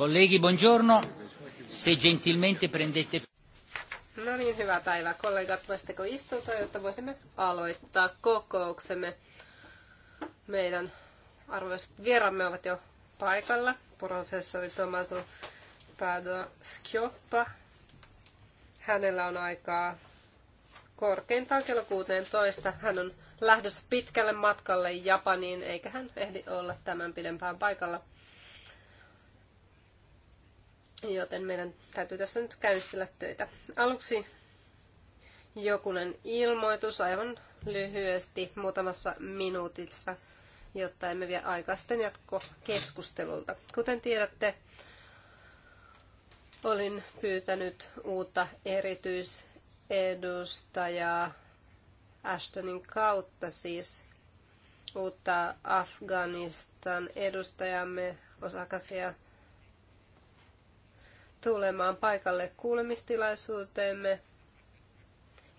Kollegi, buongiorno. Se gentilmente prendete... No niin, hyvää päivää kollegat. Voisitteko istua, jotta voisimme aloittaa kokouksemme. Meidän arvoiset vieramme ovat jo paikalla. Professori Tomaso Pado Schioppa. Hänellä on aikaa korkeintaan kello 16. Hän on lähdössä pitkälle matkalle Japaniin, eikä hän ehdi olla tämän pidempään paikalla. Joten meidän täytyy tässä nyt käynnistellä töitä. Aluksi jokunen ilmoitus aivan lyhyesti muutamassa minuutissa, jotta emme vie aikaisten jatko keskustelulta. Kuten tiedätte, olin pyytänyt uutta erityisedustajaa Ashtonin kautta siis uutta Afganistan edustajamme osakasia tulemaan paikalle kuulemistilaisuuteemme.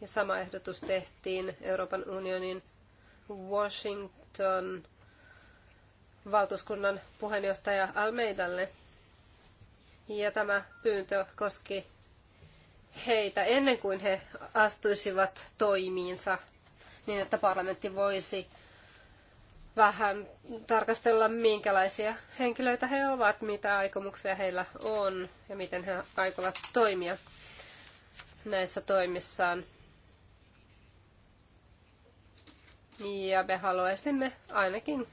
Ja sama ehdotus tehtiin Euroopan unionin Washington valtuuskunnan puheenjohtaja Almeidalle. Ja tämä pyyntö koski heitä ennen kuin he astuisivat toimiinsa niin, että parlamentti voisi vähän tarkastella, minkälaisia henkilöitä he ovat, mitä aikomuksia heillä on ja miten he aikovat toimia näissä toimissaan. Ja me haluaisimme ainakin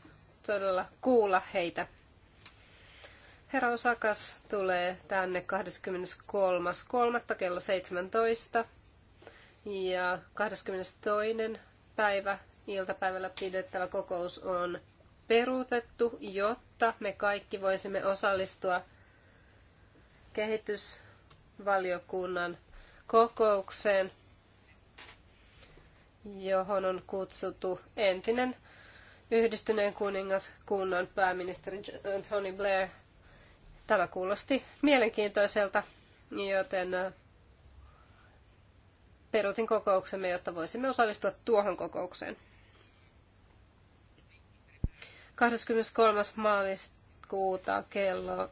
todella kuulla heitä. Herra Osakas tulee tänne 23.3. kello 17 ja 22. päivä iltapäivällä pidettävä kokous on peruutettu, jotta me kaikki voisimme osallistua kehitysvaliokunnan kokoukseen, johon on kutsuttu entinen yhdistyneen kuningaskunnan pääministeri Tony Blair. Tämä kuulosti mielenkiintoiselta, joten äh, peruutin kokouksemme, jotta voisimme osallistua tuohon kokoukseen. 23. maaliskuuta kello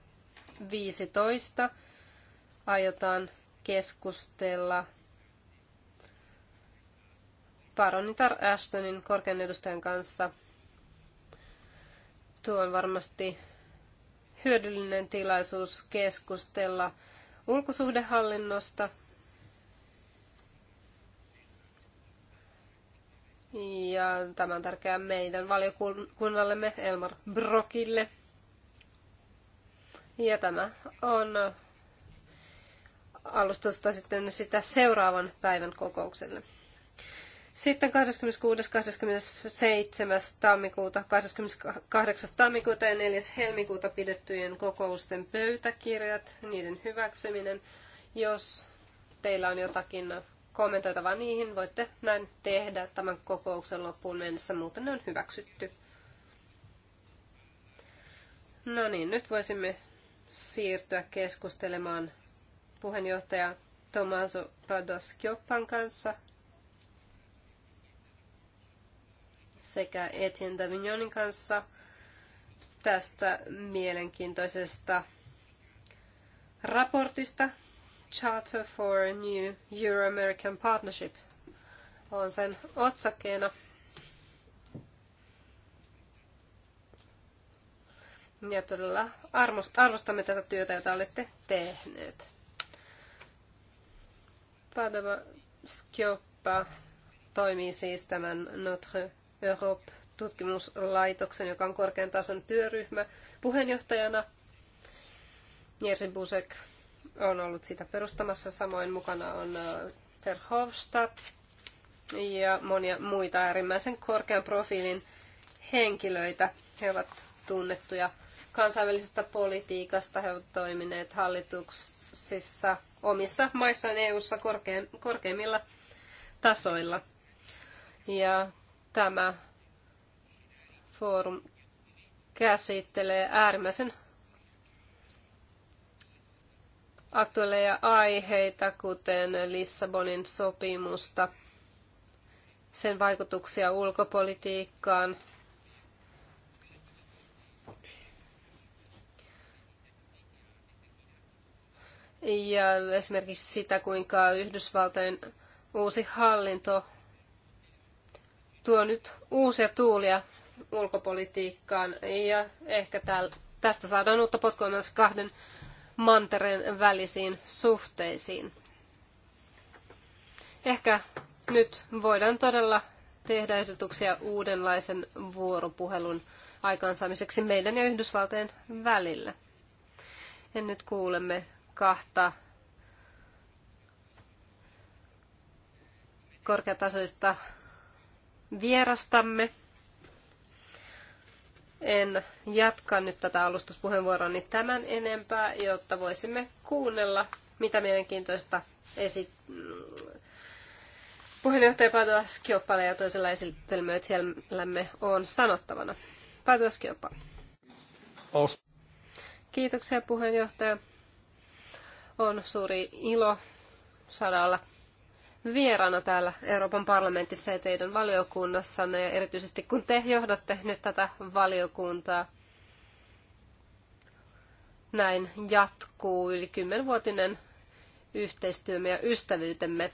15 aiotaan keskustella paronitar Ashtonin korkean edustajan kanssa. Tuo on varmasti hyödyllinen tilaisuus keskustella ulkosuhdehallinnosta Ja tämä on tärkeää meidän valiokunnallemme Elmar Brokille. Ja tämä on alustusta sitten sitä seuraavan päivän kokoukselle. Sitten 26. 27. tammikuuta, 28. tammikuuta ja 4. helmikuuta pidettyjen kokousten pöytäkirjat, niiden hyväksyminen. Jos teillä on jotakin kommentoitavaa niihin. Voitte näin tehdä tämän kokouksen loppuun mennessä, muuten ne on hyväksytty. No niin, nyt voisimme siirtyä keskustelemaan puheenjohtaja Tomaso Kioppan kanssa sekä Etienne Davignonin kanssa tästä mielenkiintoisesta raportista, Charter for a New Euro-American Partnership on sen otsakkeena. Ja todella arvostamme tätä työtä, jota olette tehneet. Padova Skjoppa toimii siis tämän Notre Europe-tutkimuslaitoksen, joka on korkean tason työryhmä, puheenjohtajana. Jerzy Busek on ollut sitä perustamassa. Samoin mukana on äh, Verhofstadt ja monia muita äärimmäisen korkean profiilin henkilöitä. He ovat tunnettuja kansainvälisestä politiikasta. He ovat toimineet hallituksissa omissa maissaan EU-ssa korkeimmilla tasoilla. Ja tämä foorum käsittelee äärimmäisen aktuelleja aiheita, kuten Lissabonin sopimusta, sen vaikutuksia ulkopolitiikkaan, ja esimerkiksi sitä, kuinka Yhdysvaltain uusi hallinto tuo nyt uusia tuulia ulkopolitiikkaan ja ehkä tästä saadaan uutta potkua myös kahden mantereen välisiin suhteisiin. Ehkä nyt voidaan todella tehdä ehdotuksia uudenlaisen vuoropuhelun aikaansaamiseksi meidän ja Yhdysvaltojen välillä. En nyt kuulemme kahta korkeatasoista vierastamme. En jatka nyt tätä niin tämän enempää, jotta voisimme kuunnella, mitä mielenkiintoista esi- puheenjohtaja Patua Skioppale ja toisella esittelmöitsijällämme on sanottavana. Patua Skioppa. Kiitoksia puheenjohtaja. On suuri ilo saada olla vieraana täällä Euroopan parlamentissa ja teidän valiokunnassanne, ja erityisesti kun te johdatte nyt tätä valiokuntaa. Näin jatkuu yli kymmenvuotinen yhteistyömme ja ystävyytemme.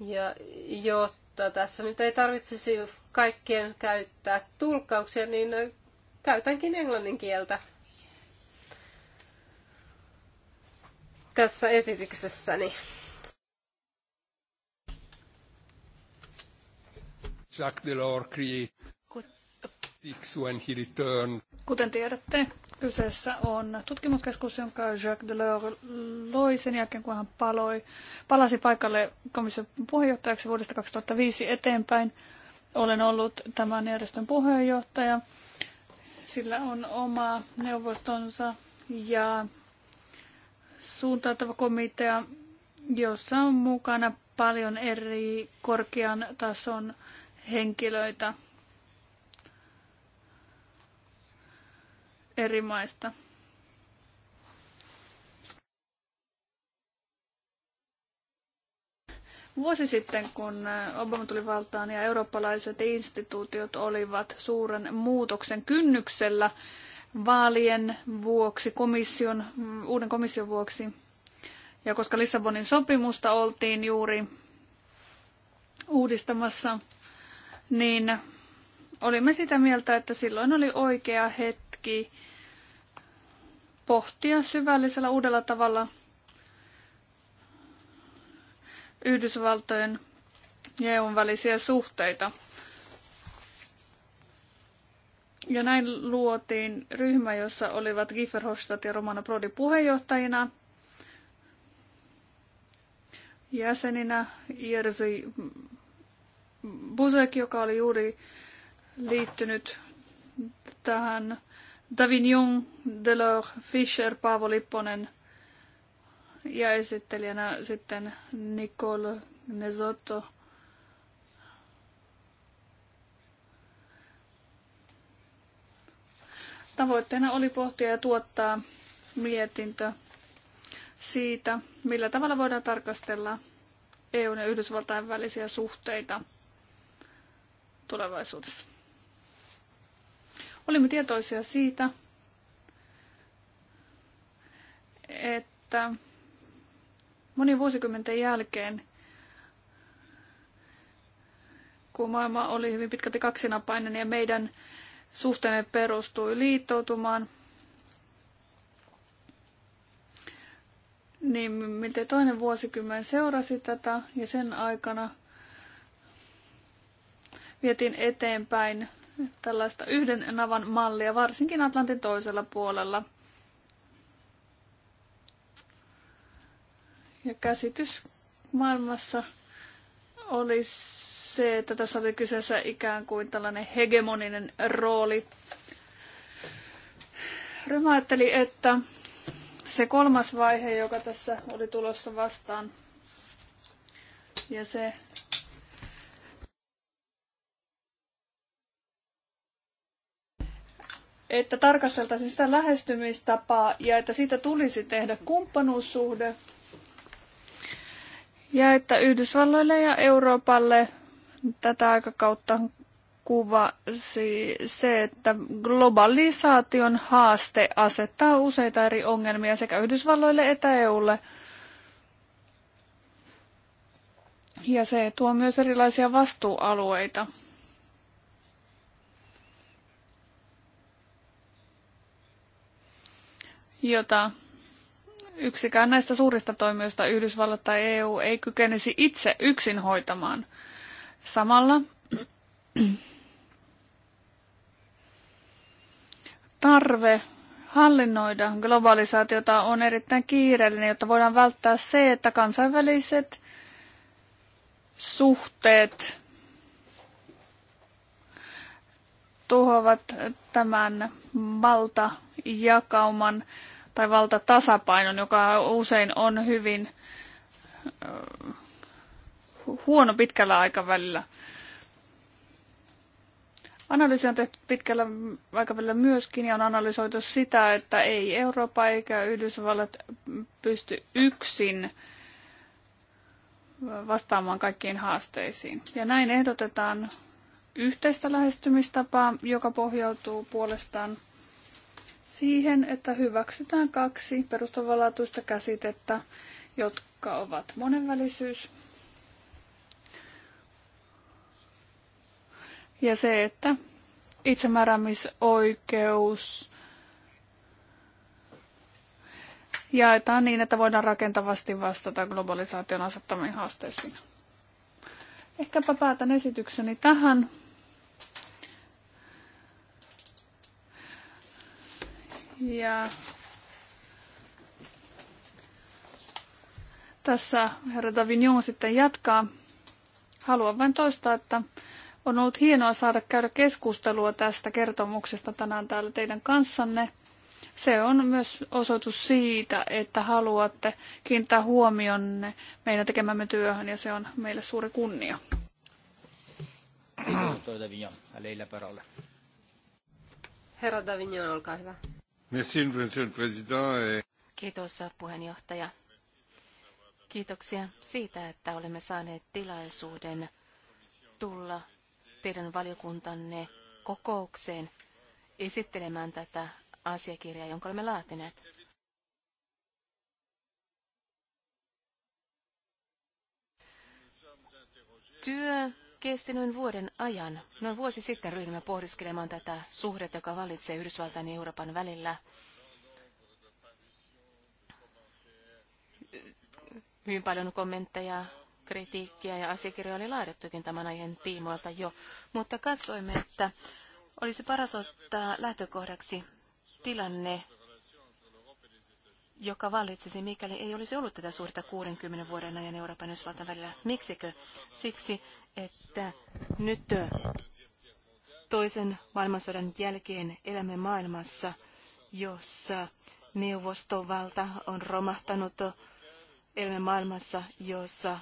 Ja jotta tässä nyt ei tarvitsisi kaikkien käyttää tulkkauksia, niin käytänkin englannin kieltä tässä esityksessäni. Jacques Delors created six when he returned. Kuten tiedätte, kyseessä on tutkimuskeskus, jonka Jacques Delors loi sen jälkeen, kun hän paloi, palasi paikalle komission puheenjohtajaksi vuodesta 2005 eteenpäin. Olen ollut tämän järjestön puheenjohtaja sillä on oma neuvostonsa ja suuntautava komitea, jossa on mukana paljon eri korkean tason henkilöitä eri maista. Vuosi sitten, kun äh, Obama tuli valtaan ja eurooppalaiset instituutiot olivat suuren muutoksen kynnyksellä vaalien vuoksi, komission, mm, uuden komission vuoksi, ja koska Lissabonin sopimusta oltiin juuri uudistamassa, niin olimme sitä mieltä, että silloin oli oikea hetki pohtia syvällisellä uudella tavalla – Yhdysvaltojen ja EUn välisiä suhteita. Ja näin luotiin ryhmä, jossa olivat Giffer ja Romana Prodi puheenjohtajina, jäseninä Jerzy Busek, joka oli juuri liittynyt tähän Davignon, Delors, Fischer, Paavo Lipponen – ja esittelijänä sitten Nicole Nezotto. Tavoitteena oli pohtia ja tuottaa mietintö siitä, millä tavalla voidaan tarkastella EUn ja Yhdysvaltain välisiä suhteita tulevaisuudessa. Olimme tietoisia siitä, että Moni vuosikymmenten jälkeen, kun maailma oli hyvin pitkälti kaksinapainen ja meidän suhteemme perustui liittoutumaan, niin miten toinen vuosikymmen seurasi tätä ja sen aikana vietiin eteenpäin tällaista yhden navan mallia, varsinkin Atlantin toisella puolella – Ja käsitys maailmassa oli se, että tässä oli kyseessä ikään kuin tällainen hegemoninen rooli. Ryhmä ajatteli, että se kolmas vaihe, joka tässä oli tulossa vastaan, ja se että tarkasteltaisiin sitä lähestymistapaa ja että siitä tulisi tehdä kumppanuussuhde, ja että Yhdysvalloille ja Euroopalle tätä aikakautta kuvasi se, että globalisaation haaste asettaa useita eri ongelmia sekä Yhdysvalloille että EUlle. Ja se tuo myös erilaisia vastuualueita. jota yksikään näistä suurista toimijoista, Yhdysvallat tai EU, ei kykenisi itse yksin hoitamaan. Samalla tarve hallinnoida globalisaatiota on erittäin kiireellinen, jotta voidaan välttää se, että kansainväliset suhteet tuhoavat tämän valtajakauman tai valtatasapainon, joka usein on hyvin huono pitkällä aikavälillä. Analyysi on tehty pitkällä aikavälillä myöskin ja on analysoitu sitä, että ei Eurooppa eikä Yhdysvallat pysty yksin vastaamaan kaikkiin haasteisiin. Ja näin ehdotetaan yhteistä lähestymistapaa, joka pohjautuu puolestaan siihen, että hyväksytään kaksi perustavanlaatuista käsitettä, jotka ovat monenvälisyys ja se, että itsemääräämisoikeus jaetaan niin, että voidaan rakentavasti vastata globalisaation asettamiin haasteisiin. Ehkäpä päätän esitykseni tähän. Ja tässä herra Davignon sitten jatkaa. Haluan vain toistaa, että on ollut hienoa saada käydä keskustelua tästä kertomuksesta tänään täällä teidän kanssanne. Se on myös osoitus siitä, että haluatte kiinnittää huomionne meidän tekemämme työhön ja se on meille suuri kunnia. Herra Davignon, olkaa hyvä. Merci, monsieur Kiitos puheenjohtaja. Kiitoksia siitä, että olemme saaneet tilaisuuden tulla teidän valiokuntanne kokoukseen esittelemään tätä asiakirjaa, jonka olemme laatineet. Työ, kesti noin vuoden ajan. Noin vuosi sitten ryhdymme pohdiskelemaan tätä suhdetta, joka valitsee Yhdysvaltain ja Euroopan välillä. Hyvin paljon kommentteja, kritiikkiä ja asiakirjoja oli laadittukin tämän aiheen tiimoilta jo, mutta katsoimme, että olisi paras ottaa lähtökohdaksi tilanne, joka vallitsisi, mikäli ei olisi ollut tätä suurta 60 vuoden ajan Euroopan ja Yhdysvaltain välillä. Miksikö? Siksi, että nyt toisen maailmansodan jälkeen elämme maailmassa, jossa neuvostovalta on romahtanut. Elämme maailmassa, jossa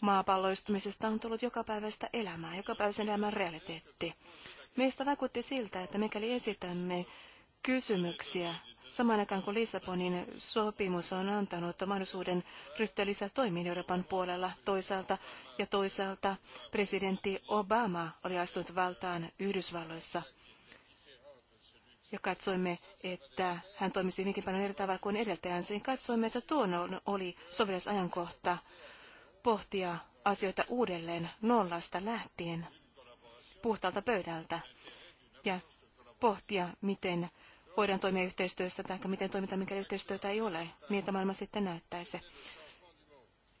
maapalloistumisesta on tullut jokapäiväistä elämää, jokapäiväisen elämän realiteetti. Meistä vaikutti siltä, että mikäli esitämme kysymyksiä Samaan aikaan kun Lissabonin sopimus on antanut mahdollisuuden ryhtyä lisätoimiin Euroopan puolella toisaalta, ja toisaalta presidentti Obama oli astunut valtaan Yhdysvalloissa. Ja katsoimme, että hän toimisi hyvinkin paljon eri tavalla kuin edeltäjänsä. Niin katsoimme, että tuon oli ajankohta pohtia asioita uudelleen nollasta lähtien puhtaalta pöydältä ja pohtia, miten voidaan toimia yhteistyössä tai miten toimita mikä yhteistyötä ei ole, miltä niin maailma sitten näyttäisi.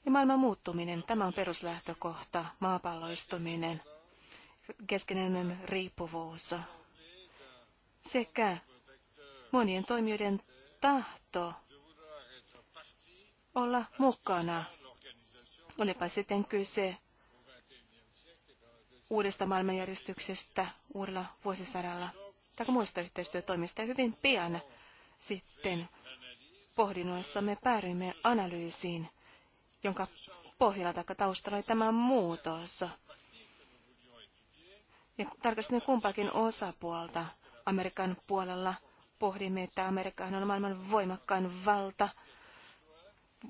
Ja maailman muuttuminen, tämä on peruslähtökohta, maapalloistuminen, keskinäinen riippuvuus sekä monien toimijoiden tahto olla mukana. Olipa sitten kyse uudesta maailmanjärjestyksestä uudella vuosisadalla tai muista yhteistyötoimista. Ja hyvin pian sitten pohdinnoissamme päädyimme analyysiin, jonka pohjalla tai taustalla oli tämä muutos. Ja tarkastimme kumpakin osapuolta. Amerikan puolella pohdimme, että Amerikkahan on maailman voimakkain valta,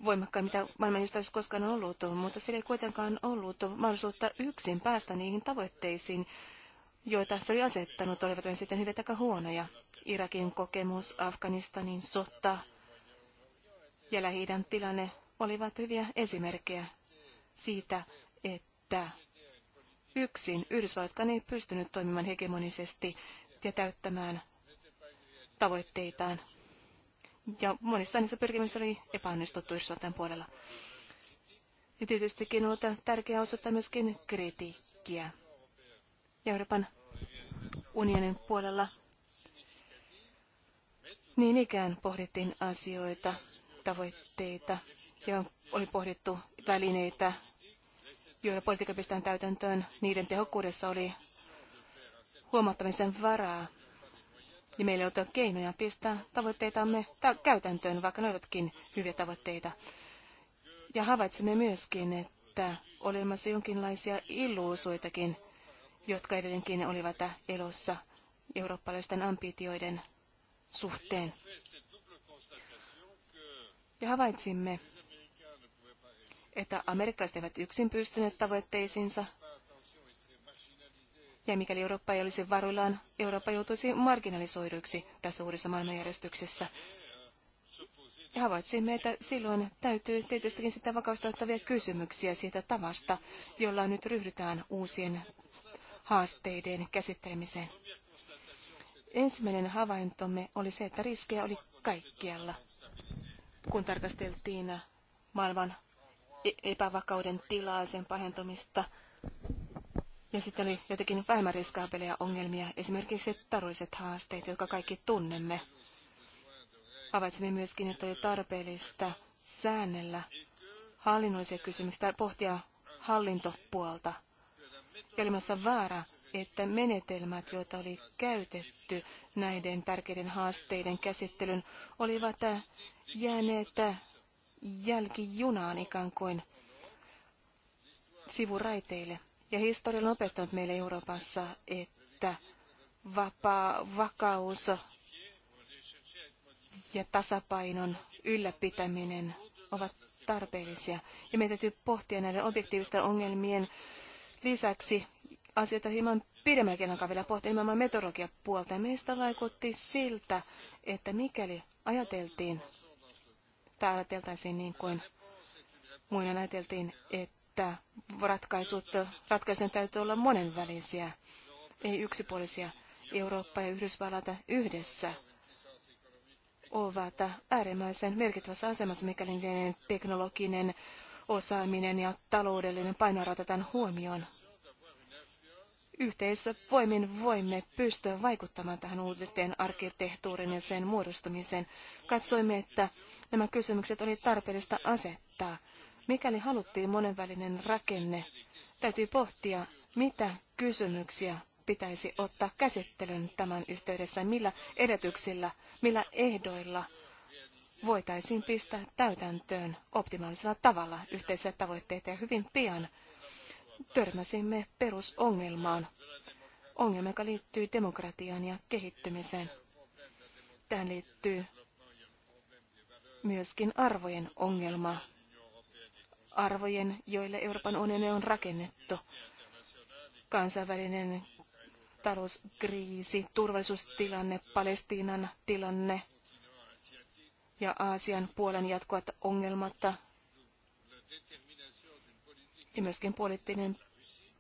voimakkain mitä maailman olisi koskaan ollut, mutta sillä ei kuitenkaan ollut mahdollisuutta yksin päästä niihin tavoitteisiin, joita se oli asettanut, olivat ne sitten hyviä tai huonoja. Irakin kokemus, Afganistanin sota ja lähi tilanne olivat hyviä esimerkkejä siitä, että yksin Yhdysvallatkaan ei pystynyt toimimaan hegemonisesti ja täyttämään tavoitteitaan. Ja monissa niissä pyrkimyksissä oli epäonnistuttu Yhdysvaltain puolella. Ja tietystikin on tärkeää osoittaa myöskin kritiikkiä Euroopan unionin puolella niin ikään pohdittiin asioita, tavoitteita ja oli pohdittu välineitä, joilla politiikka pistetään täytäntöön. Niiden tehokkuudessa oli huomattamisen varaa. Ja meillä ei keinoja pistää tavoitteitamme käytäntöön, vaikka ne olivatkin hyviä tavoitteita. Ja havaitsimme myöskin, että oli olemassa jonkinlaisia illuusioitakin jotka edelleenkin olivat elossa eurooppalaisten ambitioiden suhteen. Ja havaitsimme, että amerikkalaiset eivät yksin pystyneet tavoitteisiinsa, ja mikäli Eurooppa ei olisi varuillaan, Eurooppa joutuisi marginalisoiduiksi tässä uudessa maailmanjärjestyksessä. Ja havaitsimme, että silloin täytyy tietystikin sitä vakausta ottavia kysymyksiä siitä tavasta, jolla nyt ryhdytään uusien haasteiden käsittelemiseen. Ensimmäinen havaintomme oli se, että riskejä oli kaikkialla, kun tarkasteltiin maailman e- epävakauden tilaa, sen pahentumista. Ja sitten oli jotenkin vähemmän riskaapeleja ongelmia, esimerkiksi taruiset haasteet, jotka kaikki tunnemme. Havaitsimme myöskin, että oli tarpeellista säännellä hallinnollisia kysymyksiä, pohtia hallintopuolta olemassa vaara, että menetelmät, joita oli käytetty näiden tärkeiden haasteiden käsittelyn, olivat jääneet jälkijunaan ikään kuin sivuraiteille. Ja historia on opettanut meille Euroopassa, että vapaa, vakaus ja tasapainon ylläpitäminen ovat tarpeellisia. Ja meidän täytyy pohtia näiden objektiivisten ongelmien Lisäksi asioita hieman pidemmälläkin aikavälillä pohti nimenomaan puolta Meistä vaikutti siltä, että mikäli ajateltiin, tai ajateltaisiin niin kuin muina ajateltiin, että ratkaisut, ratkaisujen täytyy olla monenvälisiä, ei yksipuolisia. Eurooppa ja Yhdysvallat yhdessä ovat äärimmäisen merkittävässä asemassa, mikäli teknologinen osaaminen ja taloudellinen painoarvo otetaan huomioon. Yhteisvoimin voimme pystyä vaikuttamaan tähän uuteen arkkitehtuurin ja sen muodostumiseen. Katsoimme, että nämä kysymykset oli tarpeellista asettaa. Mikäli haluttiin monenvälinen rakenne, täytyy pohtia, mitä kysymyksiä pitäisi ottaa käsittelyyn tämän yhteydessä, millä edetyksillä, millä ehdoilla – voitaisiin pistää täytäntöön optimaalisella tavalla yhteisiä tavoitteita ja hyvin pian törmäsimme perusongelmaan, ongelma, joka liittyy demokratiaan ja kehittymiseen. Tähän liittyy myöskin arvojen ongelma, arvojen, joille Euroopan unioni on rakennettu. Kansainvälinen talouskriisi, turvallisuustilanne, Palestiinan tilanne, ja Aasian puolen jatkuvat ongelmat ja myöskin poliittinen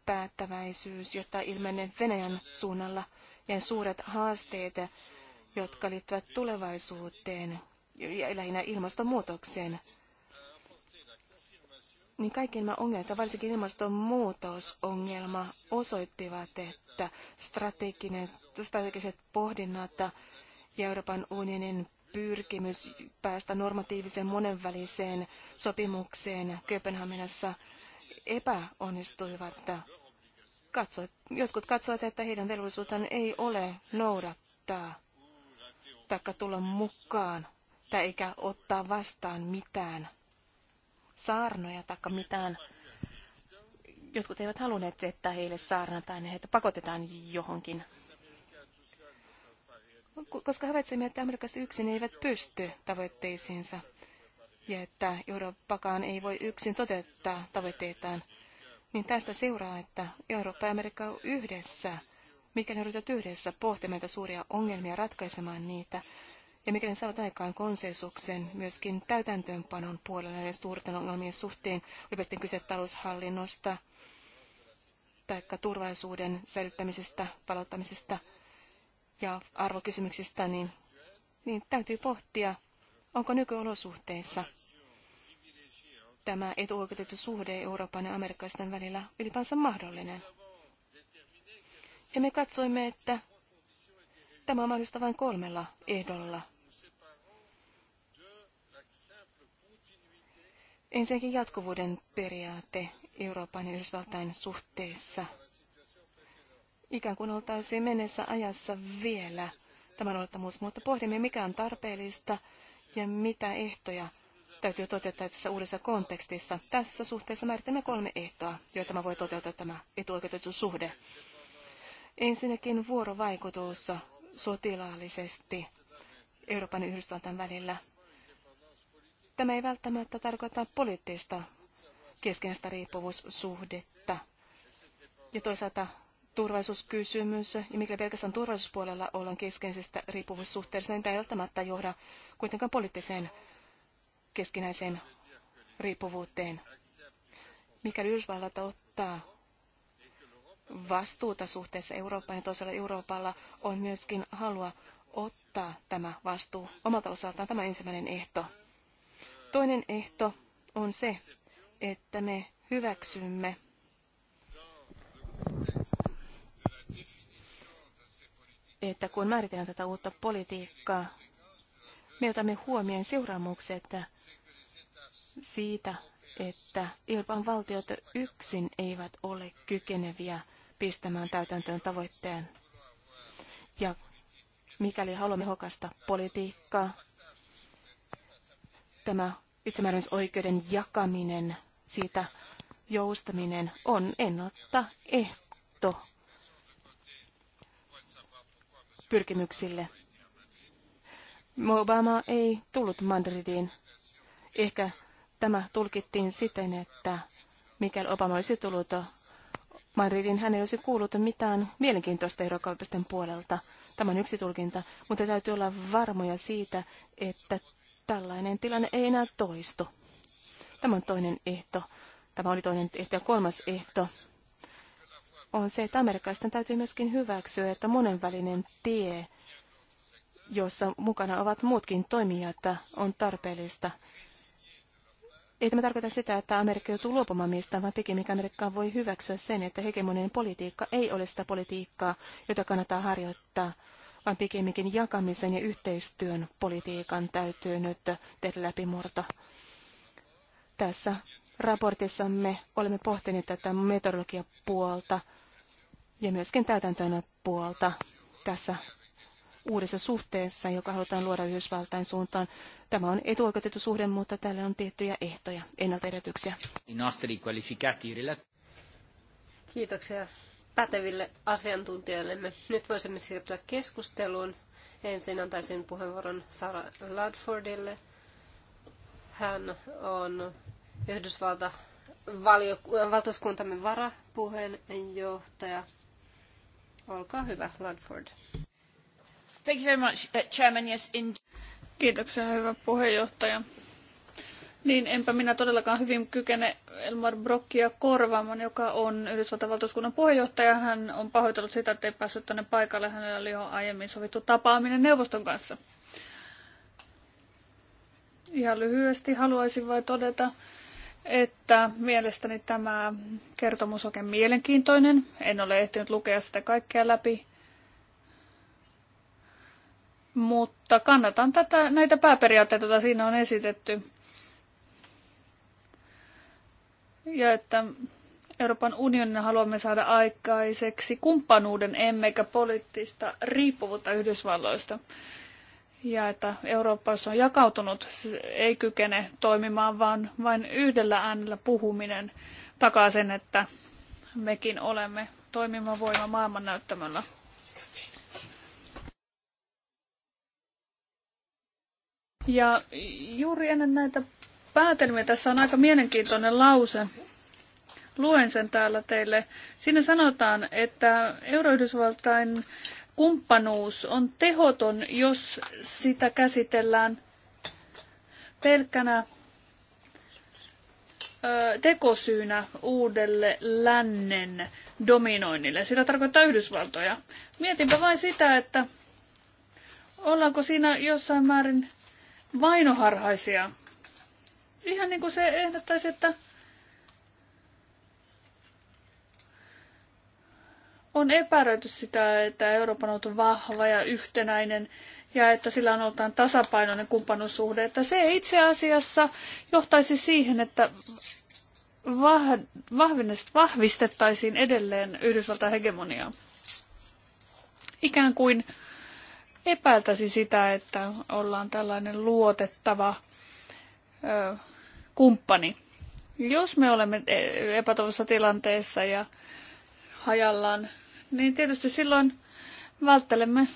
päättäväisyys, jota ilmenee Venäjän suunnalla ja suuret haasteet, jotka liittyvät tulevaisuuteen ja lähinnä ilmastonmuutokseen. Niin kaikki nämä ongelmat, varsinkin ilmastonmuutosongelma, osoittivat, että strategiset pohdinnat ja Euroopan unionin pyrkimys päästä normatiiviseen monenväliseen sopimukseen Kööpenhaminassa epäonnistuivat. Katsoit, jotkut katsoivat, että heidän velvollisuutensa ei ole noudattaa tai tulla mukaan tai eikä ottaa vastaan mitään saarnoja tai mitään. Jotkut eivät halunneet, että heille saarnataan ja heitä pakotetaan johonkin koska havaitsemme, että Amerikassa yksin eivät pysty tavoitteisiinsa ja että Eurooppakaan ei voi yksin toteuttaa tavoitteitaan, niin tästä seuraa, että Eurooppa ja Amerikka yhdessä, mikä ne yrität yhdessä pohtimaan suuria ongelmia ratkaisemaan niitä, ja mikä ne saavat aikaan konsensuksen myöskin täytäntöönpanon puolella näiden suurten ongelmien suhteen, olipa sitten kyse taloushallinnosta, tai turvallisuuden säilyttämisestä, palauttamisesta, ja arvokysymyksistä, niin, niin täytyy pohtia, onko nykyolosuhteissa tämä etuoikeutettu suhde Euroopan ja amerikkalaisten välillä ylipäänsä mahdollinen. Ja me katsoimme, että tämä on mahdollista vain kolmella ehdolla. Ensinnäkin jatkuvuuden periaate Euroopan ja Yhdysvaltain suhteessa – ikään kuin oltaisiin mennessä ajassa vielä tämän olettamus, mutta pohdimme, mikä on tarpeellista ja mitä ehtoja täytyy toteuttaa tässä uudessa kontekstissa. Tässä suhteessa määritämme kolme ehtoa, joita mä voi toteuttaa tämä etuoikeutettu suhde. Ensinnäkin vuorovaikutus sotilaallisesti Euroopan ja Yhdysvaltain välillä. Tämä ei välttämättä tarkoita poliittista keskinäistä riippuvuussuhdetta. Ja toisaalta turvallisuuskysymys, ja mikä pelkästään turvallisuuspuolella ollaan keskeisestä riippuvuussuhteessa, niin tämä ei välttämättä johda kuitenkaan poliittiseen keskinäiseen riippuvuuteen. Mikäli Yhdysvallat ottaa vastuuta suhteessa Eurooppaan ja niin toisella Euroopalla on myöskin halua ottaa tämä vastuu omalta osaltaan. Tämä ensimmäinen ehto. Toinen ehto on se, että me hyväksymme että kun määritellään tätä uutta politiikkaa, me otamme huomioon seuraamukset siitä, että Euroopan valtiot yksin eivät ole kykeneviä pistämään täytäntöön tavoitteen. Ja mikäli haluamme hokasta politiikkaa, tämä itsemääräämisoikeuden jakaminen, siitä joustaminen on ennalta ehto pyrkimyksille. Obama ei tullut Madridiin. Ehkä tämä tulkittiin siten, että mikäli Obama olisi tullut Madridiin, hän ei olisi kuullut mitään mielenkiintoista erokaupisten puolelta. Tämä on yksi tulkinta, mutta täytyy olla varmoja siitä, että tällainen tilanne ei enää toistu. Tämä on toinen ehto. Tämä oli toinen ehto ja kolmas ehto on se, että amerikkalaisten täytyy myöskin hyväksyä, että monenvälinen tie, jossa mukana ovat muutkin toimijat, on tarpeellista. Ei tämä tarkoita sitä, että Amerikka joutuu luopumaan mistään, vaan pikemminkin Amerikka voi hyväksyä sen, että hegemoninen politiikka ei ole sitä politiikkaa, jota kannattaa harjoittaa, vaan pikemminkin jakamisen ja yhteistyön politiikan täytyy nyt tehdä läpimurto. Tässä raportissamme olemme pohtineet tätä metodologiapuolta ja myöskin täytäntöön puolta tässä uudessa suhteessa, joka halutaan luoda Yhdysvaltain suuntaan. Tämä on etuoikeutettu suhde, mutta tälle on tiettyjä ehtoja, ennaltaedellytyksiä. Kiitoksia päteville asiantuntijoillemme. Nyt voisimme siirtyä keskusteluun. Ensin antaisin puheenvuoron Sarah Ludfordille. Hän on Yhdysvalta valtuuskuntamme varapuheenjohtaja Olkaa hyvä, Ludford. Thank you very much, uh, Chairman. Yes, in... Kiitoksia, hyvä puheenjohtaja. Niin, enpä minä todellakaan hyvin kykene Elmar Brockia korvaamaan, joka on Yhdysvaltain valtuuskunnan puheenjohtaja. Hän on pahoitellut sitä, että ei päässyt tänne paikalle. Hänellä oli jo aiemmin sovittu tapaaminen neuvoston kanssa. Ihan lyhyesti haluaisin vain todeta, että mielestäni tämä kertomus on oikein mielenkiintoinen. En ole ehtinyt lukea sitä kaikkea läpi, mutta kannatan tätä, näitä pääperiaatteita, joita siinä on esitetty. Ja että Euroopan unionin haluamme saada aikaiseksi kumppanuuden emmekä poliittista riippuvuutta Yhdysvalloista ja että Eurooppa, jos on jakautunut, ei kykene toimimaan, vaan vain yhdellä äänellä puhuminen takaa sen, että mekin olemme toimimaan voima maailman näyttämällä. Ja juuri ennen näitä päätelmiä tässä on aika mielenkiintoinen lause. Luen sen täällä teille. Siinä sanotaan, että Euro-Yhdysvaltain kumppanuus on tehoton, jos sitä käsitellään pelkkänä tekosyynä uudelle lännen dominoinnille. Sitä tarkoittaa Yhdysvaltoja. Mietinpä vain sitä, että ollaanko siinä jossain määrin vainoharhaisia. Ihan niin kuin se ehdottaisi, että on epäröity sitä, että Euroopan on ollut vahva ja yhtenäinen ja että sillä on oltaan tasapainoinen kumppanuussuhde, että se itse asiassa johtaisi siihen, että vahvistettaisiin edelleen Yhdysvaltain hegemoniaa. Ikään kuin epäiltäisi sitä, että ollaan tällainen luotettava ö, kumppani. Jos me olemme e- epätoivossa tilanteessa ja hajallaan, niin tietysti silloin välttelemme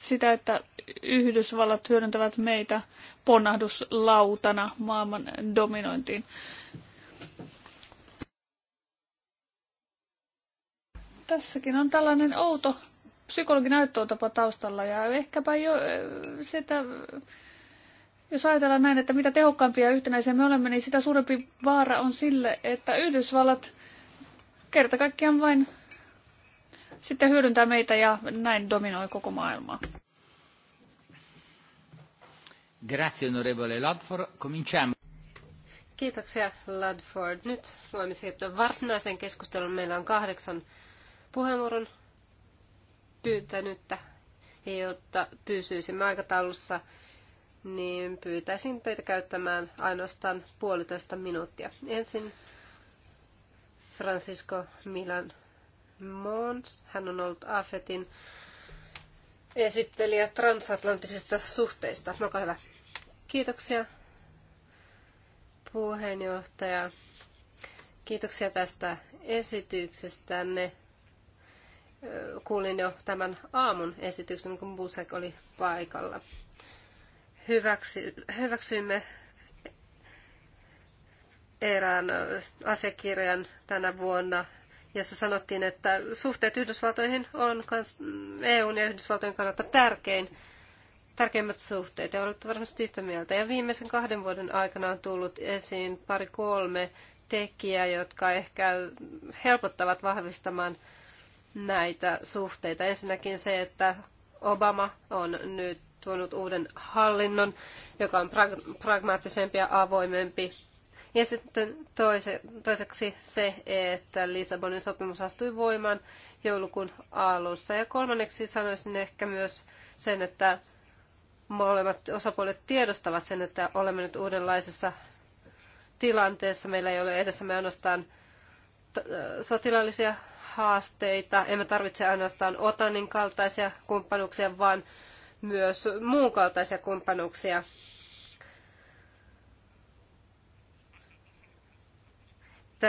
sitä, että Yhdysvallat hyödyntävät meitä ponnahduslautana maailman dominointiin. Tässäkin on tällainen outo psykologin tapa taustalla ja ehkäpä jo eh, sitä, jos ajatellaan näin, että mitä tehokkaampia ja yhtenäisiä me olemme, niin sitä suurempi vaara on sille, että Yhdysvallat kerta kaikkiaan vain sitten hyödyntää meitä ja näin dominoi koko maailmaa. Grazie onorevole Ladford. Cominciamo. Kiitoksia Ladford. Nyt voimme siirtyä varsinaiseen keskusteluun. Meillä on kahdeksan puheenvuoron pyytänyttä, jotta pysyisimme aikataulussa niin pyytäisin teitä käyttämään ainoastaan puolitoista minuuttia. Ensin Francisco Milan Mons. Hän on ollut AFETin esittelijä transatlanttisista suhteista. Olkaa hyvä. Kiitoksia puheenjohtaja. Kiitoksia tästä esityksestänne. Kuulin jo tämän aamun esityksen, kun Busek oli paikalla. Hyväksy, hyväksyimme erään asiakirjan tänä vuonna, jossa sanottiin, että suhteet Yhdysvaltoihin on kans, mm, EUn ja Yhdysvaltojen kannalta tärkein, tärkeimmät suhteet. Ja olette varmasti yhtä mieltä. Ja viimeisen kahden vuoden aikana on tullut esiin pari kolme tekijää, jotka ehkä helpottavat vahvistamaan näitä suhteita. Ensinnäkin se, että Obama on nyt tuonut uuden hallinnon, joka on pragmaattisempi ja avoimempi ja sitten toise, toiseksi se, että Lissabonin sopimus astui voimaan joulukuun alussa. Ja kolmanneksi sanoisin ehkä myös sen, että molemmat osapuolet tiedostavat sen, että olemme nyt uudenlaisessa tilanteessa. Meillä ei ole edessämme ainoastaan sotilaallisia haasteita. Emme tarvitse ainoastaan Otanin kaltaisia kumppanuuksia, vaan myös muun kaltaisia kumppanuuksia.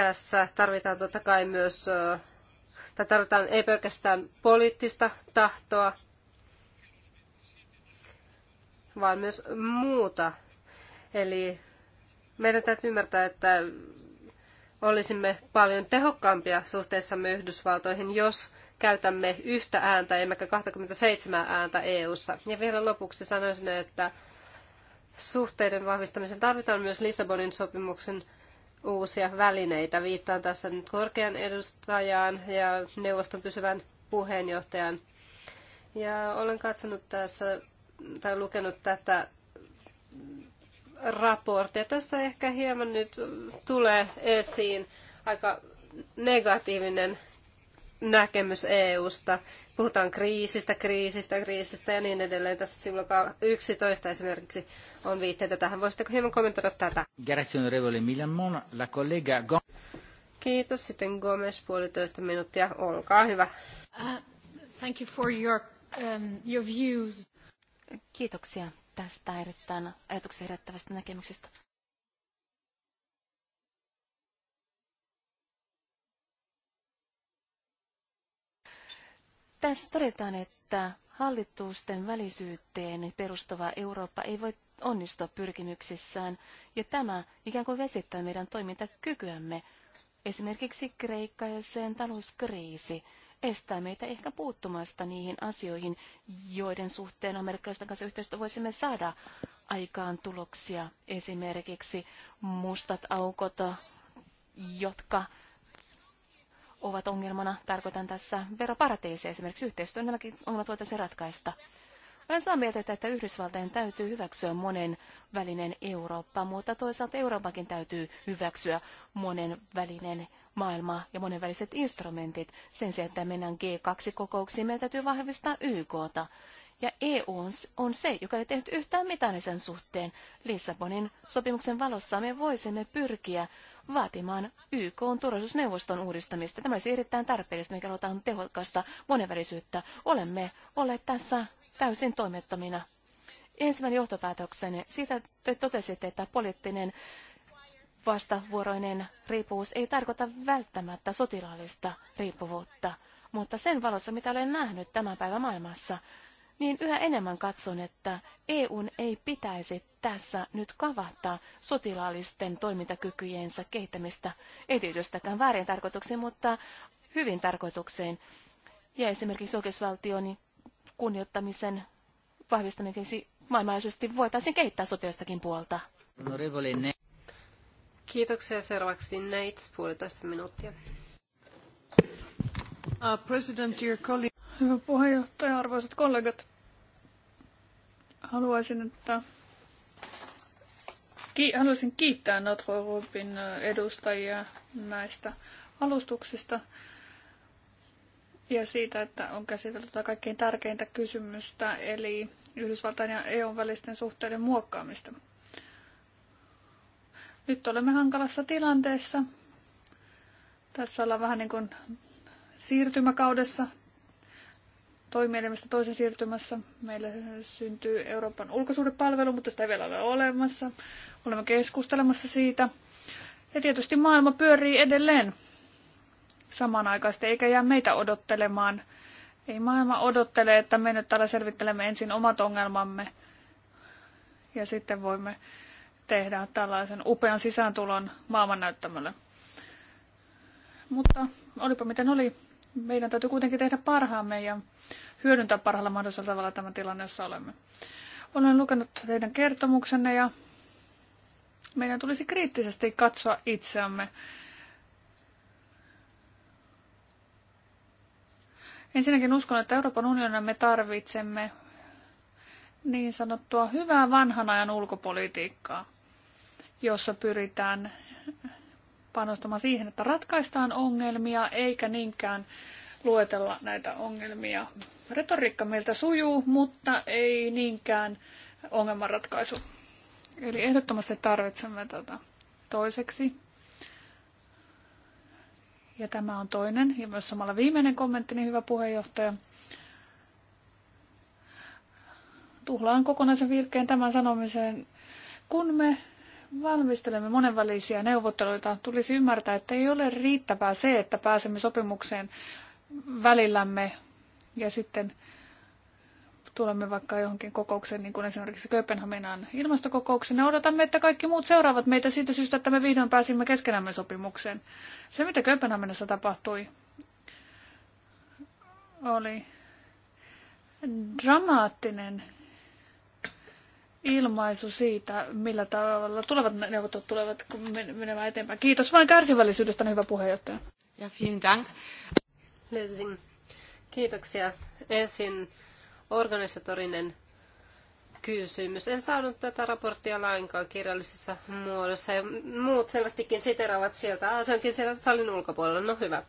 tässä tarvitaan totta kai myös, tai tarvitaan ei pelkästään poliittista tahtoa, vaan myös muuta. Eli meidän täytyy ymmärtää, että olisimme paljon tehokkaampia suhteessamme Yhdysvaltoihin, jos käytämme yhtä ääntä, emmekä 27 ääntä EU:ssa. Ja vielä lopuksi sanoisin, että suhteiden vahvistamiseen tarvitaan myös Lissabonin sopimuksen uusia välineitä. Viittaan tässä nyt korkean edustajaan ja neuvoston pysyvän puheenjohtajan. Ja olen katsonut tässä tai lukenut tätä raporttia. Tässä ehkä hieman nyt tulee esiin aika negatiivinen näkemys EUsta Puhutaan kriisistä, kriisistä, kriisistä ja niin edelleen. Tässä sivulla 11 esimerkiksi on viitteitä tähän. Voisitteko hieman kommentoida tätä? la collega Kiitos. Sitten Gomes puolitoista minuuttia. Olkaa hyvä. Uh, thank you for your, um, your views. Kiitoksia tästä erittäin ajatuksen herättävästä näkemyksestä. Tässä todetaan, että hallitusten välisyyteen perustuva Eurooppa ei voi onnistua pyrkimyksissään, ja tämä ikään kuin vesittää meidän toimintakykyämme. Esimerkiksi Kreikka ja sen talouskriisi estää meitä ehkä puuttumasta niihin asioihin, joiden suhteen amerikkalaisten kanssa yhteistyötä voisimme saada aikaan tuloksia. Esimerkiksi mustat aukot, jotka ovat ongelmana. Tarkoitan tässä veroparatiiseja esimerkiksi yhteistyön. Nämäkin ongelmat voitaisiin ratkaista. Olen samaa mieltä, että Yhdysvaltain täytyy hyväksyä monen välinen Eurooppa, mutta toisaalta Euroopankin täytyy hyväksyä monen välinen maailma ja monenväliset instrumentit. Sen sijaan, että mennään G2-kokouksiin, meidän täytyy vahvistaa YKta. Ja EU on, on se, joka ei tehnyt yhtään mitään sen suhteen. Lissabonin sopimuksen valossa me voisimme pyrkiä vaatimaan YK on turvallisuusneuvoston uudistamista. Tämä olisi erittäin tarpeellista, mikä halutaan tehokasta monenvälisyyttä. Olemme olleet tässä täysin toimettomina. Ensimmäinen johtopäätöksenne. Siitä te totesitte, että poliittinen vastavuoroinen riippuvuus ei tarkoita välttämättä sotilaallista riippuvuutta, mutta sen valossa, mitä olen nähnyt tämän päivän maailmassa, niin yhä enemmän katson, että EUn ei pitäisi tässä nyt kavahtaa sotilaallisten toimintakykyjensä kehittämistä, ei tietystäkään väärin tarkoituksiin, mutta hyvin tarkoitukseen. Ja esimerkiksi oikeusvaltion kunnioittamisen vahvistamiseksi maailmanlaajuisesti voitaisiin kehittää sotilastakin puolta. Kiitoksia. Seuraavaksi Neits, puolitoista minuuttia. Uh, president, dear colleague. Hyvä puheenjohtaja, arvoisat kollegat. Haluaisin, että ki- haluaisin kiittää Notre Europein edustajia näistä alustuksista ja siitä, että on käsitelty tätä kaikkein tärkeintä kysymystä, eli Yhdysvaltain ja EUn välisten suhteiden muokkaamista. Nyt olemme hankalassa tilanteessa. Tässä ollaan vähän niin kuin siirtymäkaudessa toimielimestä toisen siirtymässä. Meillä syntyy Euroopan ulkosuudepalvelu, mutta sitä ei vielä ole olemassa. Olemme keskustelemassa siitä. Ja tietysti maailma pyörii edelleen samanaikaisesti, eikä jää meitä odottelemaan. Ei maailma odottele, että me nyt täällä selvittelemme ensin omat ongelmamme ja sitten voimme tehdä tällaisen upean sisääntulon näyttämölle. Mutta olipa miten oli, meidän täytyy kuitenkin tehdä parhaamme ja hyödyntää parhaalla mahdollisella tavalla tämä tilanne, jossa olemme. Olen lukenut teidän kertomuksenne ja meidän tulisi kriittisesti katsoa itseämme. Ensinnäkin uskon, että Euroopan unionina me tarvitsemme niin sanottua hyvää vanhan ajan ulkopolitiikkaa, jossa pyritään panostamaan siihen, että ratkaistaan ongelmia eikä niinkään luetella näitä ongelmia. Retoriikka meiltä sujuu, mutta ei niinkään ongelmanratkaisu. Eli ehdottomasti tarvitsemme tätä toiseksi. Ja tämä on toinen ja myös samalla viimeinen kommentti, niin hyvä puheenjohtaja. Tuhlaan kokonaisen virkeen tämän sanomiseen. Kun me valmistelemme monenvälisiä neuvotteluita, tulisi ymmärtää, että ei ole riittävää se, että pääsemme sopimukseen välillämme ja sitten tulemme vaikka johonkin kokoukseen, niin kuin esimerkiksi Kööpenhaminan ilmastokokoukseen, ja odotamme, että kaikki muut seuraavat meitä siitä syystä, että me vihdoin pääsimme keskenämme sopimukseen. Se, mitä Kööpenhaminassa tapahtui, oli dramaattinen ilmaisu siitä, millä tavalla tulevat neuvottelut tulevat menemään eteenpäin. Kiitos vain kärsivällisyydestä, hyvä puheenjohtaja. Ja vielen dank. Lösing. Kiitoksia. Ensin organisatorinen kysymys. En saanut tätä raporttia lainkaan kirjallisessa muodossa ja muut selvästikin siteraavat sieltä. Ah, se onkin siellä salin ulkopuolella. No hyvä.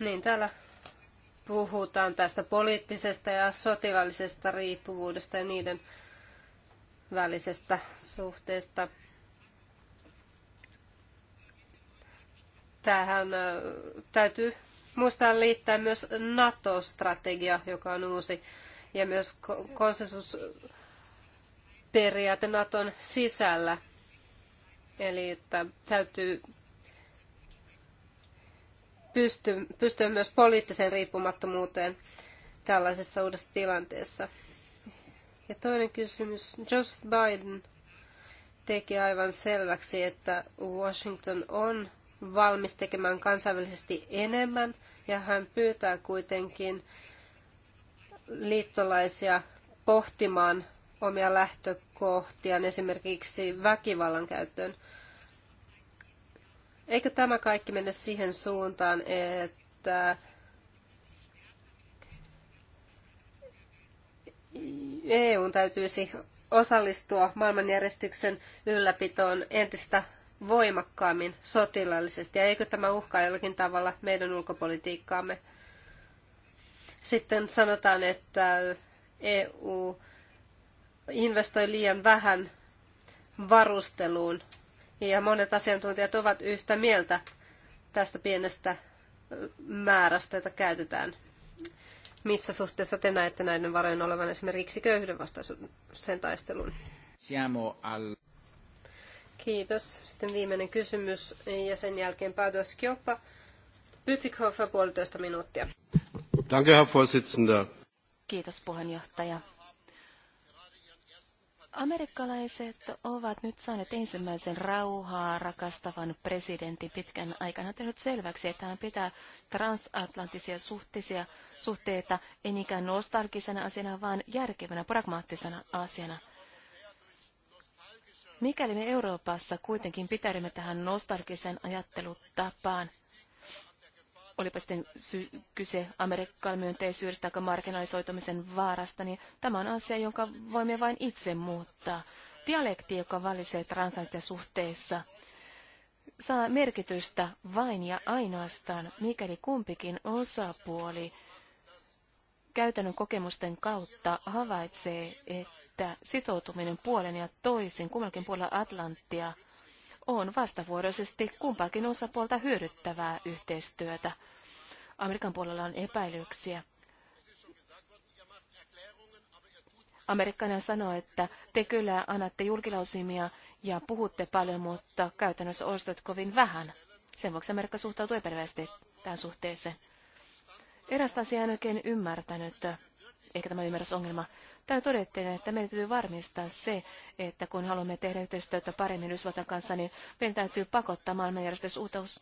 Niin, täällä puhutaan tästä poliittisesta ja sotilaallisesta riippuvuudesta ja niiden välisestä suhteesta. Tähän täytyy muistaa liittää myös NATO-strategia, joka on uusi, ja myös konsensusperiaate NATOn sisällä. Eli että täytyy pystyä, pystyä myös poliittiseen riippumattomuuteen tällaisessa uudessa tilanteessa. Ja toinen kysymys. Joseph Biden teki aivan selväksi, että Washington on valmis tekemään kansainvälisesti enemmän ja hän pyytää kuitenkin liittolaisia pohtimaan omia lähtökohtiaan esimerkiksi väkivallan käyttöön. Eikö tämä kaikki mene siihen suuntaan, että EU täytyisi osallistua maailmanjärjestyksen ylläpitoon entistä voimakkaammin sotilaallisesti, ja eikö tämä uhkaa jollakin tavalla meidän ulkopolitiikkaamme? Sitten sanotaan, että EU investoi liian vähän varusteluun, ja monet asiantuntijat ovat yhtä mieltä tästä pienestä määrästä, jota käytetään. Missä suhteessa te näette näiden varojen olevan esimerkiksi köyhyyden vastaisuuden taistelun? Siamo al... Kiitos. Sitten viimeinen kysymys ja sen jälkeen Pados Kioppa. Pytsikhofer puolitoista minuuttia. Danke, Herr Vorsitzender. Kiitos puheenjohtaja. Amerikkalaiset ovat nyt saaneet ensimmäisen rauhaa rakastavan presidentin pitkän aikana tehnyt selväksi, että hän pitää transatlanttisia suhteita enikään niinkään nostalgisena asiana, vaan järkevänä, pragmaattisena asiana – Mikäli me Euroopassa kuitenkin pitäydymme tähän nostalgisen ajattelutapaan, olipa sitten sy- kyse Amerikan myönteisyydestä tai marginalisoitumisen vaarasta, niin tämä on asia, jonka voimme vain itse muuttaa. Dialekti, joka valisee suhteessa, saa merkitystä vain ja ainoastaan, mikäli kumpikin osapuoli käytännön kokemusten kautta havaitsee, että että sitoutuminen puolen ja toisin kummallakin puolella Atlanttia on vastavuoroisesti kumpaakin osapuolta hyödyttävää yhteistyötä. Amerikan puolella on epäilyksiä. Amerikkana sanoo, että te kyllä annatte julkilausimia ja puhutte paljon, mutta käytännössä ostot kovin vähän. Sen vuoksi Amerikka suhtautuu epäilevästi tämän suhteeseen. Erästä asiaa en oikein ymmärtänyt, ehkä tämä ymmärrysongelma. Täällä todettiin, että meidän täytyy varmistaa se, että kun haluamme tehdä yhteistyötä paremmin Yhdysvaltain kanssa, niin meidän täytyy pakottaa maailmanjärjestys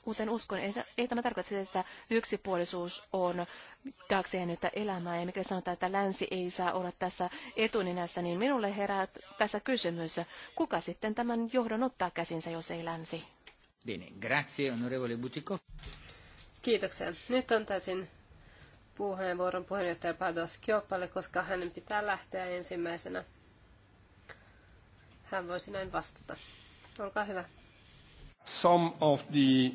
uuteen uskoon. Ei, ei tämä tarkoita sitä, että yksipuolisuus on taakse jäänyt elämää, ja mikä sanotaan, että länsi ei saa olla tässä etuninässä, niin minulle herää tässä kysymys, kuka sitten tämän johdon ottaa käsinsä, jos ei länsi? Bene, grazie onorevole Butiko. Kiitoksia. Nyt antaisin puheenvuoron puheenjohtaja Pados Kiopalle, koska hänen pitää lähteä ensimmäisenä. Hän voisi näin vastata. Olkaa hyvä. Some of the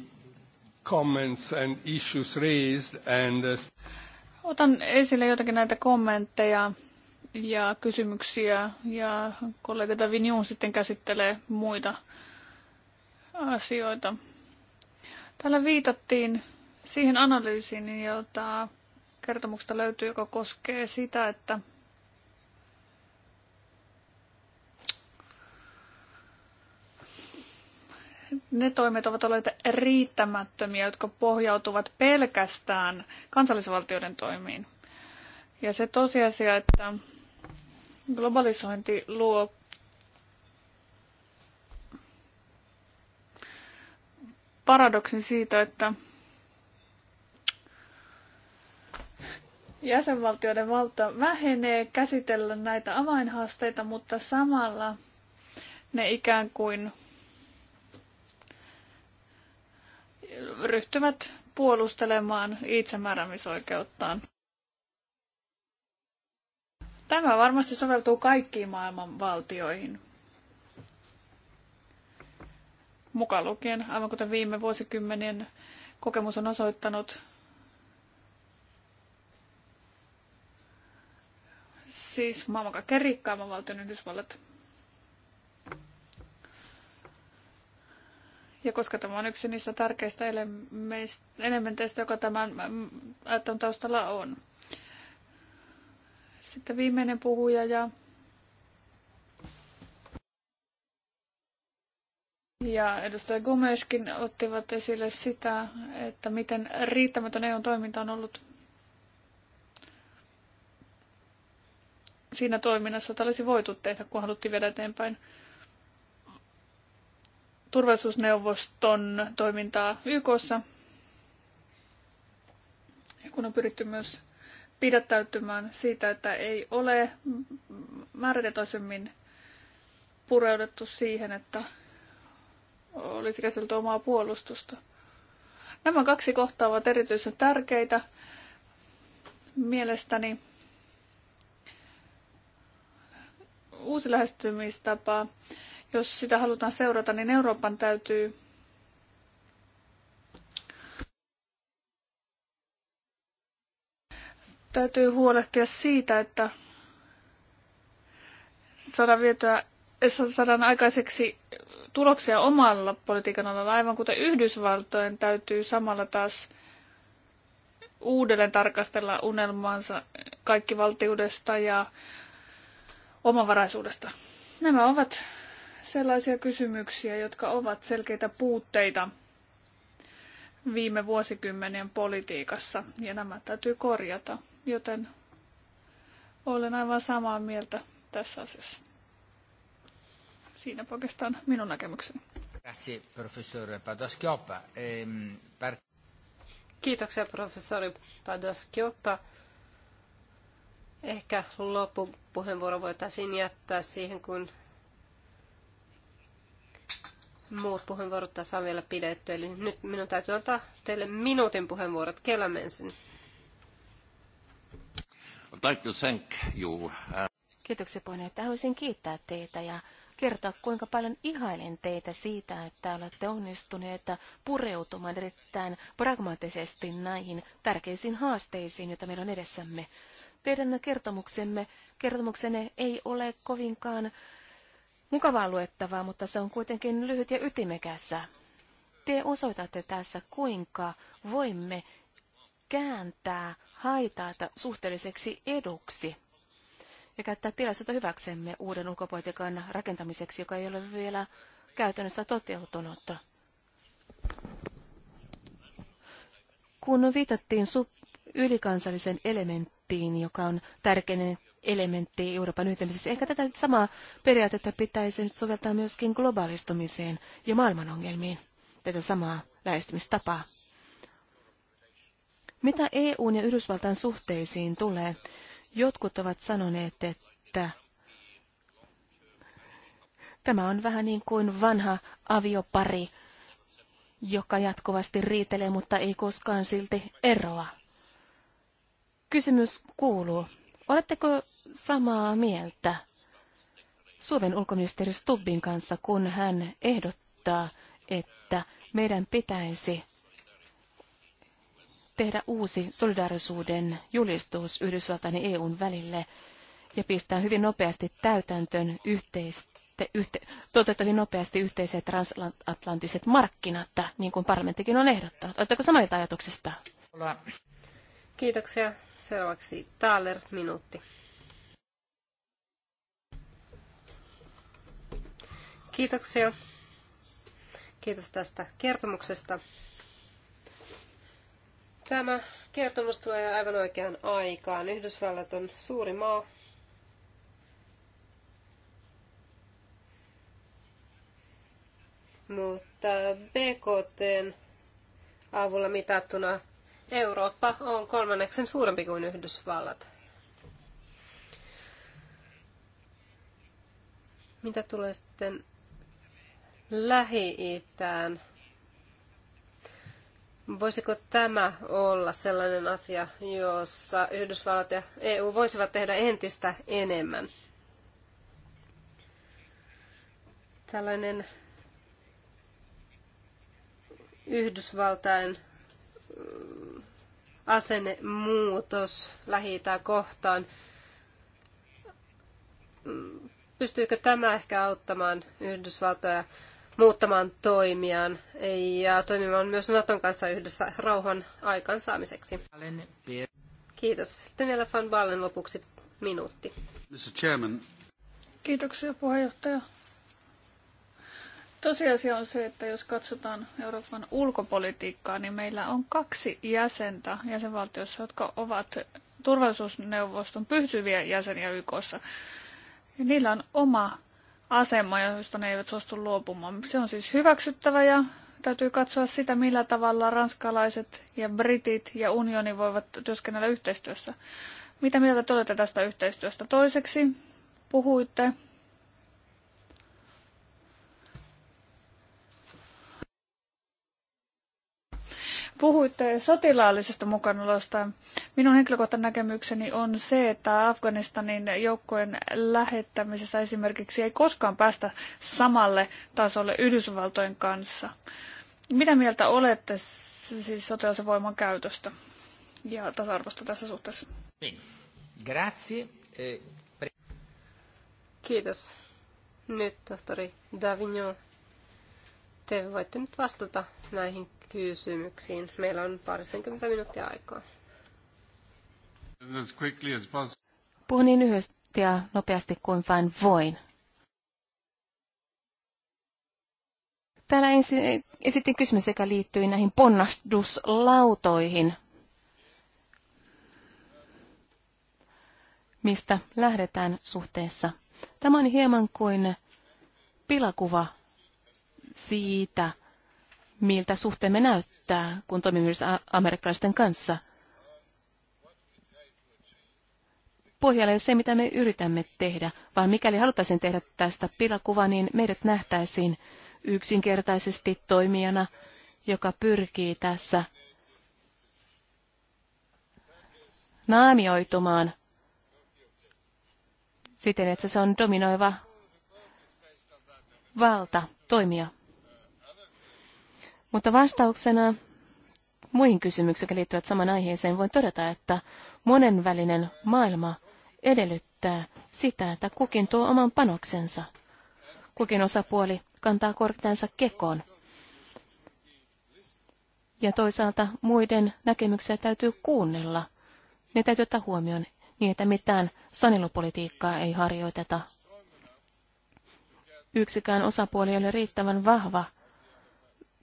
comments and issues raised and... Uh, Otan esille jotakin näitä kommentteja ja kysymyksiä ja kollega Davignon sitten käsittelee muita asioita. Täällä viitattiin siihen analyysiin, jota kertomuksesta löytyy, joka koskee sitä, että ne toimet ovat olleet riittämättömiä, jotka pohjautuvat pelkästään kansallisvaltioiden toimiin. Ja se tosiasia, että globalisointi luo paradoksin siitä, että jäsenvaltioiden valta vähenee käsitellä näitä avainhaasteita, mutta samalla ne ikään kuin ryhtyvät puolustelemaan itsemääräämisoikeuttaan. Tämä varmasti soveltuu kaikkiin maailman valtioihin. Mukaan lukien, aivan kuten viime vuosikymmenien kokemus on osoittanut, siis maailmankaikkein rikkaimman valtion Yhdysvallat. Ja koska tämä on yksi niistä tärkeistä elementeistä, joka tämän mm, ajattelun taustalla on. Sitten viimeinen puhuja ja, ja edustaja Gomeskin ottivat esille sitä, että miten riittämätön eu toiminta on ollut siinä toiminnassa, että olisi voitu tehdä, kun haluttiin viedä eteenpäin turvallisuusneuvoston toimintaa YKssa. Ja kun on pyritty myös pidättäytymään siitä, että ei ole määrätietoisemmin pureuduttu siihen, että olisi käsitelty omaa puolustusta. Nämä kaksi kohtaa ovat erityisen tärkeitä mielestäni. uusi lähestymistapa, jos sitä halutaan seurata, niin Euroopan täytyy täytyy huolehtia siitä, että saadaan vietyä saadaan aikaiseksi tuloksia omalla politiikan alalla, aivan kuten Yhdysvaltojen täytyy samalla taas uudelleen tarkastella unelmaansa kaikki valtiudesta ja omavaraisuudesta. Nämä ovat sellaisia kysymyksiä, jotka ovat selkeitä puutteita viime vuosikymmenien politiikassa, ja nämä täytyy korjata, joten olen aivan samaa mieltä tässä asiassa. Siinä oikeastaan minun näkemykseni. Grazie, ehm, Kiitoksia, professori Padoschioppa. Ehkä loppupuheenvuoro voitaisiin jättää siihen, kun muut puheenvuorot tässä on vielä pidetty. Eli nyt minun täytyy antaa teille minuutin puheenvuorot. Kela mensin. Kiitoksia puheenjohtaja. Haluaisin kiittää teitä ja kertoa, kuinka paljon ihailen teitä siitä, että olette onnistuneet pureutumaan erittäin pragmaattisesti näihin tärkeisiin haasteisiin, joita meillä on edessämme. Teidän kertomuksemme, kertomuksenne ei ole kovinkaan mukavaa luettavaa, mutta se on kuitenkin lyhyt ja ytimekässä. Te osoitatte tässä, kuinka voimme kääntää haitaata suhteelliseksi eduksi ja käyttää tilaisuutta hyväksemme uuden ulkopolitiikan rakentamiseksi, joka ei ole vielä käytännössä toteutunut. Kun viitattiin sub- ylikansallisen elementtiin, pakettiin, joka on tärkeinen elementti Euroopan yhtämisessä. Ehkä tätä samaa periaatetta pitäisi nyt soveltaa myöskin globaalistumiseen ja maailman ongelmiin, tätä samaa lähestymistapaa. Mitä EUn ja Yhdysvaltain suhteisiin tulee, jotkut ovat sanoneet, että tämä on vähän niin kuin vanha aviopari, joka jatkuvasti riitelee, mutta ei koskaan silti eroa. Kysymys kuuluu, oletteko samaa mieltä Suomen ulkoministeri Stubbin kanssa, kun hän ehdottaa, että meidän pitäisi tehdä uusi solidaarisuuden julistus Yhdysvaltain ja EUn välille ja pistää hyvin nopeasti täytäntöön yhteistä yhte, toteuttaa hyvin nopeasti yhteiset transatlanttiset markkinat, niin kuin parlamenttikin on ehdottanut. Oletteko samaa ajatuksista? Kiitoksia. Seuraavaksi Thaler, minuutti. Kiitoksia. Kiitos tästä kertomuksesta. Tämä kertomus tulee aivan oikeaan aikaan. Yhdysvallat on suuri maa. Mutta BKTn avulla mitattuna Eurooppa on kolmanneksen suurempi kuin Yhdysvallat. Mitä tulee sitten Lähi-Itään? Voisiko tämä olla sellainen asia, jossa Yhdysvallat ja EU voisivat tehdä entistä enemmän? Tällainen Yhdysvaltain asennemuutos lähi kohtaan. Pystyykö tämä ehkä auttamaan Yhdysvaltoja muuttamaan toimiaan ja toimimaan myös Naton kanssa yhdessä rauhan aikansaamiseksi. Kiitos. Sitten vielä Van Ballen lopuksi minuutti. Mr. Chairman. Kiitoksia puheenjohtaja. Tosiasia on se, että jos katsotaan Euroopan ulkopolitiikkaa, niin meillä on kaksi jäsentä jäsenvaltiossa, jotka ovat turvallisuusneuvoston pysyviä jäseniä YKssa. Ja niillä on oma asema, josta ne eivät suostu luopumaan. Se on siis hyväksyttävä ja täytyy katsoa sitä, millä tavalla ranskalaiset ja britit ja unioni voivat työskennellä yhteistyössä. Mitä mieltä te olette tästä yhteistyöstä? Toiseksi puhuitte Puhuitte sotilaallisesta mukanaolosta. Minun henkilökohtainen näkemykseni on se, että Afganistanin joukkojen lähettämisessä esimerkiksi ei koskaan päästä samalle tasolle Yhdysvaltojen kanssa. Mitä mieltä olette siis sotilaisen voiman käytöstä ja tasa-arvosta tässä suhteessa? Niin. Grazie. Eh, Kiitos. Nyt tohtori Davignon, te voitte nyt vastata näihin kysymyksiin. Meillä on parisenkymmentä minuuttia aikaa. Puhun niin lyhyesti ja nopeasti kuin vain voin. Täällä ensin esitin kysymys, joka liittyy näihin ponnastuslautoihin, mistä lähdetään suhteessa. Tämä on hieman kuin pilakuva siitä, miltä suhteemme näyttää, kun toimimme myös amerikkalaisten kanssa. Pohjalla ei ole se, mitä me yritämme tehdä, vaan mikäli haluttaisiin tehdä tästä pilakuva, niin meidät nähtäisiin yksinkertaisesti toimijana, joka pyrkii tässä naamioitumaan siten, että se on dominoiva valta toimia. Mutta vastauksena muihin kysymyksiin, jotka liittyvät saman aiheeseen, voin todeta, että monenvälinen maailma edellyttää sitä, että kukin tuo oman panoksensa. Kukin osapuoli kantaa kortensa kekoon. Ja toisaalta muiden näkemyksiä täytyy kuunnella. Ne täytyy ottaa huomioon niin, että mitään sanelupolitiikkaa ei harjoiteta. Yksikään osapuoli ei ole riittävän vahva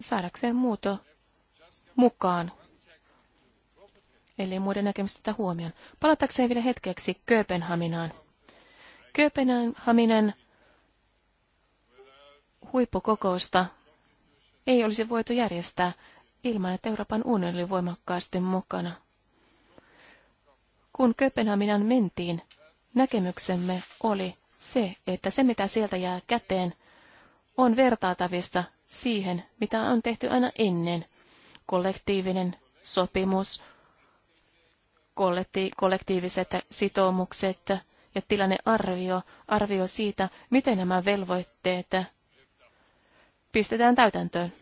saadakseen muuto mukaan. Eli muiden näkemystä tätä huomioon. Palatakseen vielä hetkeksi Kööpenhaminaan. Kööpenhaminen huippukokousta ei olisi voitu järjestää ilman, että Euroopan unioni oli voimakkaasti mukana. Kun Kööpenhaminan mentiin, näkemyksemme oli se, että se mitä sieltä jää käteen on vertaatavissa siihen, mitä on tehty aina ennen. Kollektiivinen sopimus, kollekti- kollektiiviset sitoumukset ja tilannearvio, arvio siitä, miten nämä velvoitteet pistetään täytäntöön.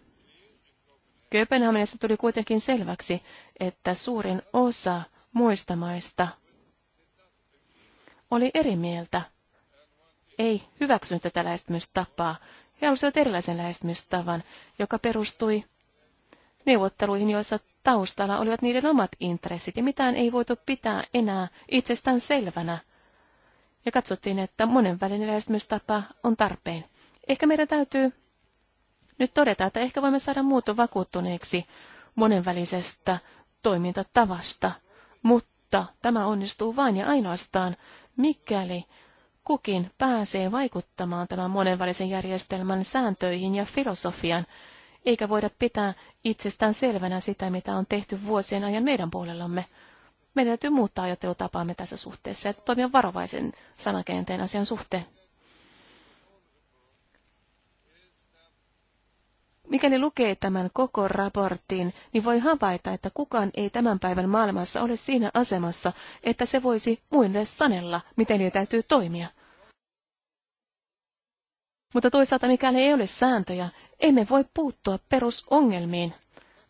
Kööpenhaminassa tuli kuitenkin selväksi, että suurin osa muista maista oli eri mieltä, ei hyväksynyt tätä lähestymistapaa he halusivat erilaisen lähestymistavan, joka perustui neuvotteluihin, joissa taustalla olivat niiden omat intressit ja mitään ei voitu pitää enää itsestään selvänä. Ja katsottiin, että monenvälinen lähestymistapa on tarpeen. Ehkä meidän täytyy nyt todeta, että ehkä voimme saada muuton vakuuttuneeksi monenvälisestä toimintatavasta, mutta tämä onnistuu vain ja ainoastaan, mikäli kukin pääsee vaikuttamaan tämän monenvälisen järjestelmän sääntöihin ja filosofian, eikä voida pitää itsestään selvänä sitä, mitä on tehty vuosien ajan meidän puolellamme. Meidän täytyy muuttaa ajattelutapaamme tässä suhteessa ja toimia varovaisen sanakenteen asian suhteen. Mikäli lukee tämän koko raportin, niin voi havaita, että kukaan ei tämän päivän maailmassa ole siinä asemassa, että se voisi muille sanella, miten niitä täytyy toimia. Mutta toisaalta mikäli ei ole sääntöjä, emme voi puuttua perusongelmiin.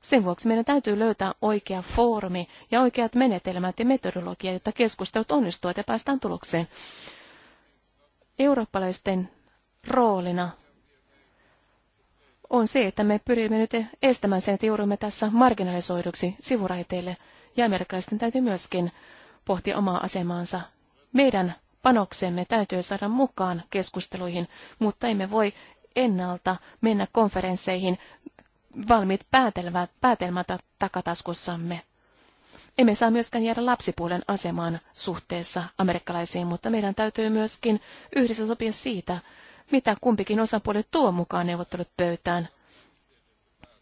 Sen vuoksi meidän täytyy löytää oikea foorumi ja oikeat menetelmät ja metodologia, jotta keskustelut onnistuvat ja päästään tulokseen. Eurooppalaisten roolina on se, että me pyrimme nyt estämään sen, että joudumme tässä marginalisoiduksi sivuraiteille. Ja amerikkalaisten täytyy myöskin pohtia omaa asemaansa. Meidän panoksemme täytyy saada mukaan keskusteluihin, mutta emme voi ennalta mennä konferensseihin valmiit päätelmät, päätelmät takataskussamme. Emme saa myöskään jäädä lapsipuolen asemaan suhteessa amerikkalaisiin, mutta meidän täytyy myöskin yhdessä sopia siitä, mitä kumpikin osapuoli tuo mukaan neuvottelut pöytään.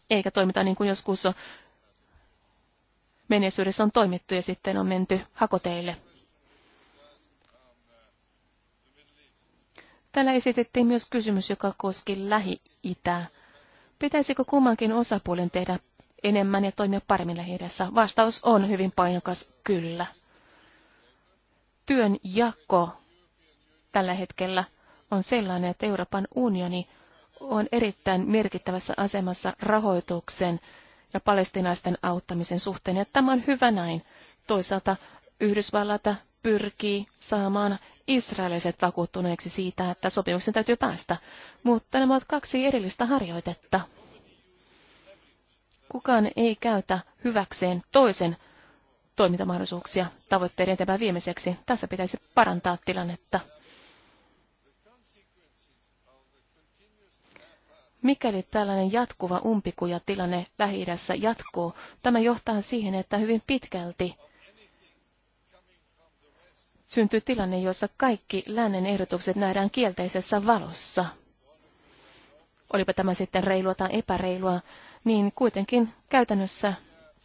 Eikä toimita niin kuin joskus on menneisyydessä on toimittu ja sitten on menty hakoteille. Täällä esitettiin myös kysymys, joka koski Lähi-Itää. Pitäisikö kummankin osapuolen tehdä enemmän ja toimia paremmin lähi -idässä? Vastaus on hyvin painokas kyllä. Työn jako tällä hetkellä – on sellainen, että Euroopan unioni on erittäin merkittävässä asemassa rahoituksen ja palestinaisten auttamisen suhteen. Ja tämä on hyvä näin. Toisaalta Yhdysvallat pyrkii saamaan israeliset vakuuttuneeksi siitä, että sopimuksen täytyy päästä. Mutta nämä ovat kaksi erillistä harjoitetta. Kukaan ei käytä hyväkseen toisen toimintamahdollisuuksia tavoitteiden eteenpäin viemiseksi. Tässä pitäisi parantaa tilannetta. Mikäli tällainen jatkuva umpikuja tilanne lähi jatkuu, tämä johtaa siihen, että hyvin pitkälti syntyy tilanne, jossa kaikki lännen ehdotukset nähdään kielteisessä valossa. Olipa tämä sitten reilua tai epäreilua, niin kuitenkin käytännössä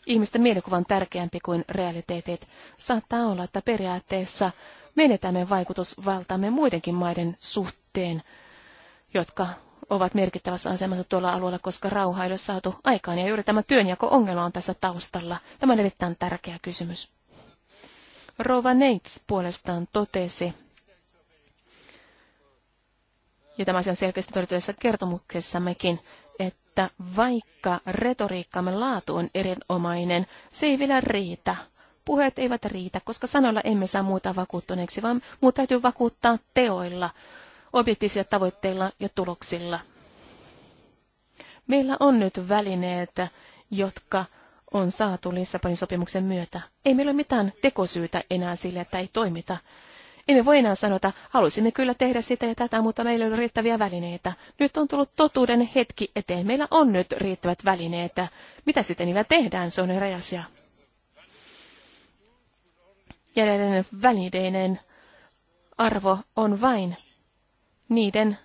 ihmisten mielikuva on tärkeämpi kuin realiteetit. Saattaa olla, että periaatteessa menetämme vaikutusvaltaamme muidenkin maiden suhteen, jotka ovat merkittävässä asemassa tuolla alueella, koska rauha ei ole saatu aikaan. Ja juuri tämä työnjako-ongelma on tässä taustalla. Tämä on erittäin tärkeä kysymys. Rova Neits puolestaan totesi, ja tämä asia on selkeästi todettu tässä kertomuksessammekin, että vaikka retoriikkamme laatu on erinomainen, se ei vielä riitä. Puheet eivät riitä, koska sanoilla emme saa muuta vakuuttuneeksi, vaan muuta täytyy vakuuttaa teoilla objektiivisilla tavoitteilla ja tuloksilla. Meillä on nyt välineet, jotka on saatu Lissabonin sopimuksen myötä. Ei meillä ole mitään tekosyytä enää sille, että ei toimita. Emme voi enää sanoa, että halusimme kyllä tehdä sitä ja tätä, mutta meillä ei ole riittäviä välineitä. Nyt on tullut totuuden hetki eteen. Meillä on nyt riittävät välineet. Mitä sitten niillä tehdään, se on eri asia. Jäljellinen välineiden arvo on vain niiden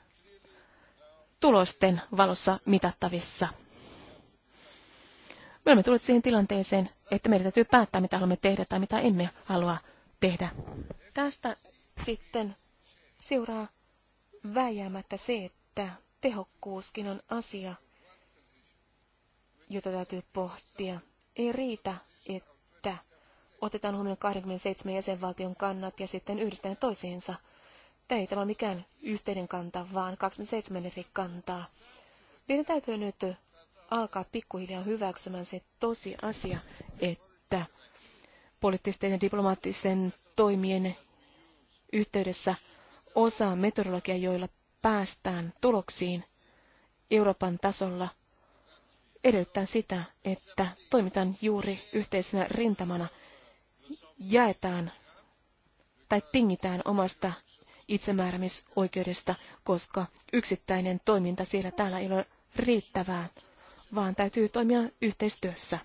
tulosten valossa mitattavissa. Me olemme tulleet siihen tilanteeseen, että meidän täytyy päättää, mitä haluamme tehdä tai mitä emme halua tehdä. Tästä sitten seuraa vääjäämättä se, että tehokkuuskin on asia, jota täytyy pohtia. Ei riitä, että otetaan huomioon 27 jäsenvaltion kannat ja sitten yhdistetään toisiinsa – ei tämä ole mikään yhteinen kanta, vaan 27 eri kantaa. Niiden täytyy nyt alkaa pikkuhiljaa hyväksymään se tosiasia, että poliittisten ja diplomaattisen toimien yhteydessä osa metodologia, joilla päästään tuloksiin Euroopan tasolla, edellyttää sitä, että toimitaan juuri yhteisenä rintamana, jaetaan tai tingitään omasta itsemääräämisoikeudesta, koska yksittäinen toiminta siellä täällä ei ole riittävää, vaan täytyy toimia yhteistyössä.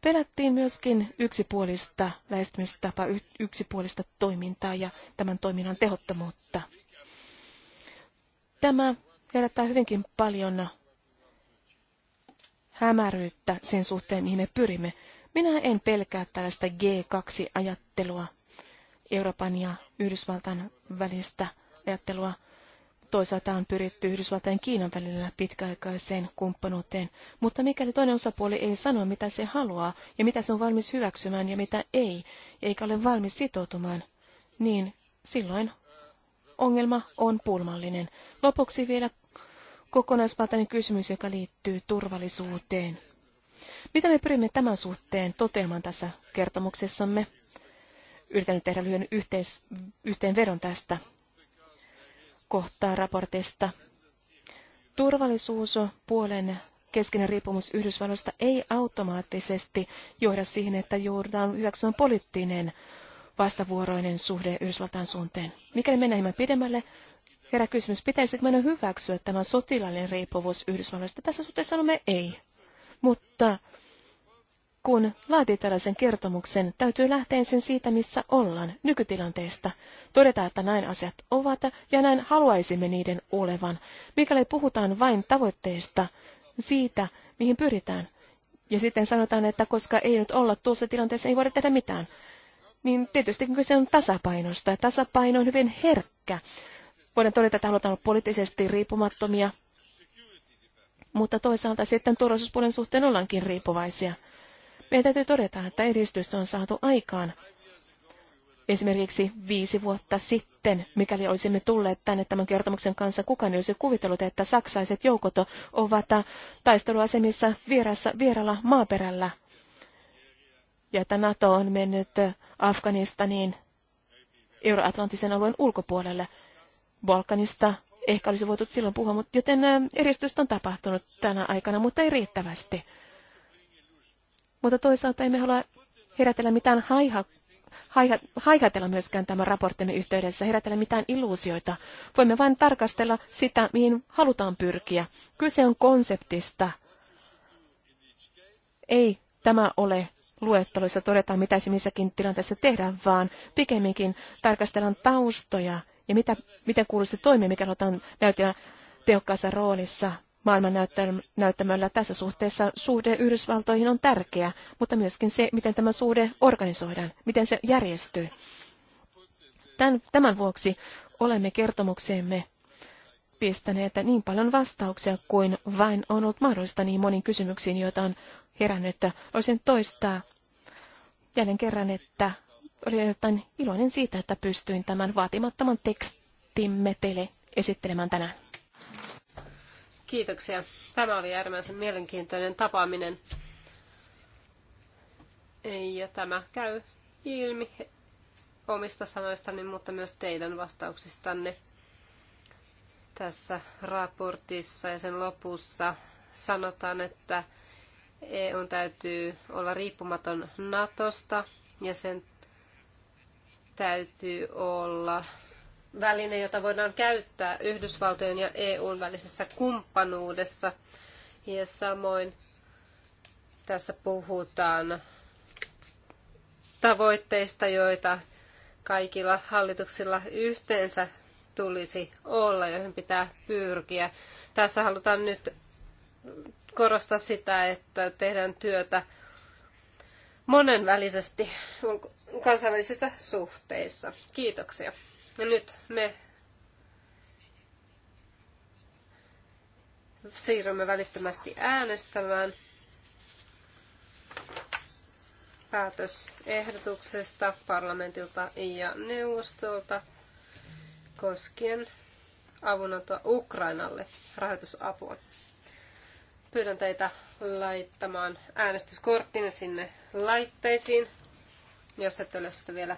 Pelättiin myöskin yksipuolista lähestymistapa, yksipuolista toimintaa ja tämän toiminnan tehottomuutta. Tämä herättää hyvinkin paljon hämäryyttä sen suhteen, mihin me pyrimme. Minä en pelkää tällaista G2-ajattelua. Euroopan ja Yhdysvaltain välistä ajattelua. Toisaalta on pyritty Yhdysvaltain ja Kiinan välillä pitkäaikaiseen kumppanuuteen, mutta mikäli toinen osapuoli ei sano, mitä se haluaa ja mitä se on valmis hyväksymään ja mitä ei, eikä ole valmis sitoutumaan, niin silloin ongelma on pulmallinen. Lopuksi vielä kokonaisvaltainen kysymys, joka liittyy turvallisuuteen. Mitä me pyrimme tämän suhteen toteamaan tässä kertomuksessamme? yrittänyt tehdä lyhyen yhteis, yhteenvedon tästä kohtaa raportista. Turvallisuuspuolen keskinen riippumus Yhdysvalloista ei automaattisesti johda siihen, että joudutaan hyväksymään poliittinen vastavuoroinen suhde Yhdysvaltain suuntaan. Mikäli mennään hieman pidemmälle, herää kysymys, pitäisikö meidän hyväksyä tämä sotilaallinen riippuvuus Yhdysvalloista? Tässä suhteessa sanomme ei. Mutta kun laatii tällaisen kertomuksen, täytyy lähteä ensin siitä, missä ollaan nykytilanteesta. Todeta, että näin asiat ovat ja näin haluaisimme niiden olevan. Mikäli puhutaan vain tavoitteista, siitä, mihin pyritään, ja sitten sanotaan, että koska ei nyt olla tuossa tilanteessa, ei voida tehdä mitään, niin tietysti kyse on tasapainosta. Ja tasapaino on hyvin herkkä. Voidaan todeta, että halutaan olla poliittisesti riippumattomia, mutta toisaalta sitten turvallisuuspuolen suhteen ollaankin riippuvaisia. Meidän täytyy todeta, että edistystä on saatu aikaan. Esimerkiksi viisi vuotta sitten, mikäli olisimme tulleet tänne tämän kertomuksen kanssa, kukaan ei olisi kuvitellut, että saksaiset joukot ovat taisteluasemissa vierassa, vieralla maaperällä. Ja että NATO on mennyt Afganistaniin Euroatlantisen alueen ulkopuolelle. Balkanista ehkä olisi voitu silloin puhua, mutta joten eristystä on tapahtunut tänä aikana, mutta ei riittävästi. Mutta toisaalta emme halua herätellä mitään haiha, haiha, haihatella myöskään tämän raporttimme yhteydessä, herätellä mitään illuusioita. Voimme vain tarkastella sitä, mihin halutaan pyrkiä. Kyse on konseptista. Ei tämä ole luetteloissa todetaan, mitä se missäkin tilanteessa tehdään, vaan pikemminkin tarkastellaan taustoja ja mitä, miten kuuluisi toimia, mikä halutaan näytellä tehokkaassa roolissa maailman näyttämöllä. Tässä suhteessa suhde Yhdysvaltoihin on tärkeä, mutta myöskin se, miten tämä suhde organisoidaan, miten se järjestyy. Tämän, tämän vuoksi olemme kertomukseemme pistäneet niin paljon vastauksia kuin vain on ollut mahdollista niin moniin kysymyksiin, joita on herännyt. Voisin toistaa jälleen kerran, että olin erittäin iloinen siitä, että pystyin tämän vaatimattoman tekstimme teille esittelemään tänään. Kiitoksia. Tämä oli äärimmäisen mielenkiintoinen tapaaminen. Ja tämä käy ilmi omista sanoistani, mutta myös teidän vastauksistanne tässä raportissa ja sen lopussa sanotaan, että EU täytyy olla riippumaton Natosta ja sen täytyy olla väline, jota voidaan käyttää Yhdysvaltojen ja EUn välisessä kumppanuudessa. Ja samoin tässä puhutaan tavoitteista, joita kaikilla hallituksilla yhteensä tulisi olla, joihin pitää pyrkiä. Tässä halutaan nyt korostaa sitä, että tehdään työtä monenvälisesti kansainvälisissä suhteissa. Kiitoksia. No nyt me siirrymme välittömästi äänestämään päätösehdotuksesta parlamentilta ja neuvostolta koskien avunantoa Ukrainalle rahoitusapua. Pyydän teitä laittamaan äänestyskorttinne sinne laitteisiin, jos ette ole sitä vielä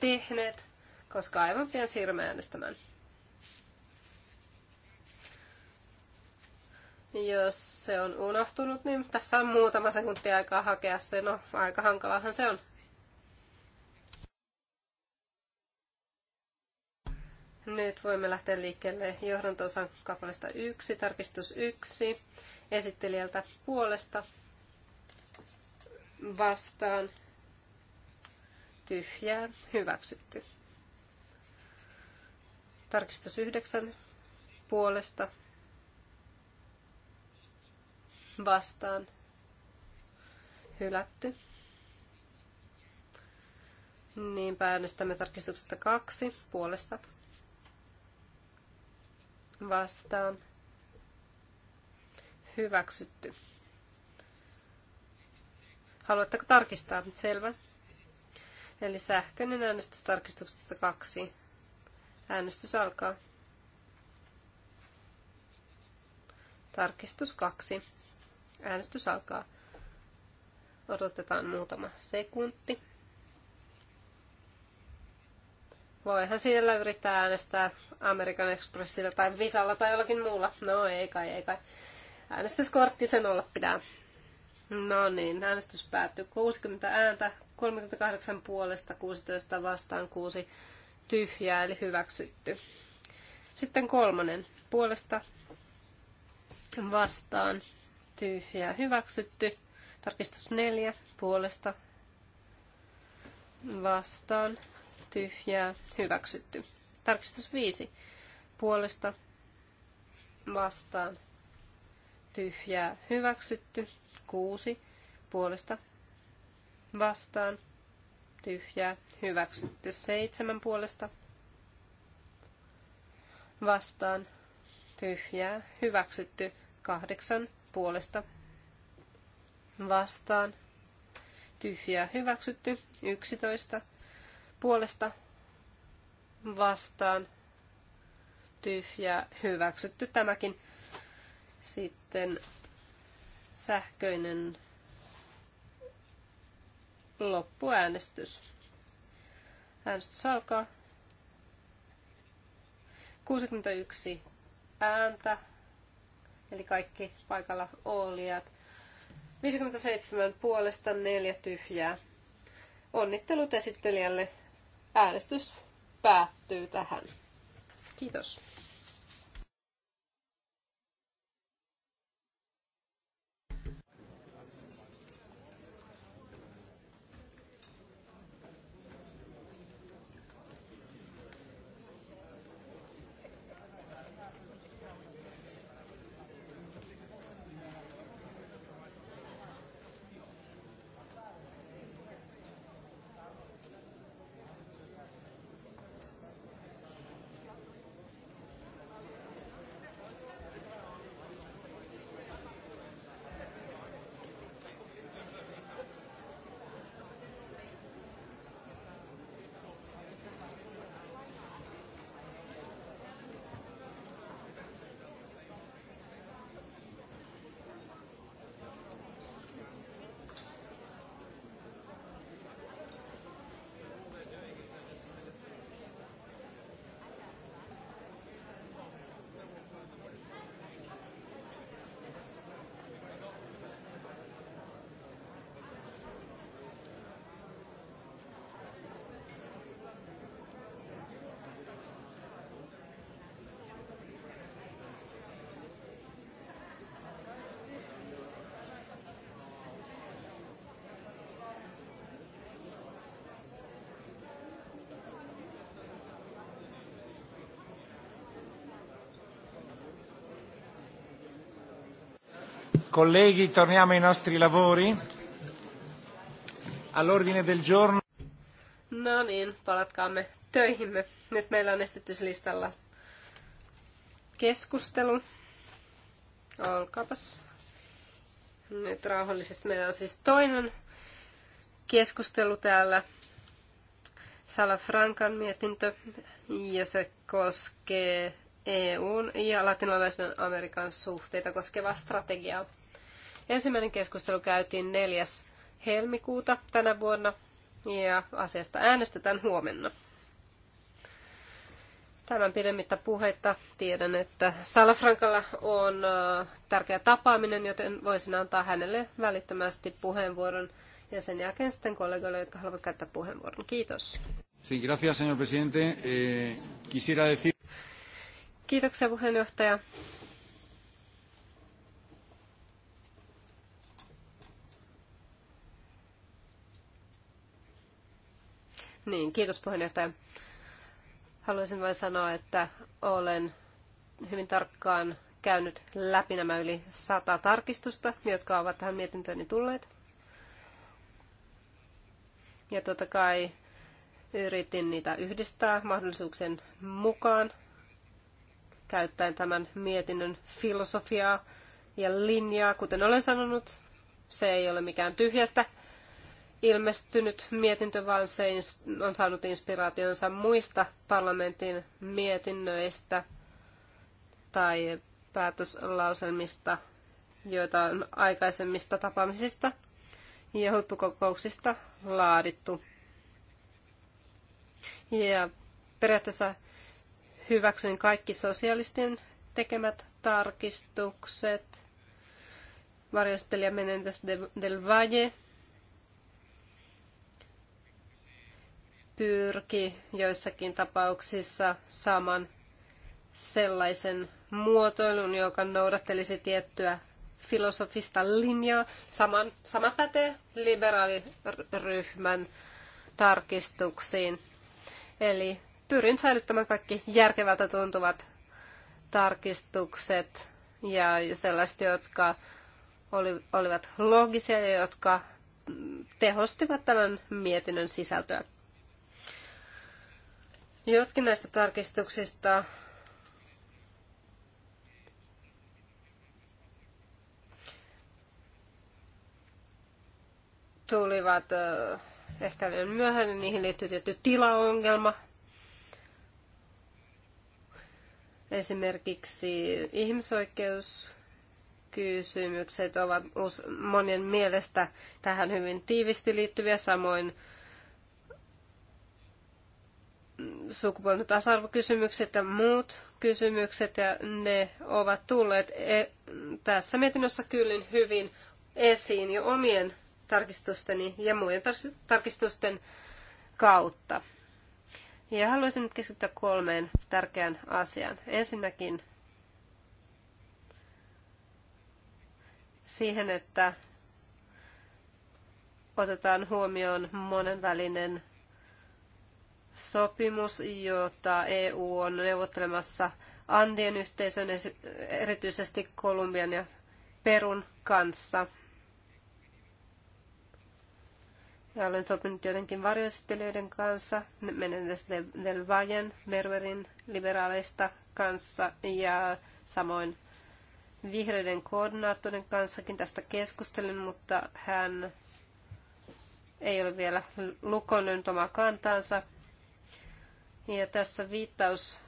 tehneet koska aivan pian siirrymme äänestämään. Jos se on unohtunut, niin tässä on muutama sekunti aikaa hakea se. No, aika hankalahan se on. Nyt voimme lähteä liikkeelle johdantosan kappaleesta 1, tarkistus 1, esittelijältä puolesta vastaan tyhjää hyväksytty. Tarkistus yhdeksän puolesta vastaan hylätty. Niin äänestämme tarkistuksesta kaksi puolesta vastaan hyväksytty. Haluatteko tarkistaa? Selvä. Eli sähköinen äänestys tarkistuksesta kaksi. Äänestys alkaa. Tarkistus 2. Äänestys alkaa. Odotetaan muutama sekunti. Voihan siellä yrittää äänestää American Expressillä tai Visalla tai jollakin muulla. No ei kai, ei kai. Äänestyskortti sen olla pitää. No niin, äänestys päättyy. 60 ääntä, 38 puolesta, 16 vastaan, 6 tyhjää, eli hyväksytty. Sitten kolmannen puolesta vastaan tyhjää, hyväksytty. Tarkistus neljä puolesta vastaan tyhjää, hyväksytty. Tarkistus viisi puolesta vastaan tyhjää, hyväksytty. Kuusi puolesta vastaan tyhjää, hyväksytty. Seitsemän puolesta vastaan, tyhjää, hyväksytty. Kahdeksan puolesta vastaan, tyhjää, hyväksytty. Yksitoista puolesta vastaan, tyhjää, hyväksytty tämäkin. Sitten sähköinen Loppuäänestys. Äänestys alkaa. 61 ääntä, eli kaikki paikalla olijat. 57 puolesta, neljä tyhjää. Onnittelut esittelijälle. Äänestys päättyy tähän. Kiitos. Colleghi, torniamo ai nostri lavori. All'ordine del giorno. No niin, palatkaamme töihimme. Nyt meillä on esityslistalla keskustelu. Olkaapas. Nyt rauhallisesti meillä on siis toinen keskustelu täällä. Salafrankan mietintö ja se koskee EUn ja latinalaisen Amerikan suhteita koskevaa strategiaa. Ensimmäinen keskustelu käytiin 4. helmikuuta tänä vuonna ja asiasta äänestetään huomenna. Tämän pidemmittä puheita tiedän, että Salafrankalla on tärkeä tapaaminen, joten voisin antaa hänelle välittömästi puheenvuoron ja sen jälkeen sitten kollegoille, jotka haluavat käyttää puheenvuoron. Kiitos. Sí, gracias, señor presidente. Eh, quisiera decir... Kiitoksia puheenjohtaja. Niin, kiitos puheenjohtaja. Haluaisin vain sanoa, että olen hyvin tarkkaan käynyt läpi nämä yli sata tarkistusta, jotka ovat tähän mietintööni tulleet. Ja totta kai yritin niitä yhdistää mahdollisuuksien mukaan, käyttäen tämän mietinnön filosofiaa ja linjaa. Kuten olen sanonut, se ei ole mikään tyhjästä ilmestynyt mietintö Valsein on saanut inspiraationsa muista parlamentin mietinnöistä tai päätöslauselmista, joita on aikaisemmista tapaamisista ja huippukokouksista laadittu. Ja periaatteessa hyväksyin kaikki sosialistien tekemät tarkistukset. Varjostelija Menendez del Valle pyrki joissakin tapauksissa saamaan sellaisen muotoilun, joka noudattelisi tiettyä filosofista linjaa. Saman, sama pätee liberaaliryhmän tarkistuksiin. Eli pyrin säilyttämään kaikki järkevältä tuntuvat tarkistukset ja sellaiset, jotka oli, olivat loogisia ja jotka tehostivat tämän mietinnön sisältöä. Jotkin näistä tarkistuksista tulivat ehkä liian myöhään, niin niihin liittyy tietty tilaongelma. Esimerkiksi ihmisoikeuskysymykset ovat monien mielestä tähän hyvin tiivisti liittyviä, samoin sukupuolten tasa-arvokysymykset ja muut kysymykset, ja ne ovat tulleet e-, tässä mietinnössä kyllin hyvin esiin jo omien tarkistusteni ja muiden tarkistusten kautta. Ja haluaisin nyt keskittyä kolmeen tärkeään asiaan. Ensinnäkin siihen, että otetaan huomioon monenvälinen sopimus, jota EU on neuvottelemassa Andien yhteisön, erityisesti Kolumbian ja Perun kanssa. Ja olen sopinut jotenkin varjoesittelijöiden kanssa, Menendez del Vallen, Merverin, liberaaleista kanssa ja samoin vihreiden koordinaattorin kanssakin tästä keskustelin, mutta hän ei ole vielä lukonnut omaa kantaansa ja tässä viittaus,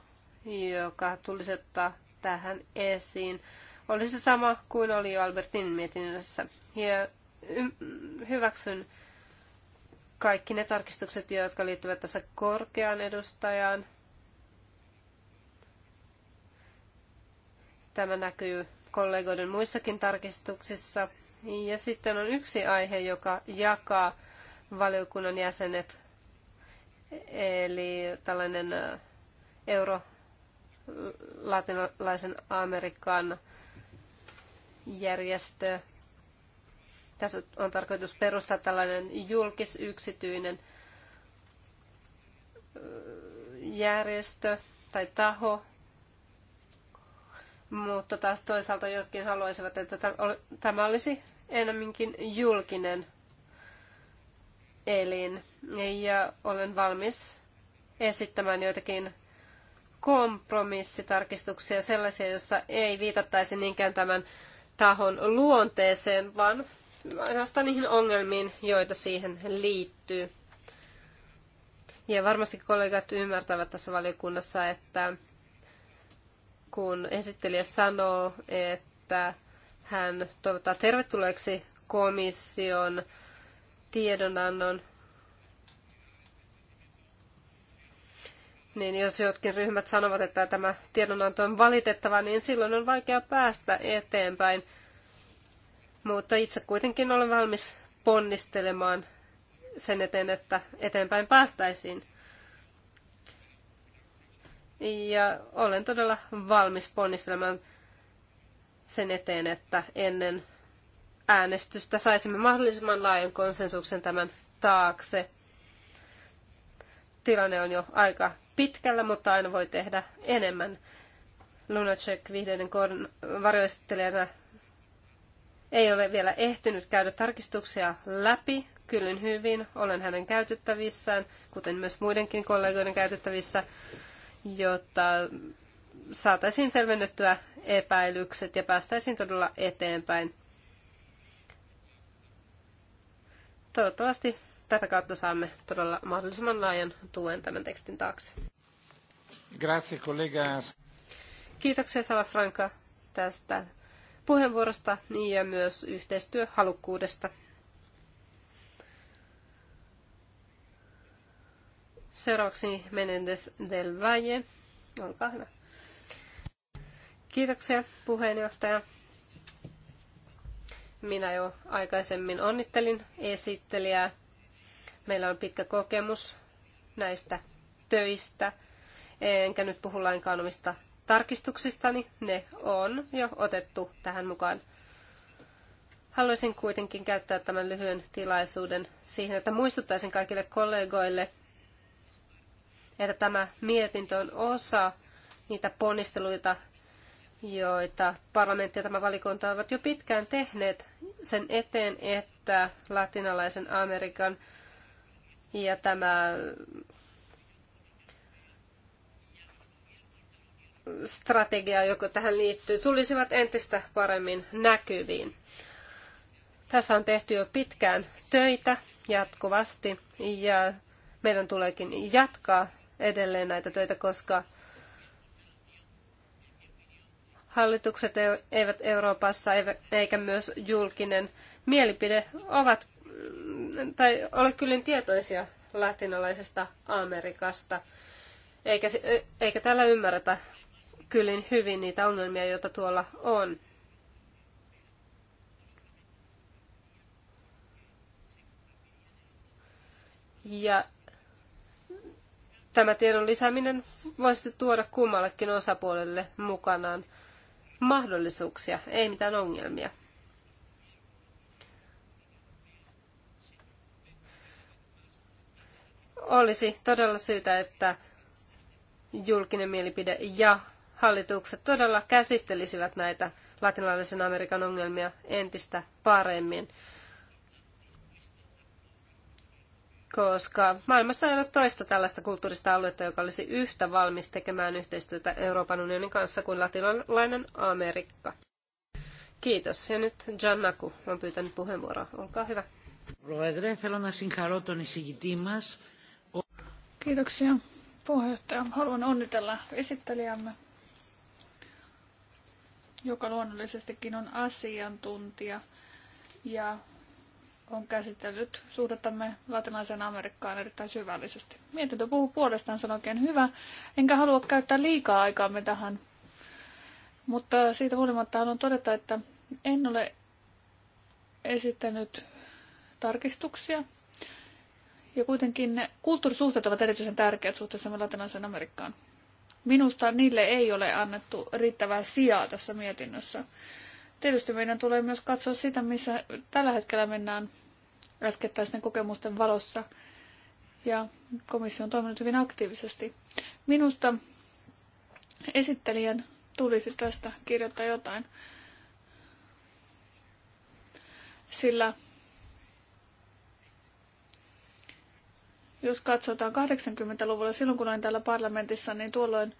joka tulisi ottaa tähän esiin, oli se sama kuin oli jo Albertin mietinnössä. Ja hyväksyn kaikki ne tarkistukset, jotka liittyvät tässä korkean edustajaan. Tämä näkyy kollegoiden muissakin tarkistuksissa. Ja sitten on yksi aihe, joka jakaa valiokunnan jäsenet Eli tällainen euro latinalaisen Amerikan järjestö. Tässä on tarkoitus perustaa tällainen julkisyksityinen järjestö tai taho, mutta taas toisaalta jotkin haluaisivat, että tämä olisi enemminkin julkinen elin ja olen valmis esittämään joitakin kompromissitarkistuksia, sellaisia, joissa ei viitattaisi niinkään tämän tahon luonteeseen, vaan ainoastaan niihin ongelmiin, joita siihen liittyy. Ja varmasti kollegat ymmärtävät tässä valiokunnassa, että kun esittelijä sanoo, että hän toivottaa tervetulleeksi komission tiedonannon, niin jos jotkin ryhmät sanovat, että tämä tiedonanto on valitettava, niin silloin on vaikea päästä eteenpäin. Mutta itse kuitenkin olen valmis ponnistelemaan sen eteen, että eteenpäin päästäisiin. Ja olen todella valmis ponnistelemaan sen eteen, että ennen äänestystä saisimme mahdollisimman laajan konsensuksen tämän taakse. Tilanne on jo aika pitkällä, mutta aina voi tehdä enemmän. Lunacek vihreiden varjoistelijana ei ole vielä ehtinyt käydä tarkistuksia läpi kyllin hyvin. Olen hänen käytettävissään, kuten myös muidenkin kollegoiden käytettävissä, jotta saataisiin selvennettyä epäilykset ja päästäisiin todella eteenpäin. Toivottavasti tätä kautta saamme todella mahdollisimman laajan tuen tämän tekstin taakse. Grazie, kollegas. Kiitoksia Sala Franka tästä puheenvuorosta ja myös yhteistyöhalukkuudesta. Seuraavaksi Menendez del Valle. Olkaa hyvä. Kiitoksia puheenjohtaja. Minä jo aikaisemmin onnittelin esittelijää Meillä on pitkä kokemus näistä töistä. Enkä nyt puhu lainkaan omista tarkistuksistani. Ne on jo otettu tähän mukaan. Haluaisin kuitenkin käyttää tämän lyhyen tilaisuuden siihen, että muistuttaisin kaikille kollegoille, että tämä mietintö on osa niitä ponnisteluita, joita parlamentti ja tämä valikunta ovat jo pitkään tehneet sen eteen, että latinalaisen Amerikan ja tämä strategia, joka tähän liittyy, tulisivat entistä paremmin näkyviin. Tässä on tehty jo pitkään töitä jatkuvasti ja meidän tuleekin jatkaa edelleen näitä töitä, koska hallitukset eivät Euroopassa eikä myös julkinen mielipide ovat tai ole kyllin niin tietoisia latinalaisesta Amerikasta, eikä, e- eikä täällä ymmärretä kyllin niin hyvin niitä ongelmia, joita tuolla on. Ja tämä tiedon lisääminen voisi tuoda kummallekin osapuolelle mukanaan mahdollisuuksia, ei mitään ongelmia. olisi todella syytä, että julkinen mielipide ja hallitukset todella käsittelisivät näitä latinalaisen Amerikan ongelmia entistä paremmin. Koska maailmassa ei ole toista tällaista kulttuurista aluetta, joka olisi yhtä valmis tekemään yhteistyötä Euroopan unionin kanssa kuin latinalainen Amerikka. Kiitos. Ja nyt Naku. on pyytänyt puheenvuoroa. Olkaa hyvä. Πρόεδρε, haluan να συγχαρώ Kiitoksia puheenjohtaja. Haluan onnitella esittelijämme, joka luonnollisestikin on asiantuntija ja on käsitellyt suhdettamme latinalaiseen Amerikkaan erittäin syvällisesti. Mietintö puhuu puolestaan, se on oikein hyvä. Enkä halua käyttää liikaa aikaamme tähän, mutta siitä huolimatta haluan todeta, että en ole esittänyt tarkistuksia ja kuitenkin kulttuurisuhteet ovat erityisen tärkeät suhteessa latinalaisen Amerikkaan. Minusta niille ei ole annettu riittävää sijaa tässä mietinnössä. Tietysti meidän tulee myös katsoa sitä, missä tällä hetkellä mennään äskettäisten kokemusten valossa. Ja komissio on toiminut hyvin aktiivisesti. Minusta esittelijän tulisi tästä kirjoittaa jotain. Sillä Jos katsotaan 80-luvulla, silloin kun olin täällä parlamentissa, niin tuolloin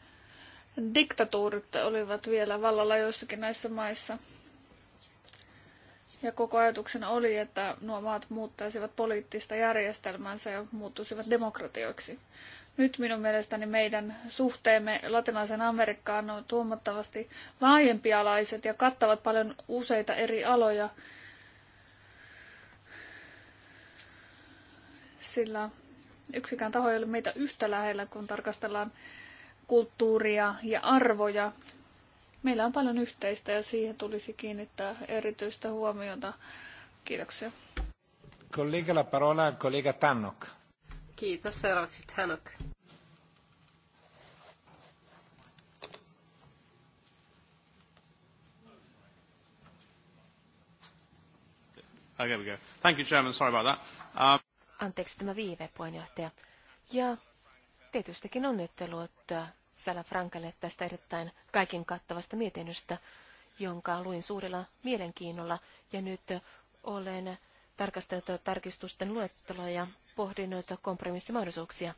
diktatuurit olivat vielä vallalla joissakin näissä maissa. Ja koko ajatuksena oli, että nuo maat muuttaisivat poliittista järjestelmäänsä ja muuttuisivat demokratioiksi. Nyt minun mielestäni meidän suhteemme latinalaisen Amerikkaan on tuomattavasti laajempialaiset ja kattavat paljon useita eri aloja, sillä Yksikään taho ei ole meitä yhtä lähellä, kun tarkastellaan kulttuuria ja arvoja. Meillä on paljon yhteistä ja siihen tulisi kiinnittää erityistä huomiota. Kiitoksia. Kollega la parola, kollega Tannok. Kiitos. Seuraavaksi Tannok. Okay, we go. Thank you, Chairman. Sorry about that. Um... Anteeksi tämä viive, puheenjohtaja. Ja tietystikin onnittelut äh, Sala Frankalle tästä erittäin kaiken kattavasta mietinnöstä, jonka luin suurella mielenkiinnolla. Ja nyt äh, olen tarkastellut tarkistusten luetteloa ja pohdinut kompromissimahdollisuuksia.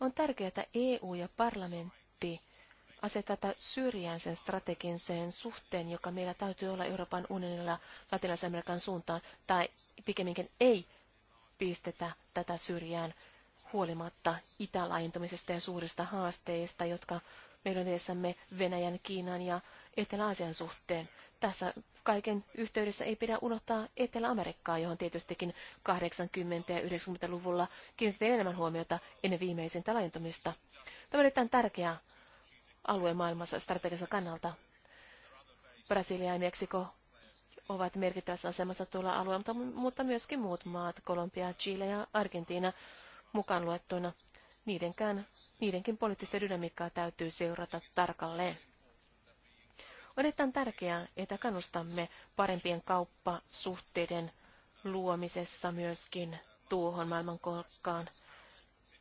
On tärkeää, että EU ja parlamentti asettaa syrjään sen strategiseen suhteen, joka meillä täytyy olla Euroopan unionilla Latinalaisen Amerikan suuntaan, tai pikemminkin ei pistetä tätä syrjään huolimatta itälaajentumisesta ja suurista haasteista, jotka meillä on edessämme Venäjän, Kiinan ja Etelä-Aasian suhteen. Tässä kaiken yhteydessä ei pidä unohtaa Etelä-Amerikkaa, johon tietystikin 80- ja 90-luvulla kiinnitettiin enemmän huomiota ennen viimeisintä laajentumista. Tämä on erittäin tärkeä alue maailmassa strategisella kannalta. Brasilia ja Meksiko ovat merkittävässä asemassa tuolla alueella, mutta myöskin muut maat, Kolumbia, Chile ja Argentiina mukaan luettuna. Niidenkään, niidenkin poliittista dynamiikkaa täytyy seurata tarkalleen. On erittäin tärkeää, että kannustamme parempien kauppasuhteiden luomisessa myöskin tuohon maailmankolkkaan.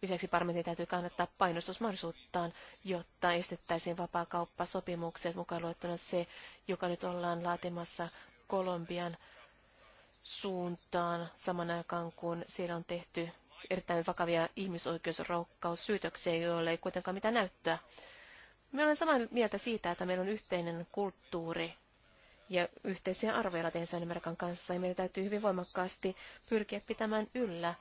Lisäksi parlamentin täytyy kannattaa painostusmahdollisuuttaan, jotta estettäisiin vapaa-kauppasopimukset mukaan luettuna se, joka nyt ollaan laatimassa Kolumbian suuntaan saman aikaan, kun siellä on tehty erittäin vakavia ihmisoikeusroukkaussyytöksiä, joille ei kuitenkaan mitään näyttöä. Me olen samaa mieltä siitä, että meillä on yhteinen kulttuuri ja yhteisiä arvoja Latinalaisen Amerikan kanssa, ja meidän täytyy hyvin voimakkaasti pyrkiä pitämään yllä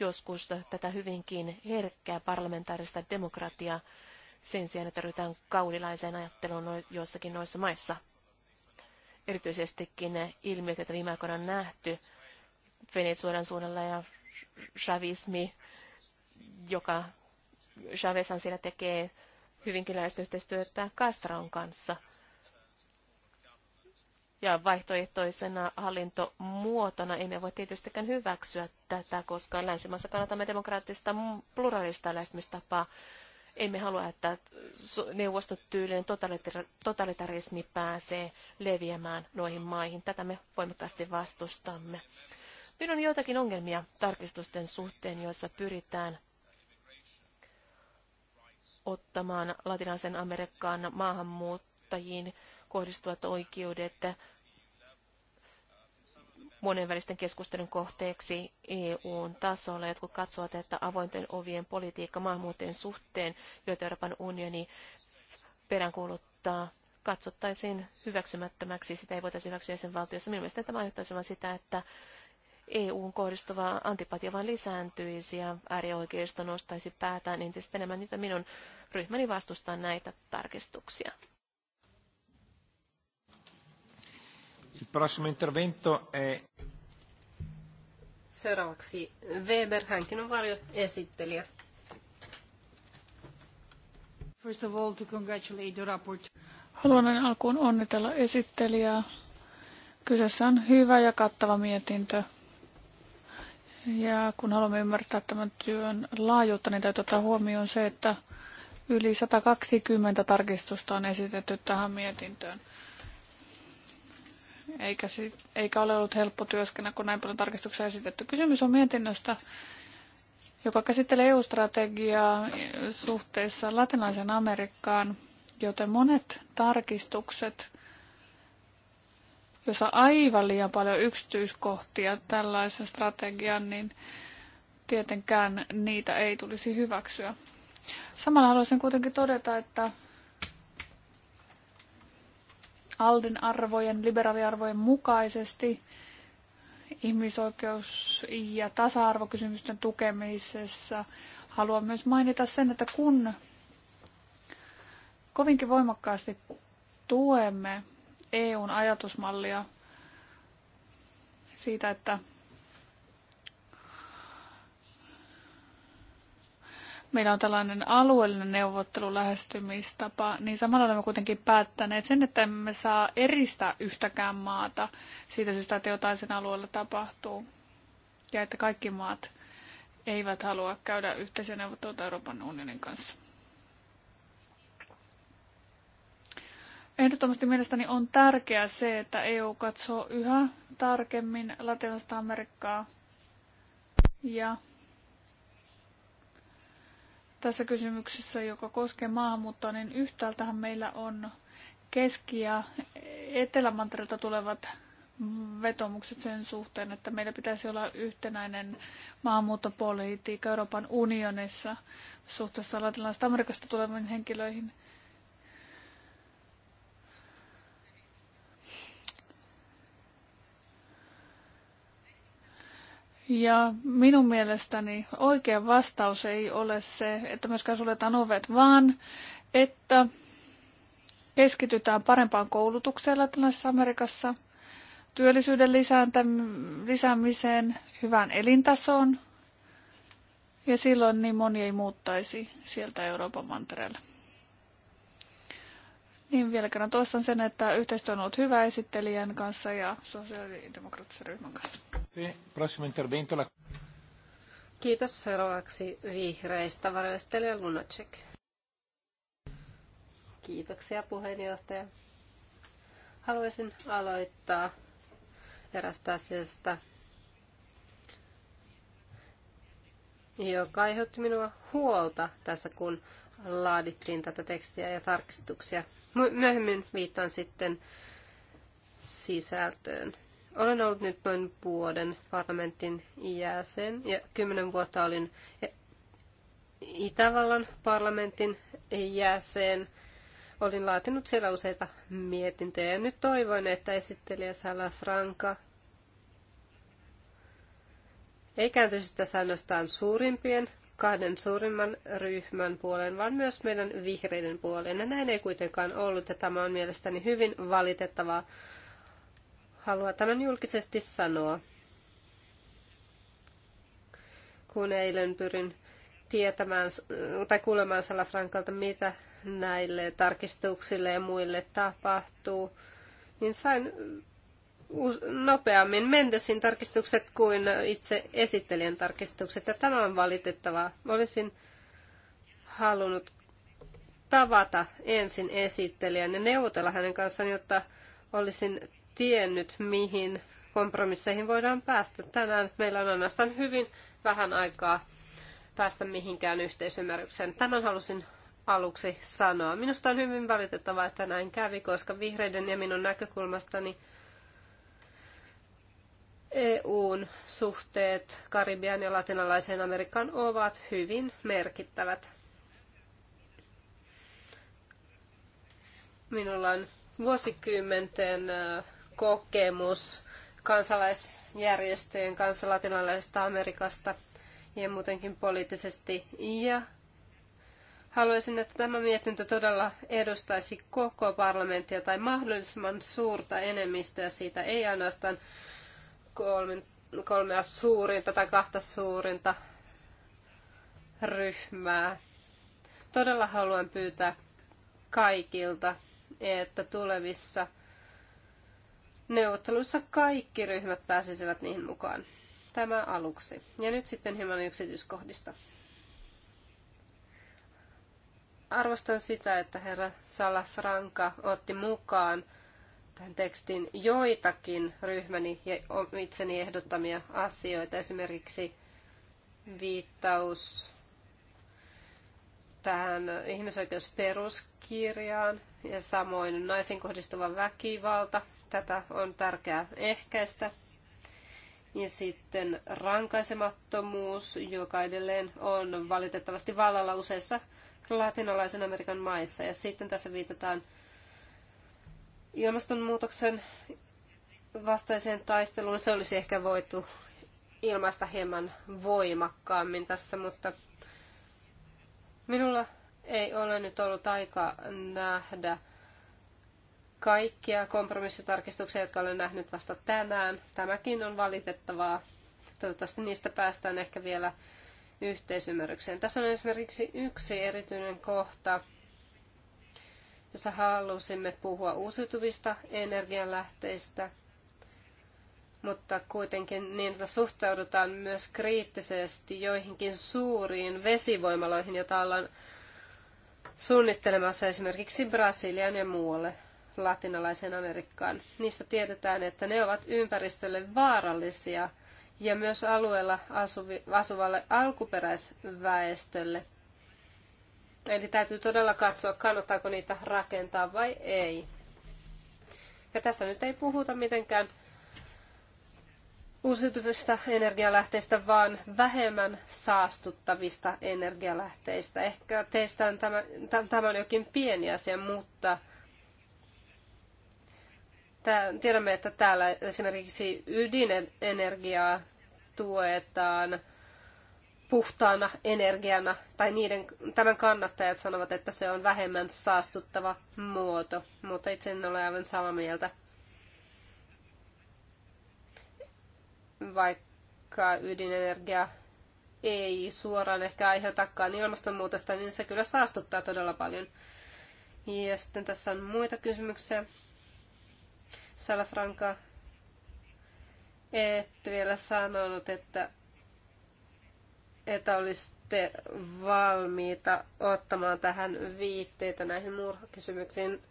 joskus tätä hyvinkin herkkää parlamentaarista demokratiaa sen sijaan, että ryhdytään kaudilaiseen ajatteluun no- joissakin noissa maissa erityisestikin ne ilmiöt, joita viime aikoina on nähty Venezuelan suunnalla ja chavismi, joka Chavezan siellä tekee hyvinkin läheistä yhteistyötä Castron kanssa. Ja vaihtoehtoisena hallintomuotona emme voi tietystikään hyväksyä tätä, koska länsimaissa kannatamme demokraattista pluralista lähestymistapaa emme halua, että neuvostotyylinen totalitarismi pääsee leviämään noihin maihin. Tätä me voimakkaasti vastustamme. Nyt on joitakin ongelmia tarkistusten suhteen, joissa pyritään ottamaan latinalaisen Amerikan maahanmuuttajiin kohdistuvat oikeudet monenvälisten keskustelun kohteeksi EUn tasolla. Jotkut katsovat, että avointen ovien politiikka maahanmuuttajien suhteen, joita Euroopan unioni peräänkuuluttaa, katsottaisiin hyväksymättömäksi. Sitä ei voitaisi hyväksyä jäsenvaltiossa. Mielestäni tämä aiheuttaisi vain sitä, että EUn kohdistuva antipatia vain lisääntyisi ja äärioikeisto nostaisi päätään entistä enemmän, niitä minun ryhmäni vastustaa näitä tarkistuksia. Prossimo intervento è... Seuraavaksi Weber, hänkin on varjoesittelijä. First of all, to congratulate the rapport. Haluan näin alkuun onnitella esittelijää. Kyseessä on hyvä ja kattava mietintö. Ja kun haluamme ymmärtää tämän työn laajuutta, niin täytyy ottaa huomioon se, että yli 120 tarkistusta on esitetty tähän mietintöön eikä, sit, eikä ole ollut helppo työskennä, kun näin paljon tarkistuksia esitetty. Kysymys on mietinnöstä, joka käsittelee EU-strategiaa suhteessa latinalaisen Amerikkaan, joten monet tarkistukset, jossa aivan liian paljon yksityiskohtia tällaisen strategian, niin tietenkään niitä ei tulisi hyväksyä. Samalla haluaisin kuitenkin todeta, että Alden arvojen, liberaaliarvojen mukaisesti ihmisoikeus- ja tasa-arvokysymysten tukemisessa. Haluan myös mainita sen, että kun kovinkin voimakkaasti tuemme EUn ajatusmallia siitä, että meillä on tällainen alueellinen neuvottelulähestymistapa, niin samalla olemme kuitenkin päättäneet sen, että emme saa eristää yhtäkään maata siitä syystä, että jotain sen alueella tapahtuu. Ja että kaikki maat eivät halua käydä yhteisiä neuvotteluita Euroopan unionin kanssa. Ehdottomasti mielestäni on tärkeää se, että EU katsoo yhä tarkemmin Latinalaista Amerikkaa ja tässä kysymyksessä, joka koskee maahanmuuttoa, niin yhtäältähän meillä on Keski- ja Etelämantereelta tulevat vetomukset sen suhteen, että meillä pitäisi olla yhtenäinen maahanmuuttopolitiikka Euroopan unionissa suhteessa latinalaisesta Amerikasta tuleviin henkilöihin. Ja minun mielestäni oikea vastaus ei ole se, että myöskään suljetaan ovet, vaan että keskitytään parempaan koulutukseen Latinalaisessa Amerikassa, työllisyyden lisäämiseen, hyvään elintasoon, ja silloin niin moni ei muuttaisi sieltä Euroopan mantereelle. Niin vielä kerran toistan sen, että yhteistyö on ollut hyvä esittelijän kanssa ja sosiaalidemokraattisen ryhmän kanssa. Kiitos. Seuraavaksi vihreistä varoistelija Lunacek. Kiitoksia puheenjohtaja. Haluaisin aloittaa erästä asiasta, joka aiheutti minua huolta tässä, kun laadittiin tätä tekstiä ja tarkistuksia. Myöhemmin viittaan sitten sisältöön. Olen ollut nyt noin vuoden parlamentin jäsen ja kymmenen vuotta olin e- Itävallan parlamentin jäsen. Olin laatinut siellä useita mietintöjä ja nyt toivoin, että esittelijä Sala Franka ei kääntyisi tässä ainoastaan suurimpien kahden suurimman ryhmän puoleen, vaan myös meidän vihreiden puoleen. Ja näin ei kuitenkaan ollut, ja tämä on mielestäni hyvin valitettavaa. Haluan tämän julkisesti sanoa. Kun eilen pyrin tietämään tai kuulemaan Salafrankalta, mitä näille tarkistuksille ja muille tapahtuu, niin sain nopeammin Mendesin tarkistukset kuin itse esittelijän tarkistukset, ja tämä on valitettavaa. Olisin halunnut tavata ensin esittelijän ja neuvotella hänen kanssaan, jotta olisin tiennyt, mihin kompromisseihin voidaan päästä. Tänään meillä on ainoastaan hyvin vähän aikaa päästä mihinkään yhteisymmärrykseen. Tämän halusin aluksi sanoa. Minusta on hyvin valitettavaa, että näin kävi, koska vihreiden ja minun näkökulmastani – EUn suhteet Karibian ja latinalaiseen Amerikkaan ovat hyvin merkittävät. Minulla on vuosikymmenten kokemus kansalaisjärjestöjen kanssa latinalaisesta Amerikasta ja muutenkin poliittisesti. Ja haluaisin, että tämä mietintö todella edustaisi koko parlamenttia tai mahdollisimman suurta enemmistöä siitä, ei ainoastaan kolmea suurinta tai kahta suurinta ryhmää. Todella haluan pyytää kaikilta, että tulevissa neuvotteluissa kaikki ryhmät pääsisivät niihin mukaan. Tämä aluksi. Ja nyt sitten hieman yksityiskohdista. Arvostan sitä, että herra Salafranca otti mukaan tähän tekstiin joitakin ryhmäni ja itseni ehdottamia asioita, esimerkiksi viittaus tähän ihmisoikeusperuskirjaan ja samoin naisiin kohdistuva väkivalta. Tätä on tärkeää ehkäistä. Ja sitten rankaisemattomuus, joka edelleen on valitettavasti vallalla useissa latinalaisen Amerikan maissa. Ja sitten tässä viitataan ilmastonmuutoksen vastaiseen taisteluun. Se olisi ehkä voitu ilmaista hieman voimakkaammin tässä, mutta minulla ei ole nyt ollut aika nähdä kaikkia kompromissitarkistuksia, jotka olen nähnyt vasta tänään. Tämäkin on valitettavaa. Toivottavasti niistä päästään ehkä vielä yhteisymmärrykseen. Tässä on esimerkiksi yksi erityinen kohta, jossa halusimme puhua uusiutuvista energianlähteistä, mutta kuitenkin niin, että suhtaudutaan myös kriittisesti joihinkin suuriin vesivoimaloihin, joita ollaan suunnittelemassa esimerkiksi Brasilian ja muualle latinalaiseen Amerikkaan. Niistä tiedetään, että ne ovat ympäristölle vaarallisia ja myös alueella asuvi, asuvalle alkuperäisväestölle. Eli täytyy todella katsoa, kannattaako niitä rakentaa vai ei. Ja tässä nyt ei puhuta mitenkään uusiutuvista energialähteistä, vaan vähemmän saastuttavista energialähteistä. Ehkä teistä on tämä, tämä on jokin pieni asia, mutta tiedämme, että täällä esimerkiksi ydinenergiaa tuetaan – puhtaana energiana, tai niiden, tämän kannattajat sanovat, että se on vähemmän saastuttava muoto, mutta itse en ole aivan samaa mieltä. Vaikka ydinenergia ei suoraan ehkä aiheutakaan ilmastonmuutosta, niin se kyllä saastuttaa todella paljon. Ja sitten tässä on muita kysymyksiä. Salafranka, et vielä sanonut, että että olisitte valmiita ottamaan tähän viitteitä näihin murhakysymyksiin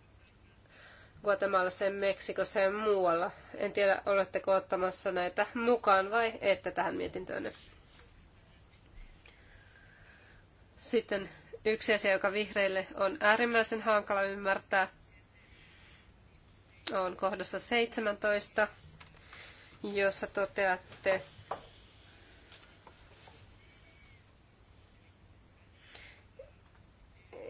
Guatemalassa, Meksikossa ja muualla. En tiedä, oletteko ottamassa näitä mukaan vai ette tähän mietintöönne. Sitten yksi asia, joka vihreille on äärimmäisen hankala ymmärtää, on kohdassa 17, jossa toteatte,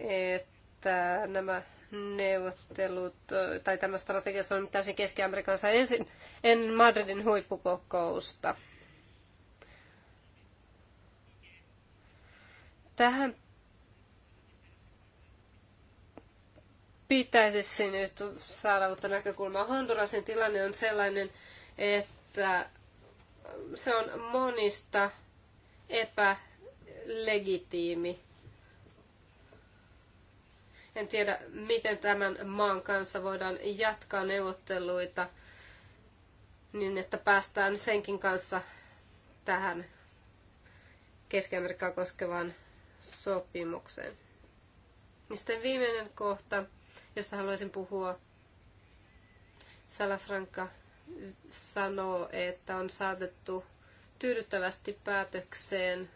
että nämä neuvottelut tai tämä strategia solmittaisiin Keski-Amerikansa ensin ennen Madridin huippukokousta. Tähän pitäisi nyt saada uutta näkökulmaa. Hondurasin tilanne on sellainen, että se on monista epälegitiimi en tiedä, miten tämän maan kanssa voidaan jatkaa neuvotteluita niin, että päästään senkin kanssa tähän Keski-Amerikkaa koskevaan sopimukseen. Ja sitten viimeinen kohta, josta haluaisin puhua. Salafranca sanoo, että on saatettu tyydyttävästi päätökseen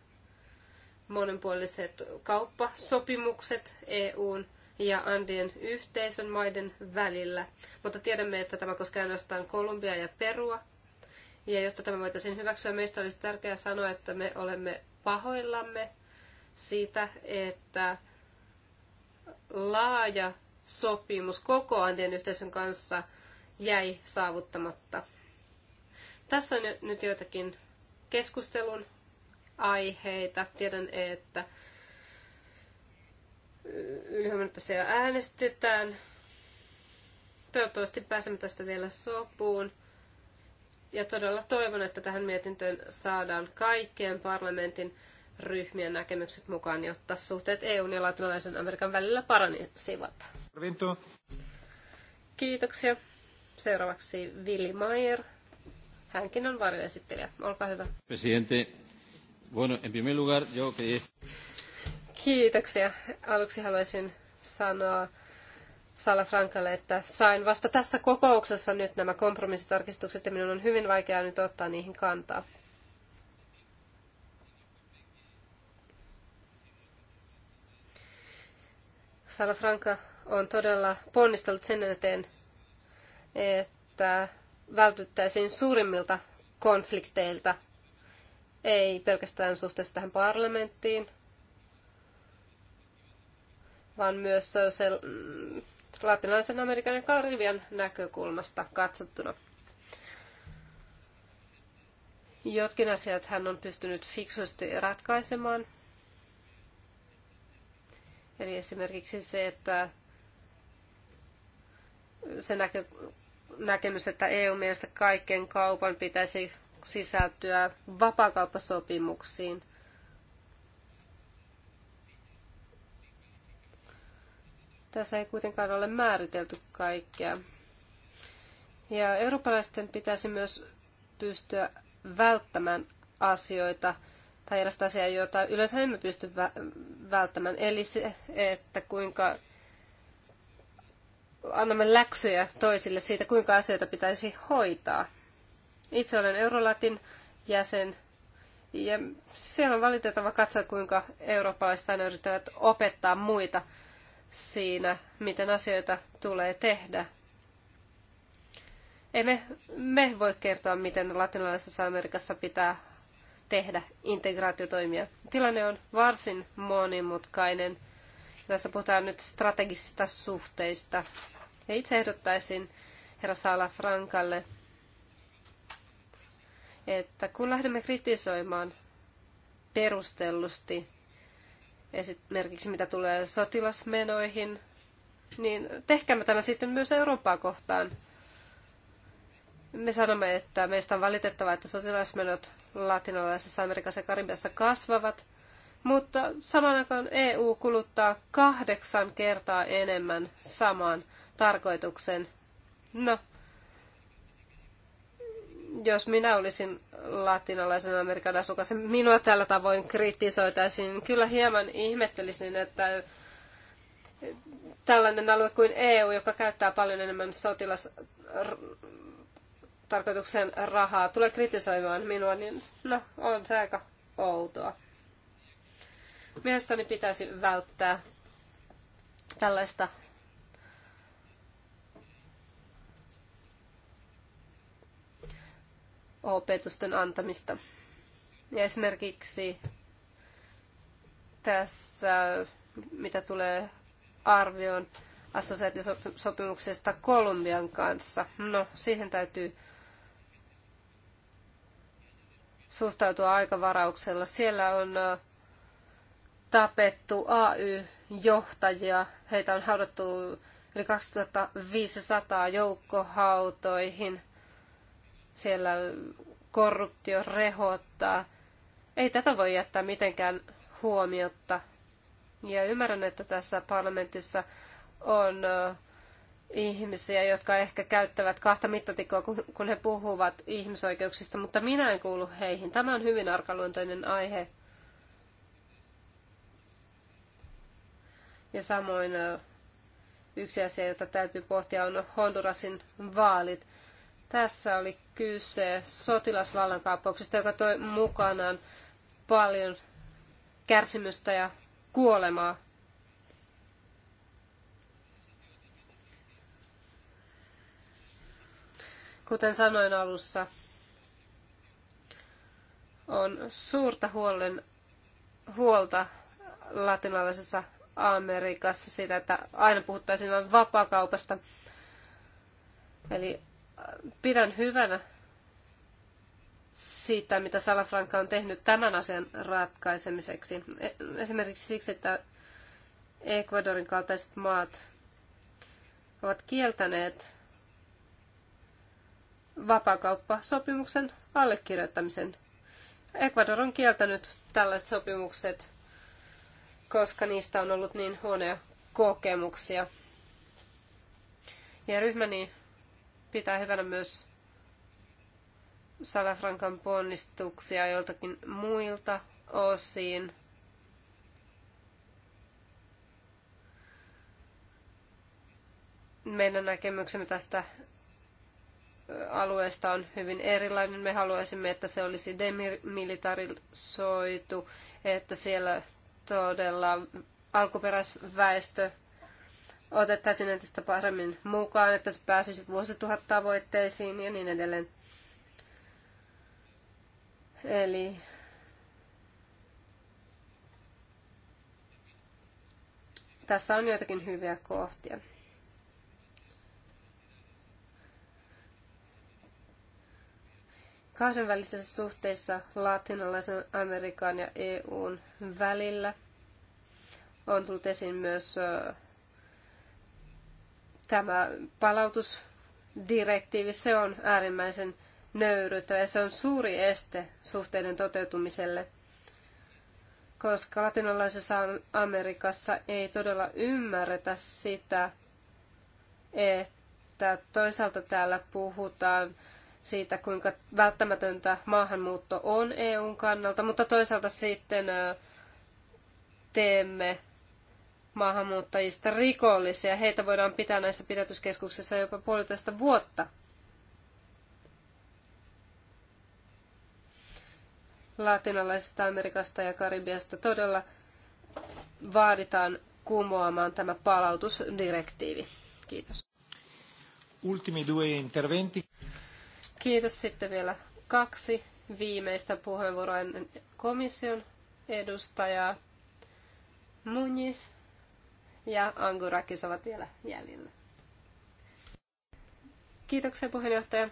monenpuoliset kauppasopimukset EUn ja Andien yhteisön maiden välillä. Mutta tiedämme, että tämä koskee ainoastaan Kolumbia ja Perua. Ja jotta tämä voitaisiin hyväksyä, meistä olisi tärkeää sanoa, että me olemme pahoillamme siitä, että laaja sopimus koko Andien yhteisön kanssa jäi saavuttamatta. Tässä on nyt joitakin keskustelun aiheita. Tiedän, että Ylihuomenna jo äänestetään. Toivottavasti pääsemme tästä vielä sopuun. Ja todella toivon, että tähän mietintöön saadaan kaikkien parlamentin ryhmien näkemykset mukaan, jotta suhteet EUn ja latinalaisen Amerikan välillä paranisivat. Kiitoksia. Seuraavaksi Willi Mayer. Hänkin on varjoesittelijä. Olkaa hyvä. Presidente, bueno, en primer lugar, yo que... Kiitoksia. Aluksi haluaisin sanoa Salafrankalle, että sain vasta tässä kokouksessa nyt nämä kompromissitarkistukset ja minun on hyvin vaikeaa nyt ottaa niihin kantaa. Salafranca on todella ponnistellut sen eteen, että vältyttäisiin suurimmilta konflikteilta, ei pelkästään suhteessa tähän parlamenttiin, vaan myös se mm, latinalaisen Amerikan ja Karibian näkökulmasta katsottuna. Jotkin asiat hän on pystynyt fiksusti ratkaisemaan. Eli esimerkiksi se, että se näkö, näkemys, että EU-mielestä kaiken kaupan pitäisi sisältyä vapaakauppasopimuksiin – Tässä ei kuitenkaan ole määritelty kaikkea. Ja eurooppalaisten pitäisi myös pystyä välttämään asioita tai erästä asiaa, jota yleensä emme pysty välttämään. Eli se, että kuinka annamme läksyjä toisille siitä, kuinka asioita pitäisi hoitaa. Itse olen Eurolatin jäsen ja siellä on valitettava katsoa, kuinka eurooppalaiset aina yrittävät opettaa muita siinä, miten asioita tulee tehdä. Emme me voi kertoa, miten latinalaisessa Amerikassa pitää tehdä integraatiotoimia. Tilanne on varsin monimutkainen. Tässä puhutaan nyt strategisista suhteista. Ja itse ehdottaisin herra Saala Frankalle, että kun lähdemme kritisoimaan perustellusti esimerkiksi mitä tulee sotilasmenoihin, niin tehkäämme tämä sitten myös Eurooppaa kohtaan. Me sanomme, että meistä on valitettavaa, että sotilasmenot latinalaisessa Amerikassa ja Karibiassa kasvavat, mutta saman aikaan EU kuluttaa kahdeksan kertaa enemmän samaan tarkoitukseen. No, jos minä olisin latinalaisen Amerikan asukas, minua tällä tavoin kritisoitaisiin. Kyllä hieman ihmettelisin, että tällainen alue kuin EU, joka käyttää paljon enemmän sotilas tarkoituksen rahaa, tulee kritisoimaan minua, niin no, on se aika outoa. Mielestäni pitäisi välttää tällaista opetusten antamista. Ja esimerkiksi tässä, mitä tulee arvioon assosiaatiosopimuksesta Kolumbian kanssa, no siihen täytyy suhtautua aikavarauksella. Siellä on tapettu AY-johtajia. Heitä on haudattu yli 2500 joukkohautoihin siellä korruptio rehottaa. Ei tätä voi jättää mitenkään huomiotta. Ja ymmärrän, että tässä parlamentissa on ihmisiä, jotka ehkä käyttävät kahta mittatikkoa, kun he puhuvat ihmisoikeuksista, mutta minä en kuulu heihin. Tämä on hyvin arkaluontoinen aihe. Ja samoin yksi asia, jota täytyy pohtia, on Hondurasin vaalit. Tässä oli kyse sotilasvallankaappauksesta, joka toi mukanaan paljon kärsimystä ja kuolemaa. Kuten sanoin alussa, on suurta huolen, huolta latinalaisessa Amerikassa siitä, että aina puhuttaisiin vain vapaakaupasta. Eli pidän hyvänä siitä, mitä Salafranca on tehnyt tämän asian ratkaisemiseksi. E- esimerkiksi siksi, että Ecuadorin kaltaiset maat ovat kieltäneet vapakauppasopimuksen allekirjoittamisen. Ecuador on kieltänyt tällaiset sopimukset, koska niistä on ollut niin huonoja kokemuksia. Ja ryhmäni pitää hyvänä myös Salafrankan ponnistuksia joiltakin muilta osin. Meidän näkemyksemme tästä alueesta on hyvin erilainen. Me haluaisimme, että se olisi demilitarisoitu, että siellä todella alkuperäisväestö otettaisiin entistä paremmin mukaan, että se pääsisi vuosituhat tavoitteisiin ja niin edelleen. Eli tässä on joitakin hyviä kohtia. kahdenvälisissä suhteissa latinalaisen Amerikan ja EUn välillä on tullut esiin myös Tämä palautusdirektiivi, se on äärimmäisen nöyryyttävä ja se on suuri este suhteiden toteutumiselle, koska latinalaisessa Amerikassa ei todella ymmärretä sitä, että toisaalta täällä puhutaan siitä, kuinka välttämätöntä maahanmuutto on EUn kannalta, mutta toisaalta sitten teemme maahanmuuttajista rikollisia. Heitä voidaan pitää näissä pidätyskeskuksissa jopa puolitoista vuotta. Latinalaisesta Amerikasta ja Karibiasta todella vaaditaan kumoamaan tämä palautusdirektiivi. Kiitos. Ultimi due interventi. Kiitos sitten vielä kaksi viimeistä puheenvuoroa komission edustajaa. Muñiz ja Angurakis ovat vielä jäljellä. Kiitoksia puheenjohtaja.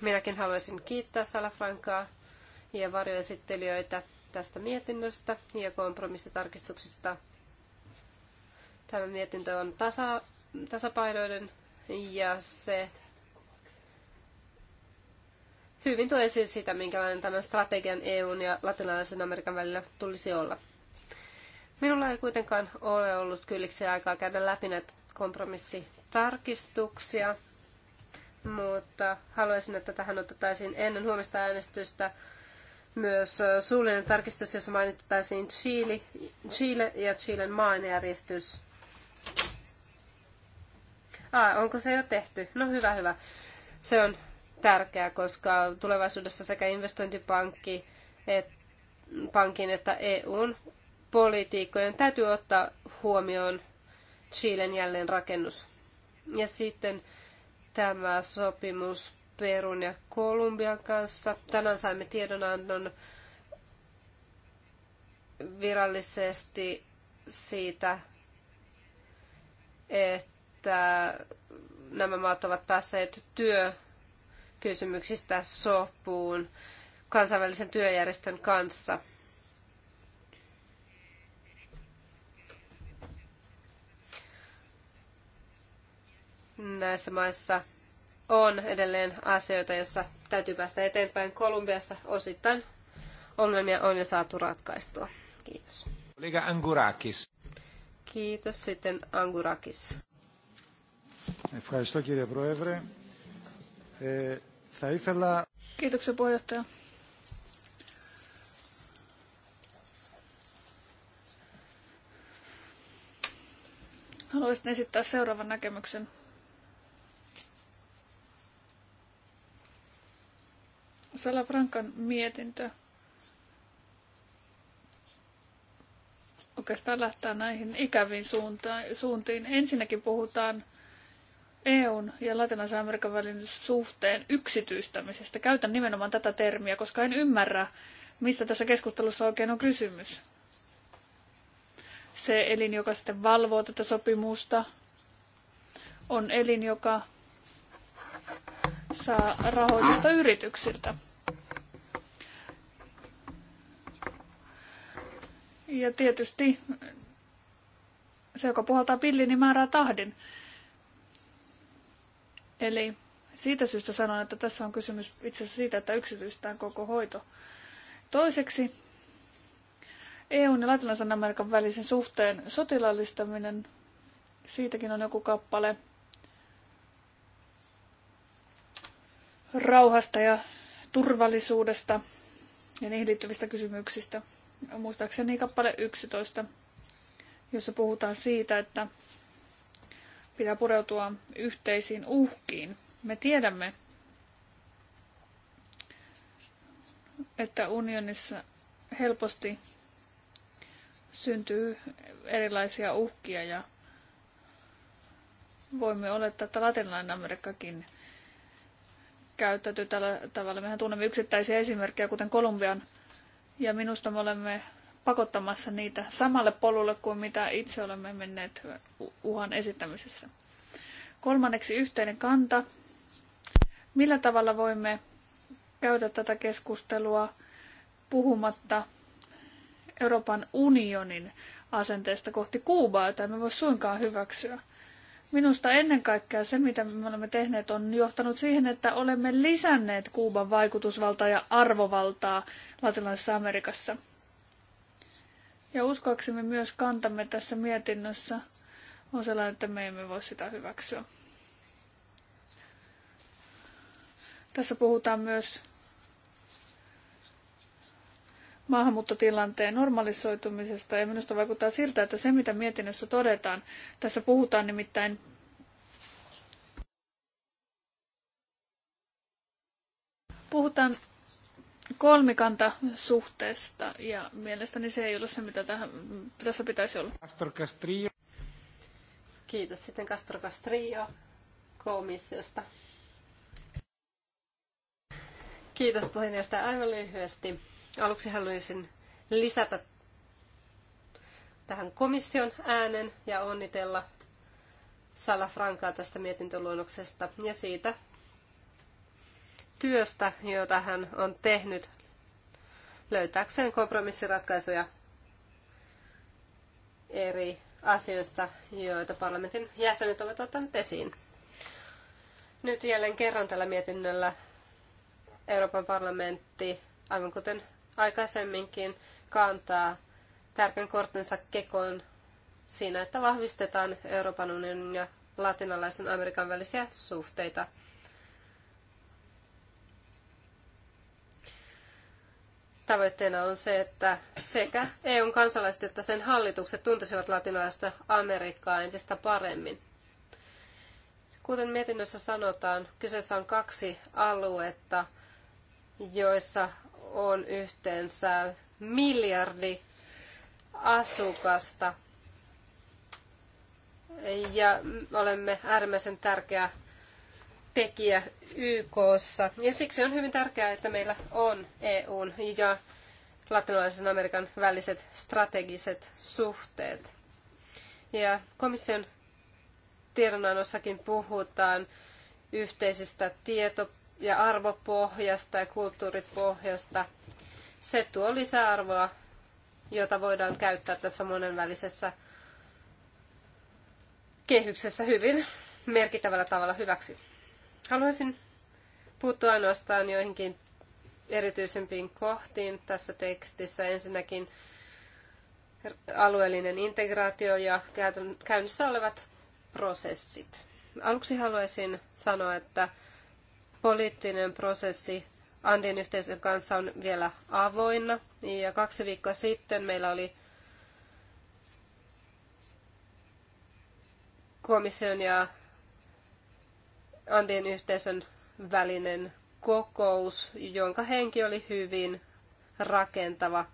Minäkin haluaisin kiittää Salafrankaa ja varjoesittelijöitä tästä mietinnöstä ja kompromissitarkistuksista. Tämä mietintö on tasa, tasapainoinen ja se hyvin tuo esiin sitä, minkälainen tämän strategian EUn ja latinalaisen Amerikan välillä tulisi olla. Minulla ei kuitenkaan ole ollut kylliksi aikaa käydä läpi näitä kompromissitarkistuksia, mutta haluaisin, että tähän otettaisiin ennen huomista äänestystä myös suullinen tarkistus, jossa mainittaisiin Chile, Chile ja Chilen maanjäristys. Ah, onko se jo tehty? No hyvä, hyvä. Se on tärkeää, koska tulevaisuudessa sekä investointipankki, et, pankin että EUn politiikkojen täytyy ottaa huomioon Chilen jälleenrakennus. Ja sitten tämä sopimus Perun ja Kolumbian kanssa. Tänään saimme tiedonannon virallisesti siitä, että nämä maat ovat päässeet työkysymyksistä sopuun kansainvälisen työjärjestön kanssa – näissä maissa on edelleen asioita, joissa täytyy päästä eteenpäin. Kolumbiassa osittain ongelmia on jo saatu ratkaistua. Kiitos. Oliko Angurakis. Kiitos sitten Angurakis. Kiitoksia puheenjohtaja. Haluaisin esittää seuraavan näkemyksen. Salafrankan mietintö oikeastaan lähtee näihin ikäviin suuntiin. Ensinnäkin puhutaan EUn ja Latinalaisen Amerikan välin suhteen yksityistämisestä. Käytän nimenomaan tätä termiä, koska en ymmärrä, mistä tässä keskustelussa oikein on kysymys. Se elin, joka sitten valvoo tätä sopimusta, on elin, joka saa rahoitusta yrityksiltä. Ja tietysti se, joka puhaltaa pillin, niin määrää tahdin. Eli siitä syystä sanon, että tässä on kysymys itse asiassa siitä, että yksityistään koko hoito. Toiseksi EUn ja Latinalaisen Amerikan välisen suhteen sotilaallistaminen, siitäkin on joku kappale. Rauhasta ja turvallisuudesta ja niihin liittyvistä kysymyksistä muistaakseni kappale 11, jossa puhutaan siitä, että pitää pureutua yhteisiin uhkiin. Me tiedämme, että unionissa helposti syntyy erilaisia uhkia ja voimme olettaa, että latinalainen Amerikkakin käyttäytyy tällä tavalla. Mehän tunnemme yksittäisiä esimerkkejä, kuten Kolumbian ja minusta me olemme pakottamassa niitä samalle polulle kuin mitä itse olemme menneet uhan esittämisessä. Kolmanneksi yhteinen kanta. Millä tavalla voimme käydä tätä keskustelua puhumatta Euroopan unionin asenteesta kohti Kuubaa, jota emme voi suinkaan hyväksyä – Minusta ennen kaikkea se, mitä me olemme tehneet, on johtanut siihen, että olemme lisänneet Kuuban vaikutusvaltaa ja arvovaltaa Latinalaisessa Amerikassa. Ja uskoaksemme myös kantamme tässä mietinnössä on sellainen, että me emme voi sitä hyväksyä. Tässä puhutaan myös maahanmuuttotilanteen normalisoitumisesta ja minusta vaikuttaa siltä, että se mitä mietinnössä todetaan, tässä puhutaan nimittäin puhutaan kolmikantasuhteesta ja mielestäni se ei ole se, mitä tähän, tässä pitäisi olla. Castor Castrillo. Kiitos sitten Castro Castrillo komissiosta. Kiitos puheenjohtaja aivan lyhyesti. Aluksi haluaisin lisätä tähän komission äänen ja onnitella Sala Frankaa tästä mietintöluonnoksesta ja siitä työstä, jota hän on tehnyt löytääkseen kompromissiratkaisuja eri asioista, joita parlamentin jäsenet ovat ottaneet esiin. Nyt jälleen kerran tällä mietinnöllä Euroopan parlamentti, aivan kuten aikaisemminkin kantaa tärkeän kortensa kekoon siinä, että vahvistetaan Euroopan unionin ja latinalaisen Amerikan välisiä suhteita. Tavoitteena on se, että sekä EUn kansalaiset että sen hallitukset tuntisivat latinalaista Amerikkaa entistä paremmin. Kuten mietinnössä sanotaan, kyseessä on kaksi aluetta, joissa on yhteensä miljardi asukasta. Ja olemme äärimmäisen tärkeä tekijä YKssa. Ja siksi on hyvin tärkeää, että meillä on EUn ja latinalaisen Amerikan väliset strategiset suhteet. Ja komission tiedonannossakin puhutaan yhteisistä tieto ja arvopohjasta ja kulttuuripohjasta. Se tuo lisäarvoa, jota voidaan käyttää tässä monenvälisessä kehyksessä hyvin merkittävällä tavalla hyväksi. Haluaisin puuttua ainoastaan joihinkin erityisempiin kohtiin tässä tekstissä. Ensinnäkin alueellinen integraatio ja käynnissä olevat prosessit. Aluksi haluaisin sanoa, että poliittinen prosessi Andien yhteisön kanssa on vielä avoinna. Ja kaksi viikkoa sitten meillä oli komission ja Andien yhteisön välinen kokous, jonka henki oli hyvin rakentava.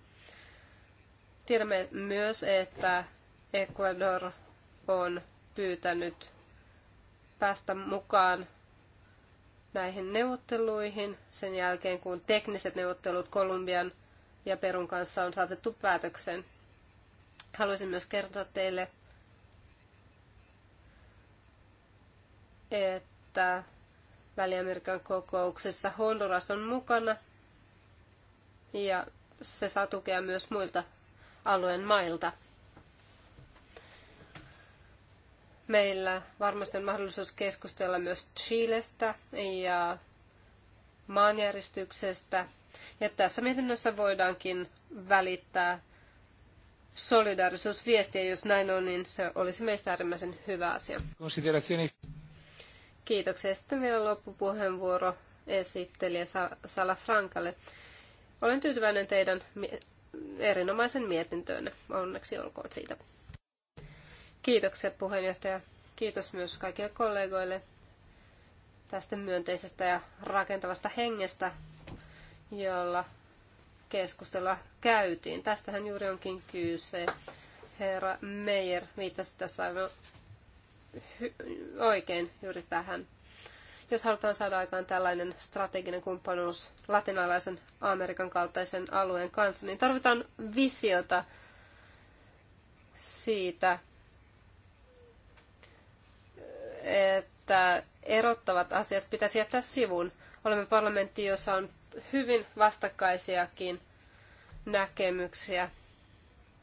Tiedämme myös, että Ecuador on pyytänyt päästä mukaan näihin neuvotteluihin sen jälkeen, kun tekniset neuvottelut Kolumbian ja Perun kanssa on saatettu päätökseen. Haluaisin myös kertoa teille, että Väli-Amerikan kokouksessa Honduras on mukana ja se saa tukea myös muilta alueen mailta. Meillä varmasti on mahdollisuus keskustella myös Chilestä ja maanjäristyksestä. Ja tässä mietinnössä voidaankin välittää solidaarisuusviestiä, jos näin on, niin se olisi meistä äärimmäisen hyvä asia. Kiitoksia. Sitten vielä loppupuheenvuoro esittelijä Sala Frankalle. Olen tyytyväinen teidän erinomaisen mietintöönne. Onneksi olkoon siitä. Kiitoksia puheenjohtaja. Kiitos myös kaikille kollegoille tästä myönteisestä ja rakentavasta hengestä, jolla keskustella käytiin. Tästähän juuri onkin kyse. Herra Meijer viittasi tässä aivan oikein juuri tähän. Jos halutaan saada aikaan tällainen strateginen kumppanuus latinalaisen Amerikan kaltaisen alueen kanssa, niin tarvitaan visiota siitä, että erottavat asiat pitäisi jättää sivuun. Olemme parlamentti, jossa on hyvin vastakkaisiakin näkemyksiä,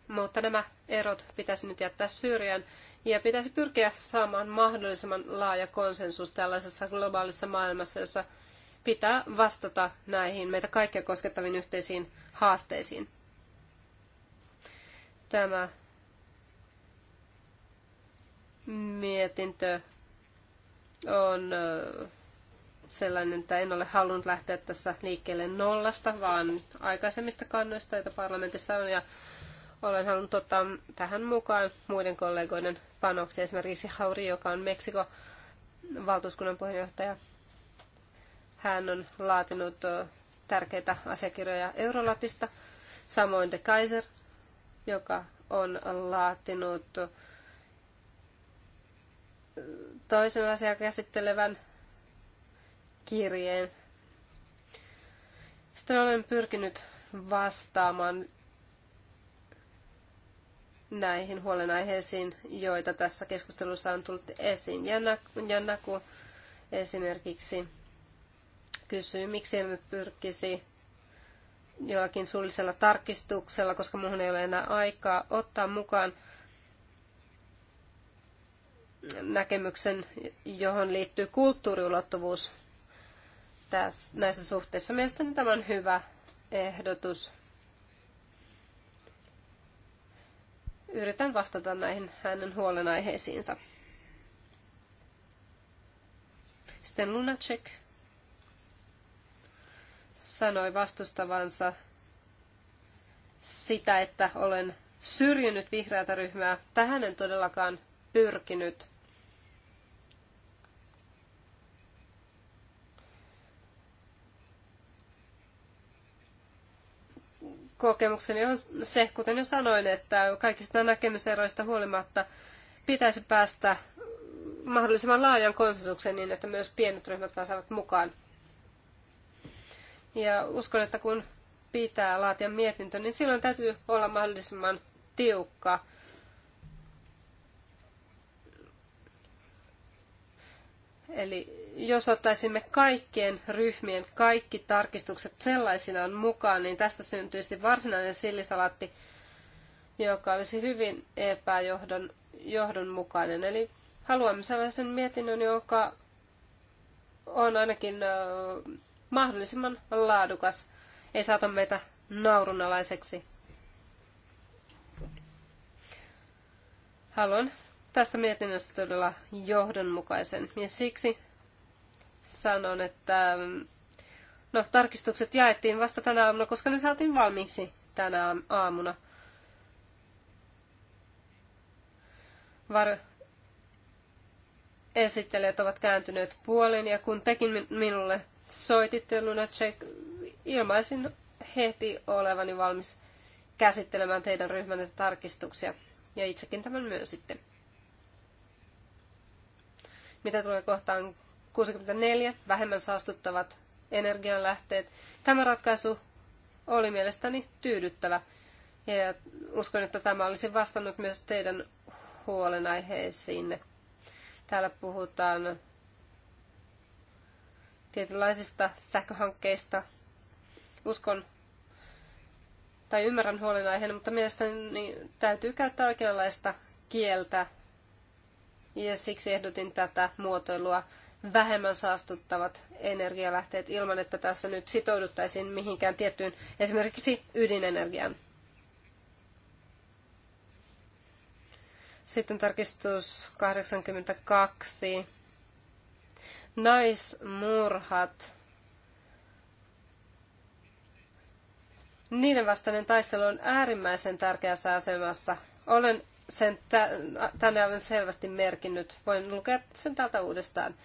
mutta nämä erot pitäisi nyt jättää syrjään ja pitäisi pyrkiä saamaan mahdollisimman laaja konsensus tällaisessa globaalissa maailmassa, jossa pitää vastata näihin meitä kaikkia koskettaviin yhteisiin haasteisiin. Tämä mietintö on sellainen, että en ole halunnut lähteä tässä liikkeelle nollasta, vaan aikaisemmista kannoista, joita parlamentissa on, ja olen halunnut ottaa tähän mukaan muiden kollegoiden panoksia, esimerkiksi Hauri, joka on Meksiko valtuuskunnan puheenjohtaja. Hän on laatinut tärkeitä asiakirjoja Eurolatista, samoin de Kaiser, joka on laatinut toisen asian käsittelevän kirjeen. Sitten olen pyrkinyt vastaamaan näihin huolenaiheisiin, joita tässä keskustelussa on tullut esiin. Jannaku esimerkiksi kysyy, miksi emme pyrkisi jollakin suullisella tarkistuksella, koska muuhun ei ole enää aikaa ottaa mukaan näkemyksen, johon liittyy kulttuuriulottuvuus tässä, näissä suhteissa. Mielestäni tämä on hyvä ehdotus. Yritän vastata näihin hänen huolenaiheisiinsa. Sitten Lunacek sanoi vastustavansa sitä, että olen syrjinyt vihreätä ryhmää. Tähän en todellakaan pyrkinyt. Kokemukseni on se, kuten jo sanoin, että kaikista näkemyseroista huolimatta pitäisi päästä mahdollisimman laajan konsensuksen niin, että myös pienet ryhmät pääsevät mukaan. Ja uskon, että kun pitää laatia mietintö, niin silloin täytyy olla mahdollisimman tiukka Eli jos ottaisimme kaikkien ryhmien kaikki tarkistukset sellaisinaan mukaan, niin tästä syntyisi varsinainen sillisalaatti, joka olisi hyvin epäjohdon Eli haluamme sellaisen mietinnön, joka on ainakin mahdollisimman laadukas. Ei saata meitä naurunalaiseksi. Haluan tästä mietinnöstä todella johdonmukaisen. Ja siksi sanon, että mm, no, tarkistukset jaettiin vasta tänä aamuna, koska ne saatiin valmiiksi tänä aamuna. Var esittelijät ovat kääntyneet puolen ja kun tekin minulle soititte Check, ilmaisin heti olevani valmis käsittelemään teidän ryhmänne tarkistuksia. Ja itsekin tämän sitten. Mitä tulee kohtaan 64, vähemmän saastuttavat energianlähteet. Tämä ratkaisu oli mielestäni tyydyttävä. Ja uskon, että tämä olisi vastannut myös teidän huolenaiheisiinne. Täällä puhutaan tietynlaisista sähköhankkeista. Uskon tai ymmärrän huolenaiheen, mutta mielestäni täytyy käyttää oikeanlaista kieltä ja siksi ehdotin tätä muotoilua vähemmän saastuttavat energialähteet ilman, että tässä nyt sitouduttaisiin mihinkään tiettyyn esimerkiksi ydinenergiaan. Sitten tarkistus 82. Naismurhat. Niiden vastainen taistelu on äärimmäisen tärkeässä asemassa. Olen sen tänne olen selvästi merkinnyt. Voin lukea sen täältä uudestaan.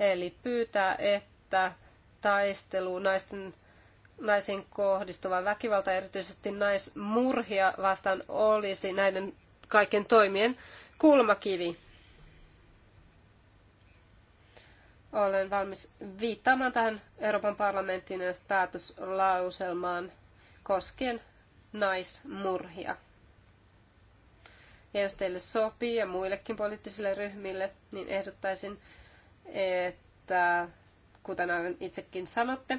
Eli pyytää, että taistelu naisten, naisiin kohdistuva väkivalta, erityisesti naismurhia vastaan, olisi näiden kaiken toimien kulmakivi. Olen valmis viittaamaan tähän Euroopan parlamentin päätöslauselmaan koskien naismurhia. Ja jos teille sopii ja muillekin poliittisille ryhmille, niin ehdottaisin, että kuten aivan itsekin sanotte,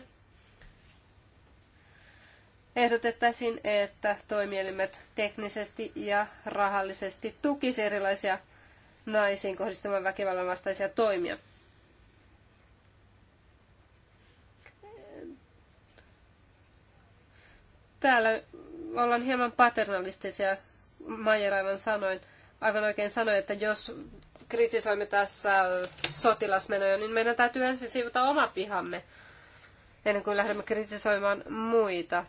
ehdotettaisiin, että toimielimet teknisesti ja rahallisesti tukisivat erilaisia naisiin kohdistuvan väkivallan vastaisia toimia. Täällä ollaan hieman paternalistisia Majer aivan sanoin, aivan oikein sanoi, että jos kritisoimme tässä sotilasmenoja, niin meidän täytyy ensin siivota oma pihamme, ennen kuin lähdemme kritisoimaan muita.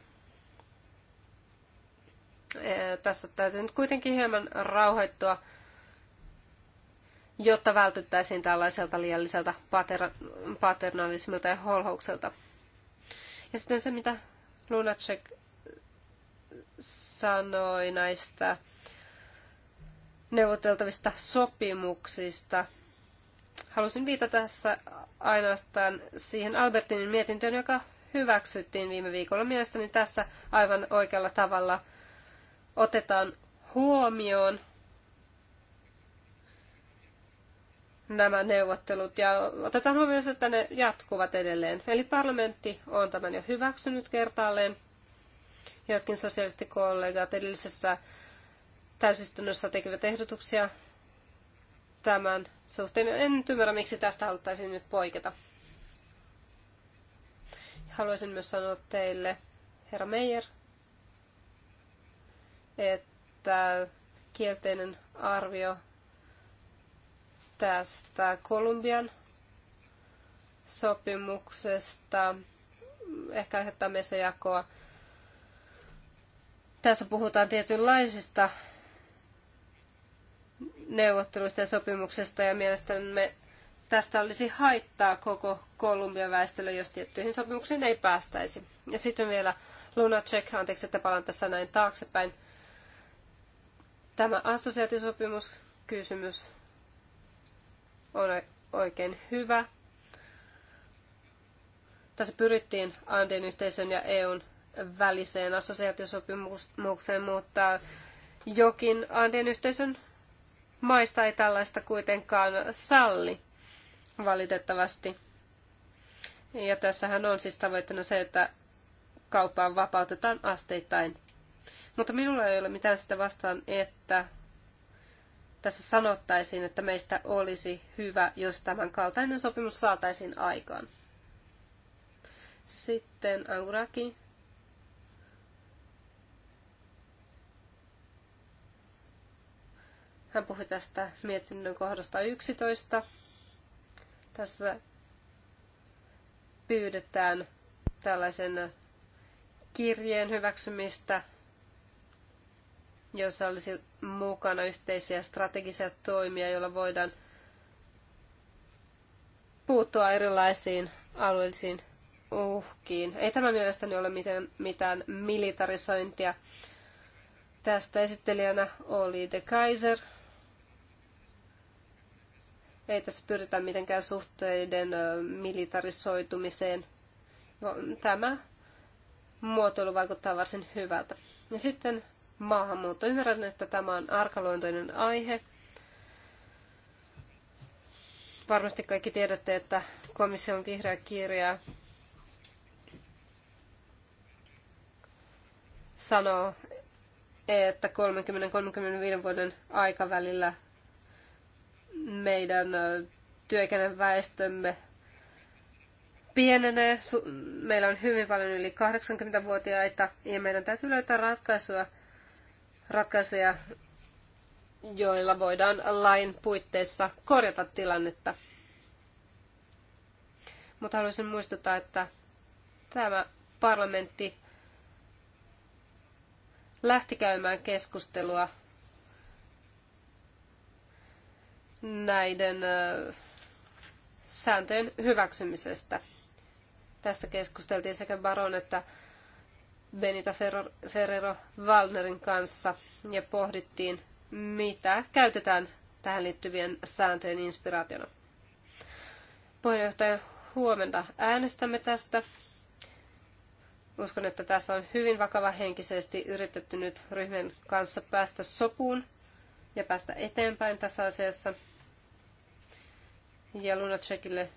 Tässä täytyy nyt kuitenkin hieman rauhoittua, jotta vältyttäisiin tällaiselta liialliselta pater- paternalismilta ja holhoukselta. Ja sitten se, mitä Lunacek sanoi näistä neuvoteltavista sopimuksista. Halusin viitata tässä ainoastaan siihen Albertinin mietintöön, joka hyväksyttiin viime viikolla. Mielestäni tässä aivan oikealla tavalla otetaan huomioon nämä neuvottelut ja otetaan huomioon, että ne jatkuvat edelleen. Eli parlamentti on tämän jo hyväksynyt kertaalleen Jotkin sosialistikollegat edellisessä täysistunnossa tekivät ehdotuksia tämän suhteen. En ymmärrä, miksi tästä haluttaisiin nyt poiketa. Haluaisin myös sanoa teille, herra Meijer, että kielteinen arvio tästä Kolumbian sopimuksesta ehkä aiheuttaa meissä jakoa. Tässä puhutaan tietynlaisista neuvotteluista ja sopimuksesta ja mielestämme tästä olisi haittaa koko Kolumbian väestölle, jos tiettyihin sopimuksiin ei päästäisi. Ja sitten vielä Lunacek, anteeksi, että palaan tässä näin taaksepäin. Tämä assosiaatiosopimuskysymys on oikein hyvä. Tässä pyrittiin Anden yhteisön ja EUn väliseen assosiaatiosopimukseen, mutta jokin Andien yhteisön maista ei tällaista kuitenkaan salli valitettavasti. Ja tässähän on siis tavoitteena se, että kauppaan vapautetaan asteittain. Mutta minulla ei ole mitään sitä vastaan, että tässä sanottaisiin, että meistä olisi hyvä, jos tämän kaltainen sopimus saataisiin aikaan. Sitten Anguraki Hän puhui tästä mietinnön kohdasta 11. Tässä pyydetään tällaisen kirjeen hyväksymistä, jossa olisi mukana yhteisiä strategisia toimia, joilla voidaan puuttua erilaisiin alueellisiin uhkiin. Ei tämä mielestäni ole mitään, mitään militarisointia. Tästä esittelijänä oli De Kaiser – ei tässä pyritä mitenkään suhteiden militarisoitumiseen. No, tämä muotoilu vaikuttaa varsin hyvältä. Ja sitten maahanmuutto. Ymmärrän, että tämä on arkaluontoinen aihe. Varmasti kaikki tiedätte, että komission vihreä kirja sanoo, että 30-35 vuoden aikavälillä meidän työikäinen väestömme pienenee. Meillä on hyvin paljon yli 80-vuotiaita ja meidän täytyy löytää ratkaisuja, ratkaisuja, joilla voidaan lain puitteissa korjata tilannetta. Mutta haluaisin muistuttaa, että tämä parlamentti lähti käymään keskustelua näiden sääntöjen hyväksymisestä. Tästä keskusteltiin sekä Baron että Benita Ferrero Valnerin kanssa ja pohdittiin, mitä käytetään tähän liittyvien sääntöjen inspiraationa. Puheenjohtaja, huomenta äänestämme tästä. Uskon, että tässä on hyvin vakava henkisesti yritetty nyt ryhmän kanssa päästä sopuun ja päästä eteenpäin tässä asiassa. Ja Lunacekille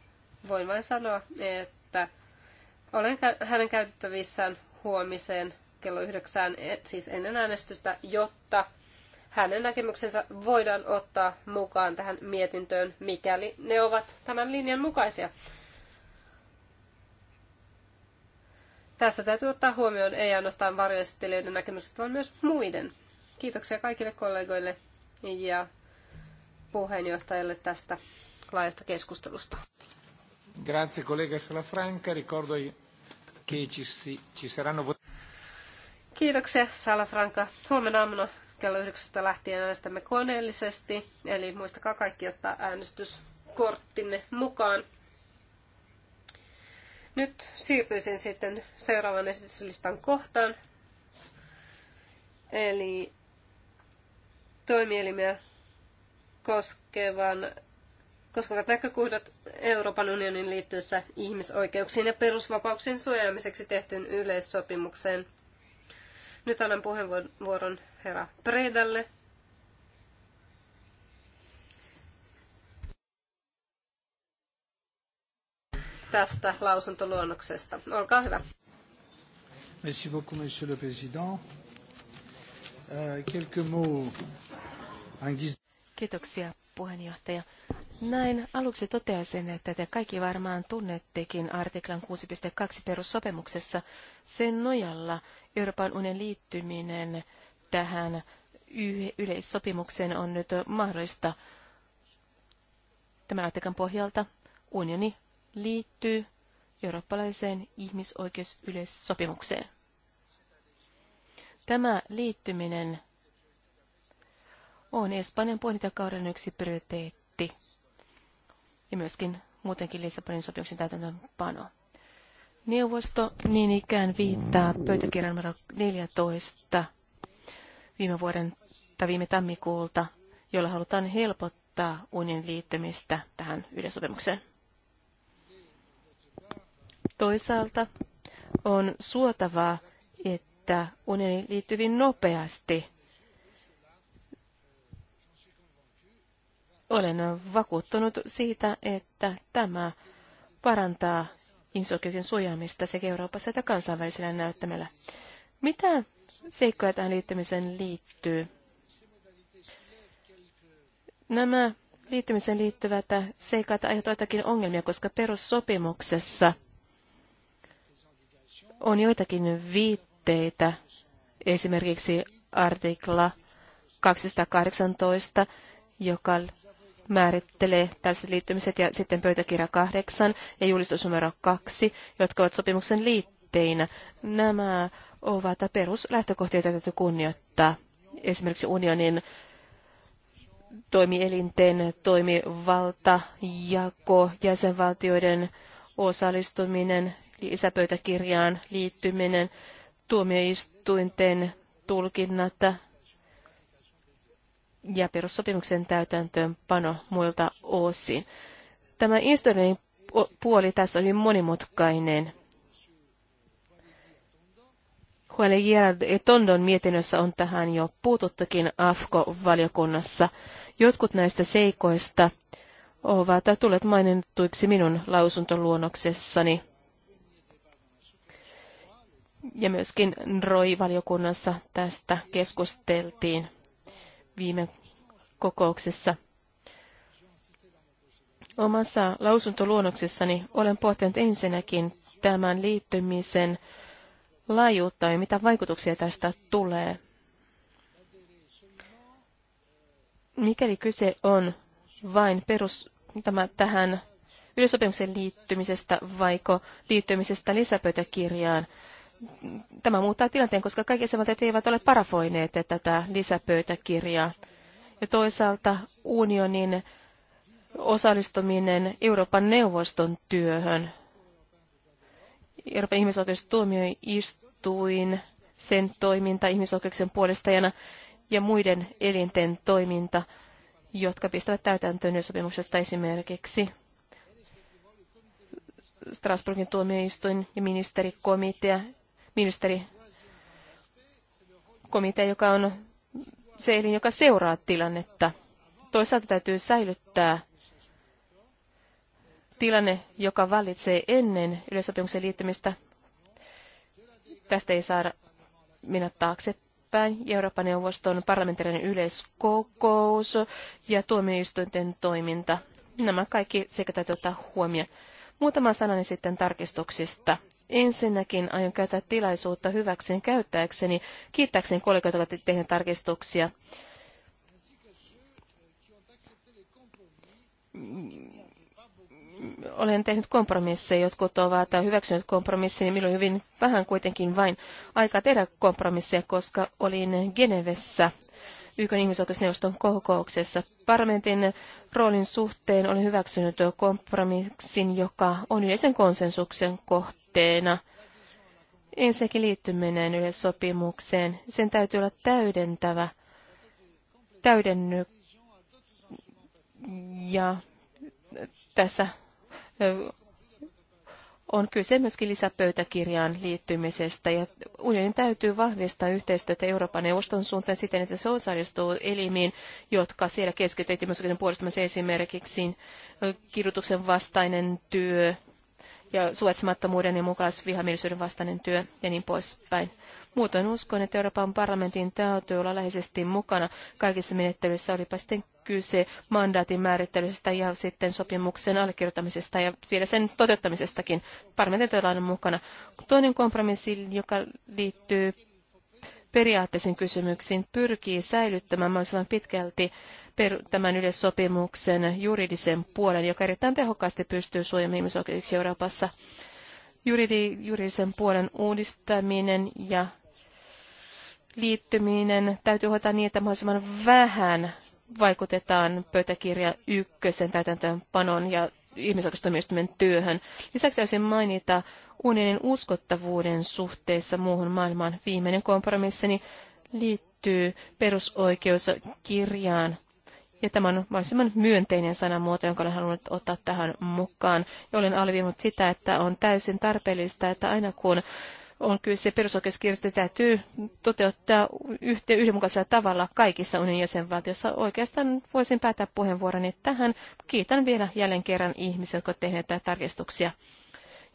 voin vain sanoa, että olen hänen käytettävissään huomiseen kello yhdeksään, e- siis ennen äänestystä, jotta hänen näkemyksensä voidaan ottaa mukaan tähän mietintöön, mikäli ne ovat tämän linjan mukaisia. Tässä täytyy ottaa huomioon ei ainoastaan varjoesittelijöiden näkemykset, vaan myös muiden. Kiitoksia kaikille kollegoille ja puheenjohtajalle tästä laajasta keskustelusta. Grazie collega Salafranca. Ricordo che ci, ci saranno... Kiitoksia Salafranca. Huomenna aamuna kello yhdeksältä lähtien äänestämme koneellisesti, eli muistakaa kaikki ottaa äänestyskorttinne mukaan. Nyt siirtyisin sitten seuraavan esityslistan kohtaan, eli toimielimiä koskevan koska näkökohdat Euroopan unionin liittyessä ihmisoikeuksiin ja perusvapauksien suojaamiseksi tehtyyn yleissopimukseen. Nyt annan puheenvuoron herra Predalle. tästä lausuntoluonnoksesta. Olkaa hyvä. Merci beaucoup, monsieur le président. Euh, quelques mots en guise... Kiitoksia, puheenjohtaja. Näin aluksi toteaisin, että te kaikki varmaan tunnettekin artiklan 6.2 perussopimuksessa. Sen nojalla Euroopan unionin liittyminen tähän yleissopimukseen on nyt mahdollista. Tämän artiklan pohjalta unioni liittyy eurooppalaiseen ihmisoikeusyleissopimukseen. Tämä liittyminen on Espanjan puheenjohtajakauden yksi prioriteetti ja myöskin muutenkin Lissabonin sopimuksen täytäntöönpano. Neuvosto niin ikään viittaa pöytäkirjan numero 14 viime vuoden tai viime tammikuulta, jolla halutaan helpottaa unionin liittymistä tähän yhdessopimukseen. Toisaalta on suotavaa, että unioni liittyy hyvin nopeasti Olen vakuuttunut siitä, että tämä parantaa ihmisoikeuden suojaamista sekä Euroopassa että kansainvälisellä näyttämällä. Mitä seikkoja tähän liittymiseen liittyy? Nämä liittymiseen liittyvät seikat aiheuttavat jotakin ongelmia, koska perussopimuksessa on joitakin viitteitä, esimerkiksi artikla 218, joka määrittelee tällaiset liittymiset ja sitten pöytäkirja 8 ja julistus numero 2, jotka ovat sopimuksen liitteinä. Nämä ovat peruslähtökohtia, joita täytyy kunnioittaa. Esimerkiksi unionin toimielinten toimivalta, jako, jäsenvaltioiden osallistuminen, lisäpöytäkirjaan liittyminen, tuomioistuinten tulkinnat ja perussopimuksen täytäntöönpano muilta osin. Tämä historiallinen puoli tässä oli monimutkainen. Huele Gerard Tondon mietinnössä on tähän jo puututtukin AFKO-valiokunnassa. Jotkut näistä seikoista ovat tulleet mainittuiksi minun lausuntoluonnoksessani. Ja myöskin ROI-valiokunnassa tästä keskusteltiin viime kokouksessa. Omassa lausuntoluonnoksessani olen pohtinut ensinnäkin tämän liittymisen laajuutta ja mitä vaikutuksia tästä tulee. Mikäli kyse on vain perus, tämä, tähän yleisopimuksen liittymisestä vaiko liittymisestä lisäpöytäkirjaan, tämä muuttaa tilanteen, koska kaikki jäsenvaltiot eivät ole parafoineet tätä lisäpöytäkirjaa. Ja toisaalta unionin osallistuminen Euroopan neuvoston työhön. Euroopan ihmisoikeustuomioistuin, sen toiminta ihmisoikeuksien puolestajana ja muiden elinten toiminta, jotka pistävät täytäntöön sopimuksesta esimerkiksi Strasbourgin tuomioistuin ja ministerikomitea ministerikomitea, joka on se elin, joka seuraa tilannetta. Toisaalta täytyy säilyttää tilanne, joka vallitsee ennen yleisopimuksen liittymistä. Tästä ei saada minä taaksepäin. Euroopan neuvoston parlamentaarinen yleiskokous ja tuomioistuinten toiminta. Nämä kaikki sekä täytyy ottaa huomioon. Muutama sananen sitten tarkistuksista. Ensinnäkin aion käyttää tilaisuutta hyväkseen käyttääkseni, kiittääkseni kollegoita, jotka ovat tehneet tarkistuksia. Olen tehnyt kompromisseja, jotkut ovat hyväksyneet kompromisseja, niin milloin hyvin vähän kuitenkin vain aikaa tehdä kompromisseja, koska olin Genevessä YK ihmisoikeusneuvoston kokouksessa. Parlamentin roolin suhteen oli hyväksynyt kompromissin, joka on yleisen konsensuksen kohteena. Ensinnäkin liittyminen yleissopimukseen, sen täytyy olla täydentävä, täydenny ja tässä on kyse myöskin lisäpöytäkirjaan liittymisestä ja unionin täytyy vahvistaa yhteistyötä Euroopan neuvoston suuntaan siten, että se osallistuu elimiin, jotka siellä keskityt myöskin puolustamassa esimerkiksi kidutuksen vastainen työ ja suotsimattomuuden ja vihamielisyyden vastainen työ ja niin poispäin. Muutoin uskon, että Euroopan parlamentin täytyy olla läheisesti mukana kaikissa menettelyissä, olipa sitten kyse mandaatin määrittelystä ja sitten sopimuksen allekirjoittamisesta ja vielä sen toteuttamisestakin. Parlamentin mukana. Toinen kompromissi, joka liittyy periaatteisiin kysymyksiin pyrkii säilyttämään mahdollisimman pitkälti tämän yleissopimuksen juridisen puolen, joka erittäin tehokkaasti pystyy suojamaan ihmisoikeuksia Euroopassa. Juridi, juridisen puolen uudistaminen ja liittyminen täytyy hoitaa niin, että mahdollisimman vähän vaikutetaan pöytäkirja ykkösen täytäntöönpanon ja ihmisoikeustuomioistuimen työhön. Lisäksi haluaisin mainita unionin uskottavuuden suhteessa muuhun maailmaan. Viimeinen kompromissini liittyy perusoikeuskirjaan. Ja tämä on mahdollisimman myönteinen sanamuoto, jonka olen halunnut ottaa tähän mukaan. Ja olen alviinut sitä, että on täysin tarpeellista, että aina kun on kyse perusoikeuskirjasto täytyy toteuttaa yhteen yhdenmukaisella tavalla kaikissa unionin jäsenvaltioissa. Oikeastaan voisin päättää puheenvuoroni tähän. Kiitän vielä jälleen kerran ihmisiä, jotka ovat tehneet tarkistuksia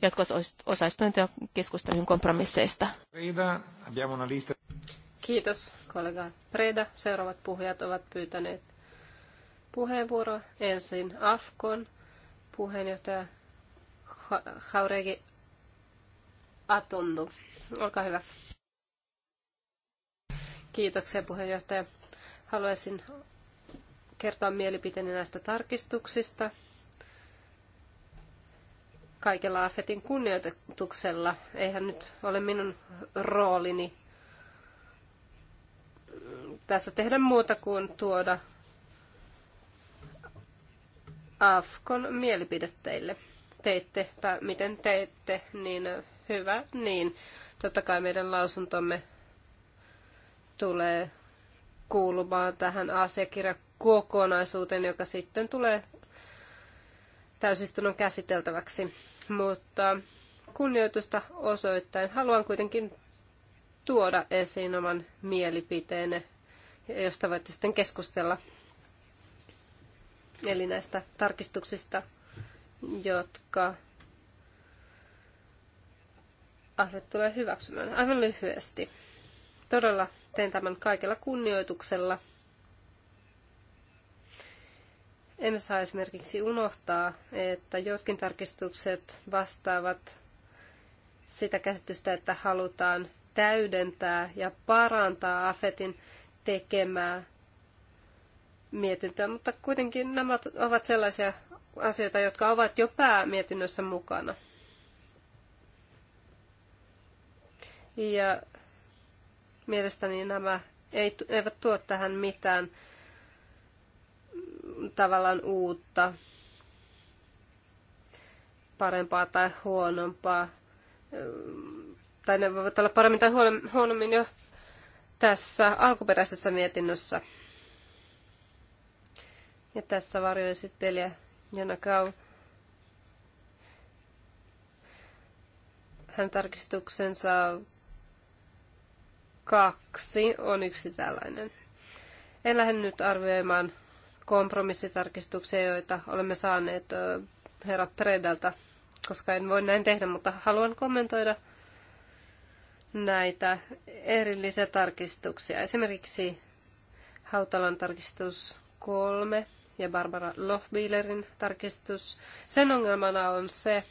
jotka osallistuneet jo keskusteluun kompromisseista. Kiitos kollega Preda. Seuraavat puhujat ovat pyytäneet puheenvuoroa. Ensin Afkon puheenjohtaja Hauregi Atundu. Olkaa hyvä. Kiitoksia puheenjohtaja. Haluaisin kertoa mielipiteeni näistä tarkistuksista. Kaikella Afetin kunnioituksella. Eihän nyt ole minun roolini tässä tehdä muuta kuin tuoda Afkon mielipide teille. miten teitte, niin Hyvä, niin. Totta kai meidän lausuntomme tulee kuulumaan tähän asiakirjakokonaisuuteen, joka sitten tulee täysistunnon käsiteltäväksi. Mutta kunnioitusta osoittain haluan kuitenkin tuoda esiin oman mielipiteenne, josta voitte sitten keskustella. Eli näistä tarkistuksista, jotka Ahvet tulee hyväksymään. Aivan lyhyesti. Todella teen tämän kaikella kunnioituksella. Emme saa esimerkiksi unohtaa, että jotkin tarkistukset vastaavat sitä käsitystä, että halutaan täydentää ja parantaa AFETin tekemää mietintöä, mutta kuitenkin nämä ovat sellaisia asioita, jotka ovat jo päämietinnössä mukana. Ja mielestäni nämä ei, eivät tuo tähän mitään tavallaan uutta, parempaa tai huonompaa. Tai ne voivat olla paremmin tai huonommin jo tässä alkuperäisessä mietinnössä. Ja tässä varjoesittelijä Jana Kau. Hän tarkistuksensa kaksi on yksi tällainen. En lähde nyt arvioimaan kompromissitarkistuksia, joita olemme saaneet herra Predalta, koska en voi näin tehdä, mutta haluan kommentoida näitä erillisiä tarkistuksia. Esimerkiksi Hautalan tarkistus kolme ja Barbara Lohbielerin tarkistus. Sen ongelmana on se,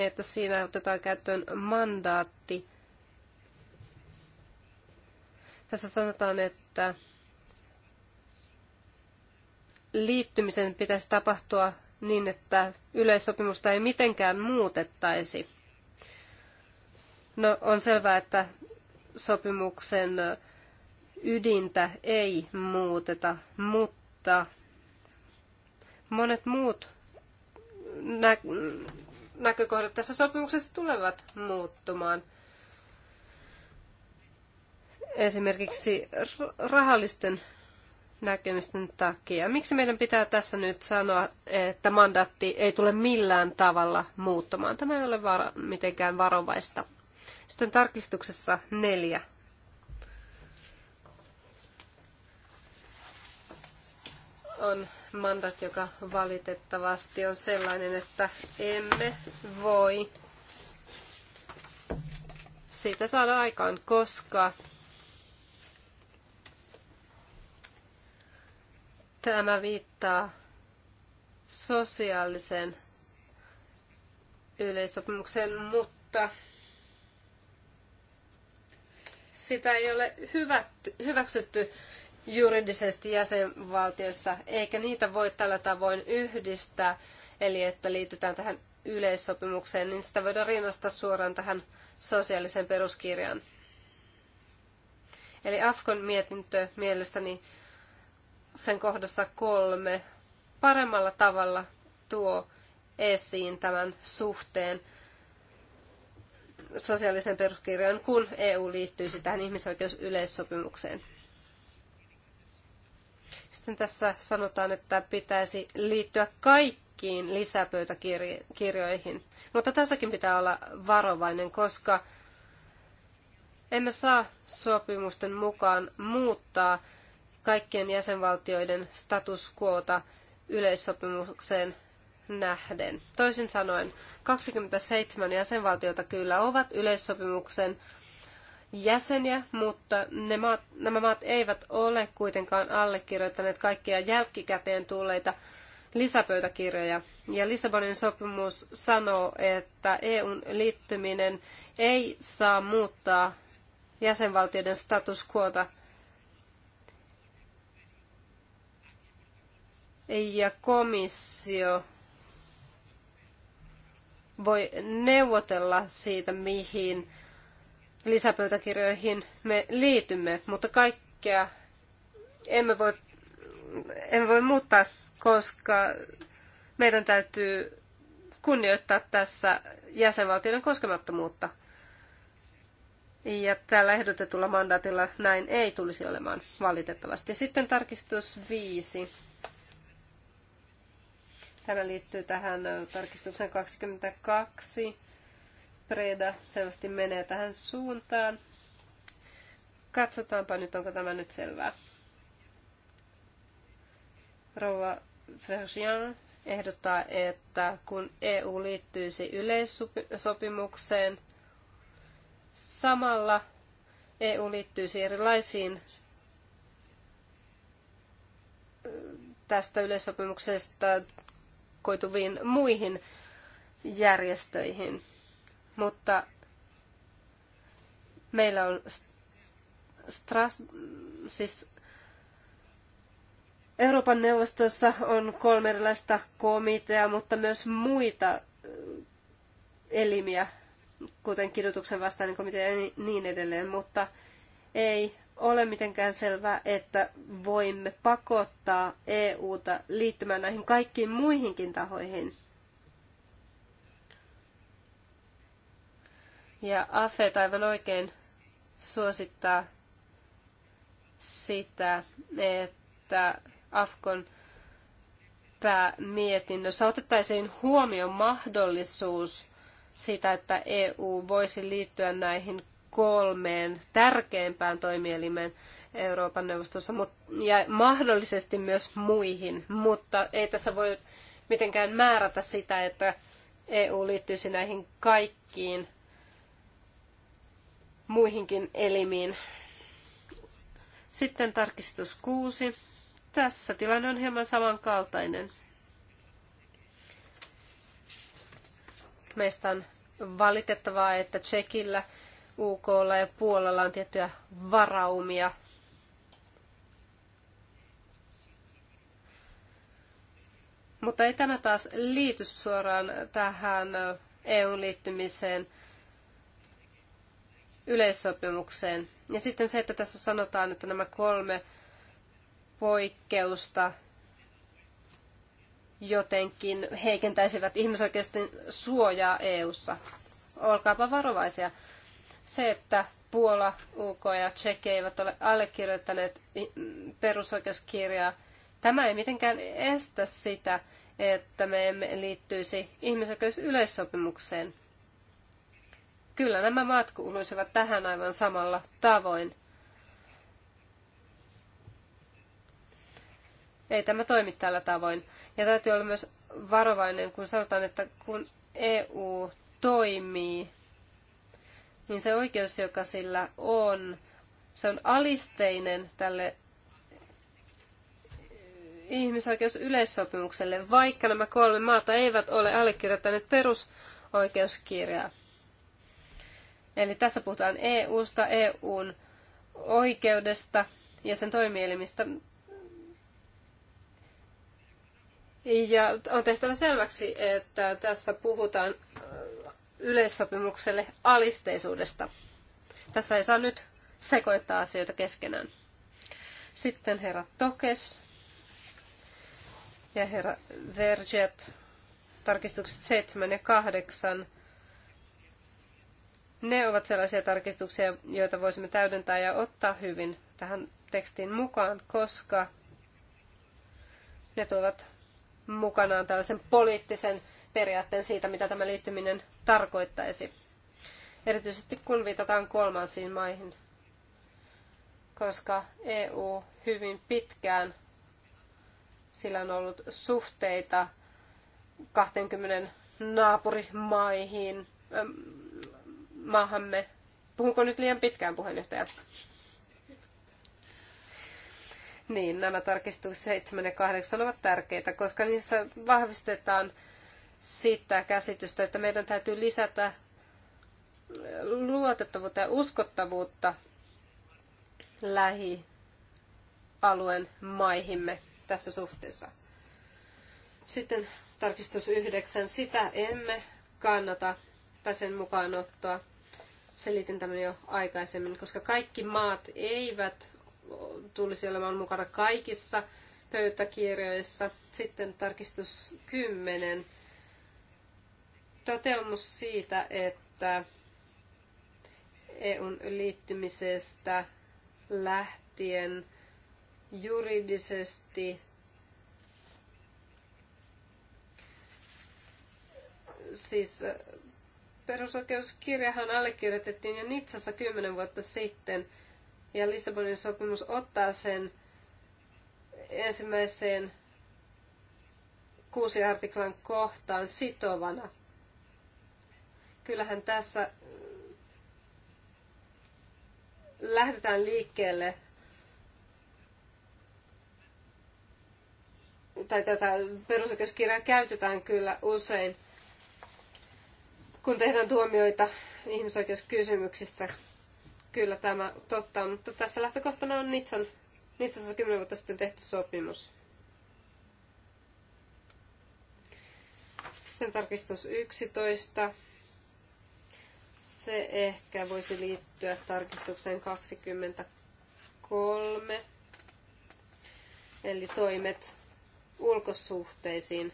että siinä otetaan käyttöön mandaatti – tässä sanotaan, että liittymisen pitäisi tapahtua niin, että yleissopimusta ei mitenkään muutettaisi. No, on selvää, että sopimuksen ydintä ei muuteta, mutta monet muut nä- näkökohdat tässä sopimuksessa tulevat muuttumaan esimerkiksi rahallisten näkemysten takia. Miksi meidän pitää tässä nyt sanoa, että mandaatti ei tule millään tavalla muuttumaan? Tämä ei ole var- mitenkään varovaista. Sitten tarkistuksessa neljä. On mandat, joka valitettavasti on sellainen, että emme voi siitä saada aikaan, koska Tämä viittaa sosiaalisen yleissopimuksen, mutta sitä ei ole hyväksytty juridisesti jäsenvaltioissa, eikä niitä voi tällä tavoin yhdistää, eli että liitytään tähän yleissopimukseen, niin sitä voidaan rinnastaa suoraan tähän sosiaaliseen peruskirjaan. Eli Afkon mietintö mielestäni sen kohdassa kolme paremmalla tavalla tuo esiin tämän suhteen sosiaalisen peruskirjan, kun EU liittyisi tähän ihmisoikeusyleissopimukseen. Sitten tässä sanotaan, että pitäisi liittyä kaikkiin lisäpöytäkirjoihin. Mutta tässäkin pitää olla varovainen, koska emme saa sopimusten mukaan muuttaa kaikkien jäsenvaltioiden status quota yleissopimukseen nähden. Toisin sanoen, 27 jäsenvaltiota kyllä ovat yleissopimuksen jäseniä, mutta ne maat, nämä maat eivät ole kuitenkaan allekirjoittaneet kaikkia jälkikäteen tulleita lisäpöytäkirjoja. Ja Lissabonin sopimus sanoo, että EUn liittyminen ei saa muuttaa jäsenvaltioiden status quota – ja komissio voi neuvotella siitä, mihin lisäpöytäkirjoihin me liitymme, mutta kaikkea emme voi, emme voi muuttaa, koska meidän täytyy kunnioittaa tässä jäsenvaltioiden koskemattomuutta. Ja tällä ehdotetulla mandaatilla näin ei tulisi olemaan valitettavasti. Sitten tarkistus viisi Tämä liittyy tähän tarkistuksen 22. Preda selvästi menee tähän suuntaan. Katsotaanpa nyt, onko tämä nyt selvää. Rova Fergian ehdottaa, että kun EU liittyisi yleissopimukseen, samalla EU liittyisi erilaisiin tästä yleissopimuksesta koituviin muihin järjestöihin. Mutta meillä on Stras, siis Euroopan neuvostossa on kolme erilaista komiteaa, mutta myös muita elimiä, kuten kidutuksen vastainen komitea ja niin edelleen, mutta ei ole mitenkään selvää, että voimme pakottaa EUta liittymään näihin kaikkiin muihinkin tahoihin. Ja AFE aivan oikein suosittaa sitä, että Afkon päämietinnössä otettaisiin huomioon mahdollisuus siitä, että EU voisi liittyä näihin kolmeen tärkeimpään toimielimeen Euroopan neuvostossa ja mahdollisesti myös muihin, mutta ei tässä voi mitenkään määrätä sitä, että EU liittyisi näihin kaikkiin muihinkin elimiin. Sitten tarkistus kuusi. Tässä tilanne on hieman samankaltainen. Meistä on valitettavaa, että Tsekillä – UKlla ja Puolalla on tiettyjä varaumia. Mutta ei tämä taas liity suoraan tähän eu liittymiseen yleissopimukseen. Ja sitten se, että tässä sanotaan, että nämä kolme poikkeusta jotenkin heikentäisivät ihmisoikeusten suojaa EU:ssa. Olkaapa varovaisia. Se, että Puola, UK ja Tsek eivät ole allekirjoittaneet perusoikeuskirjaa, tämä ei mitenkään estä sitä, että me emme liittyisi ihmisoikeusyleissopimukseen. Kyllä nämä maat kuuluisivat tähän aivan samalla tavoin. Ei tämä toimi tällä tavoin. Ja täytyy olla myös varovainen, kun sanotaan, että kun EU toimii niin se oikeus, joka sillä on, se on alisteinen tälle ihmisoikeusyleissopimukselle, vaikka nämä kolme maata eivät ole allekirjoittaneet perusoikeuskirjaa. Eli tässä puhutaan EU-sta, EUn oikeudesta ja sen toimielimistä. Ja on tehtävä selväksi, että tässä puhutaan yleissopimukselle alisteisuudesta. Tässä ei saa nyt sekoittaa asioita keskenään. Sitten herra Tokes ja herra Verget, tarkistukset 7 ja 8. Ne ovat sellaisia tarkistuksia, joita voisimme täydentää ja ottaa hyvin tähän tekstiin mukaan, koska ne tuovat mukanaan tällaisen poliittisen periaatteen siitä, mitä tämä liittyminen tarkoittaisi. Erityisesti kun viitataan kolmansiin maihin, koska EU hyvin pitkään sillä on ollut suhteita 20 naapurimaihin, maahamme. Puhunko nyt liian pitkään puheenjohtaja? Niin, nämä tarkistukset 7 ja 8 ovat tärkeitä, koska niissä vahvistetaan sitä käsitystä, että meidän täytyy lisätä luotettavuutta ja uskottavuutta lähialueen maihimme tässä suhteessa. Sitten tarkistus yhdeksän. Sitä emme kannata tai sen mukaanottoa. Selitin tämän jo aikaisemmin, koska kaikki maat eivät tulisi olemaan mukana kaikissa pöytäkirjoissa. Sitten tarkistus kymmenen toteamus siitä, että EUn liittymisestä lähtien juridisesti siis perusoikeuskirjahan allekirjoitettiin jo Nitsassa kymmenen vuotta sitten, ja Lissabonin sopimus ottaa sen ensimmäiseen kuusi artiklan kohtaan sitovana kyllähän tässä äh, lähdetään liikkeelle tai tätä perusoikeuskirjaa käytetään kyllä usein, kun tehdään tuomioita ihmisoikeuskysymyksistä. Kyllä tämä totta on, mutta tässä lähtökohtana on Nitsan, Nitsassa 10 vuotta sitten tehty sopimus. Sitten tarkistus 11. Se ehkä voisi liittyä tarkistukseen 23, eli toimet ulkosuhteisiin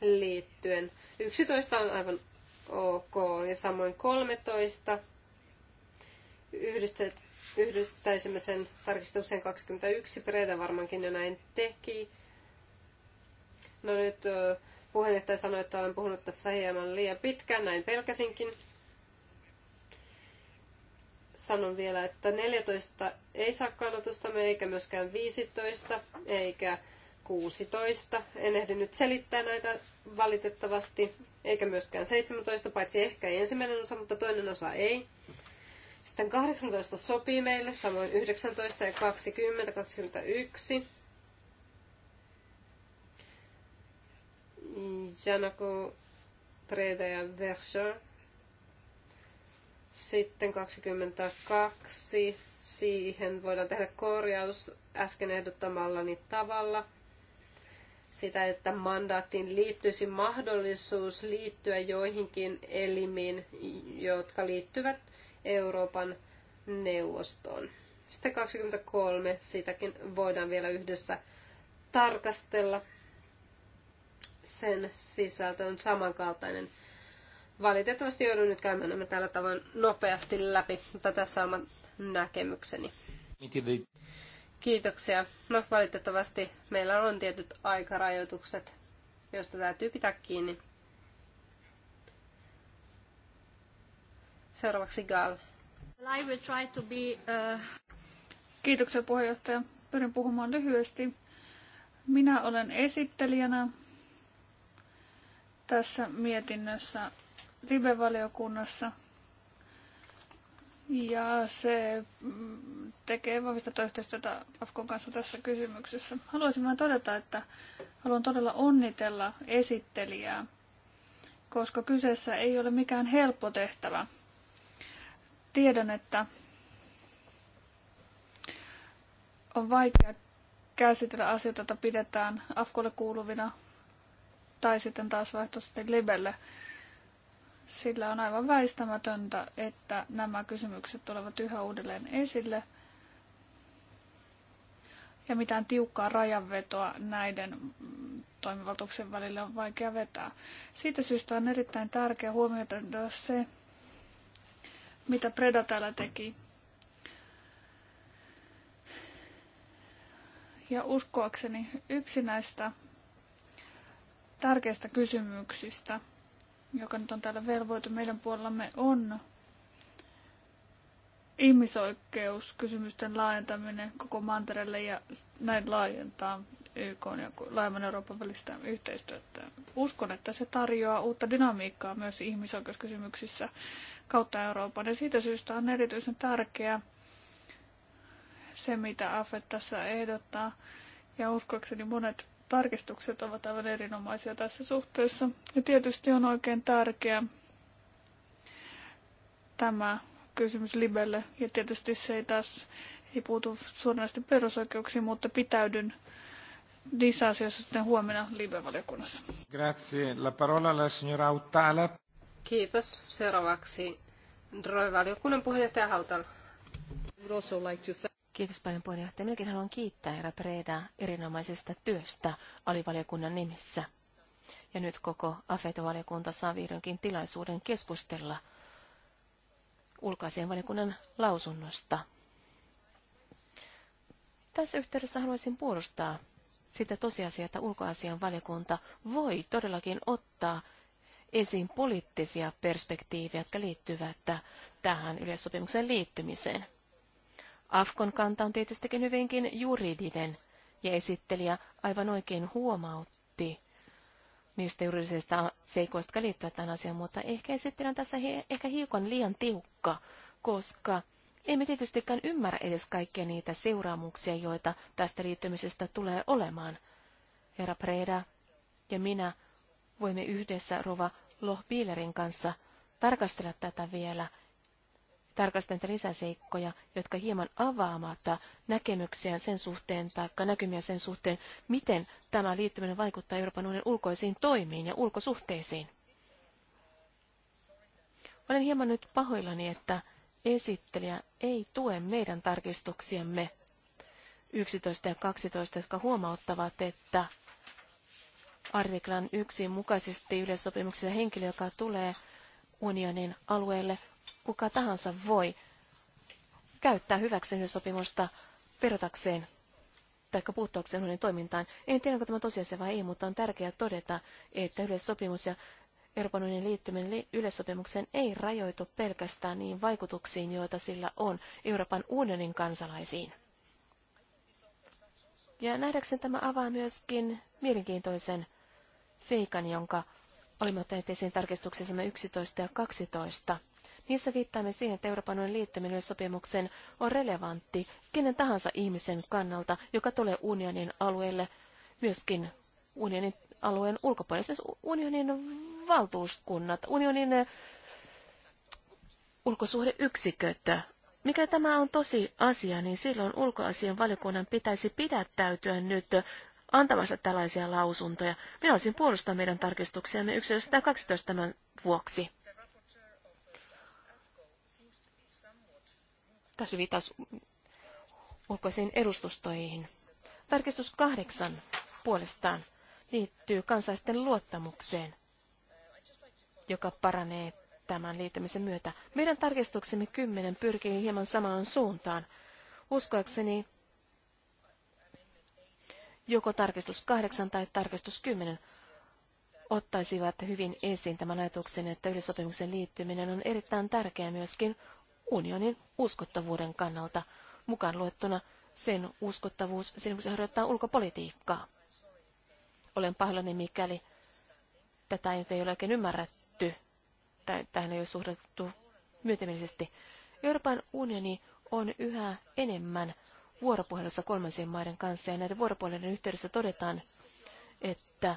liittyen. 11 on aivan ok, ja samoin 13. Yhdistet, yhdistäisimme sen tarkistukseen 21, Preda varmaankin jo näin teki. No nyt puheenjohtaja sanoi, että olen puhunut tässä hieman liian pitkään, näin pelkäsinkin sanon vielä, että 14 ei saa kannatustamme, eikä myöskään 15, eikä 16. En ehdi nyt selittää näitä valitettavasti, eikä myöskään 17, paitsi ehkä ensimmäinen osa, mutta toinen osa ei. Sitten 18 sopii meille, samoin 19 ja 20, 21. Janako, Preda ja Verja sitten 22. Siihen voidaan tehdä korjaus äsken ehdottamallani tavalla. Sitä, että mandaattiin liittyisi mahdollisuus liittyä joihinkin elimiin, jotka liittyvät Euroopan neuvostoon. Sitten 23. Sitäkin voidaan vielä yhdessä tarkastella. Sen sisältö on samankaltainen – Valitettavasti joudun nyt käymään nämä tällä tavoin nopeasti läpi, mutta tässä on oma näkemykseni. Kiitoksia. No valitettavasti meillä on tietyt aikarajoitukset, joista täytyy pitää kiinni. Seuraavaksi Gal. I will try to be, uh... Kiitoksia puheenjohtaja. Pyrin puhumaan lyhyesti. Minä olen esittelijänä tässä mietinnössä Ribe-valiokunnassa. Ja se mm, tekee vahvistettu yhteistyötä Afkon kanssa tässä kysymyksessä. Haluaisin vain todeta, että haluan todella onnitella esittelijää, koska kyseessä ei ole mikään helppo tehtävä. Tiedän, että on vaikea käsitellä asioita, joita pidetään Afkolle kuuluvina tai sitten taas vaihtoehtoisesti Libelle – sillä on aivan väistämätöntä, että nämä kysymykset tulevat yhä uudelleen esille. Ja mitään tiukkaa rajanvetoa näiden toimivaltuuksien välillä on vaikea vetää. Siitä syystä on erittäin tärkeää huomioida se, mitä Preda täällä teki. Ja uskoakseni yksi näistä tärkeistä kysymyksistä – joka nyt on täällä velvoite meidän puolellamme, on ihmisoikeuskysymysten laajentaminen koko mantereelle ja näin laajentaa YK ja laajemman Euroopan välistä yhteistyötä. Uskon, että se tarjoaa uutta dynamiikkaa myös ihmisoikeuskysymyksissä kautta Euroopan. Ja siitä syystä on erityisen tärkeää se, mitä AFE tässä ehdottaa. Ja uskoakseni monet tarkistukset ovat aivan erinomaisia tässä suhteessa. Ja tietysti on oikein tärkeä tämä kysymys Libelle. Ja tietysti se ei taas ei puutu suoranaisesti perusoikeuksiin, mutta pitäydyn niissä asioissa sitten huomenna Libe-valiokunnassa. Grazie. La parola alla signora Autala. Kiitos. Seuraavaksi Droi-valiokunnan puheenjohtaja Hautala. Kiitos paljon puheenjohtaja. Minäkin haluan kiittää herra Preda erinomaisesta työstä alivaliokunnan nimissä. Ja nyt koko afeto valiokunta saa vihdoinkin tilaisuuden keskustella ulkoisen valiokunnan lausunnosta. Tässä yhteydessä haluaisin puolustaa sitä tosiasiaa, että ulkoasian valiokunta voi todellakin ottaa esiin poliittisia perspektiivejä, jotka liittyvät tähän yleissopimuksen liittymiseen. Afkon kanta on tietystikin hyvinkin juridinen, ja esittelijä aivan oikein huomautti niistä juridisista seikoista, jotka liittyvät tämän asiaan, mutta ehkä on tässä he, ehkä hiukan liian tiukka, koska emme tietystikään ymmärrä edes kaikkia niitä seuraamuksia, joita tästä liittymisestä tulee olemaan. Herra Preda ja minä voimme yhdessä Rova Lohbiilerin kanssa tarkastella tätä vielä tarkastaa niitä lisäseikkoja, jotka hieman avaamatta näkemyksiä sen suhteen tai näkymiä sen suhteen, miten tämä liittyminen vaikuttaa Euroopan unionin ulkoisiin toimiin ja ulkosuhteisiin. Olen hieman nyt pahoillani, että esittelijä ei tue meidän tarkistuksiamme 11 ja 12, jotka huomauttavat, että artiklan yksi mukaisesti yleissopimuksessa henkilö, joka tulee unionin alueelle, Kuka tahansa voi käyttää hyväkseen sopimusta verotakseen tai puuttuakseen unionin toimintaan. En tiedä, onko tämä tosiasia vai ei, mutta on tärkeää todeta, että yleissopimus ja Euroopan unionin liittyminen yleissopimukseen ei rajoitu pelkästään niin vaikutuksiin, joita sillä on Euroopan unionin kansalaisiin. Ja nähdäkseni tämä avaa myöskin mielenkiintoisen seikan, jonka olimme ottaneet esiin tarkistuksessamme 11 ja 12. Niissä viittaamme siihen, että Euroopan unionin liittyminen sopimukseen on relevantti kenen tahansa ihmisen kannalta, joka tulee unionin alueelle, myöskin unionin alueen ulkopuolelle, esimerkiksi unionin valtuuskunnat, unionin eh, ulkosuhdeyksiköt. Mikä tämä on tosi asia, niin silloin ulkoasian valiokunnan pitäisi pidättäytyä nyt antamasta tällaisia lausuntoja. Minä olisin puolustaa meidän tarkistuksiamme 11.12 tämän vuoksi. tässä viittaus ulkoisiin edustustoihin. Tarkistus kahdeksan puolestaan liittyy kansalaisten luottamukseen, joka paranee tämän liittymisen myötä. Meidän tarkistuksemme kymmenen pyrkii hieman samaan suuntaan. Uskoakseni joko tarkistus kahdeksan tai tarkistus kymmenen ottaisivat hyvin esiin tämän ajatuksen, että yleissopimuksen liittyminen on erittäin tärkeää myöskin unionin uskottavuuden kannalta, mukaan luettuna sen uskottavuus silloin, kun se harjoittaa ulkopolitiikkaa. Olen pahoillani, mikäli tätä ei ole oikein ymmärretty, tai tähän ei ole suhdettu myötämielisesti. Euroopan unioni on yhä enemmän vuoropuhelussa kolmansien maiden kanssa, ja näiden vuoropuhelujen yhteydessä todetaan, että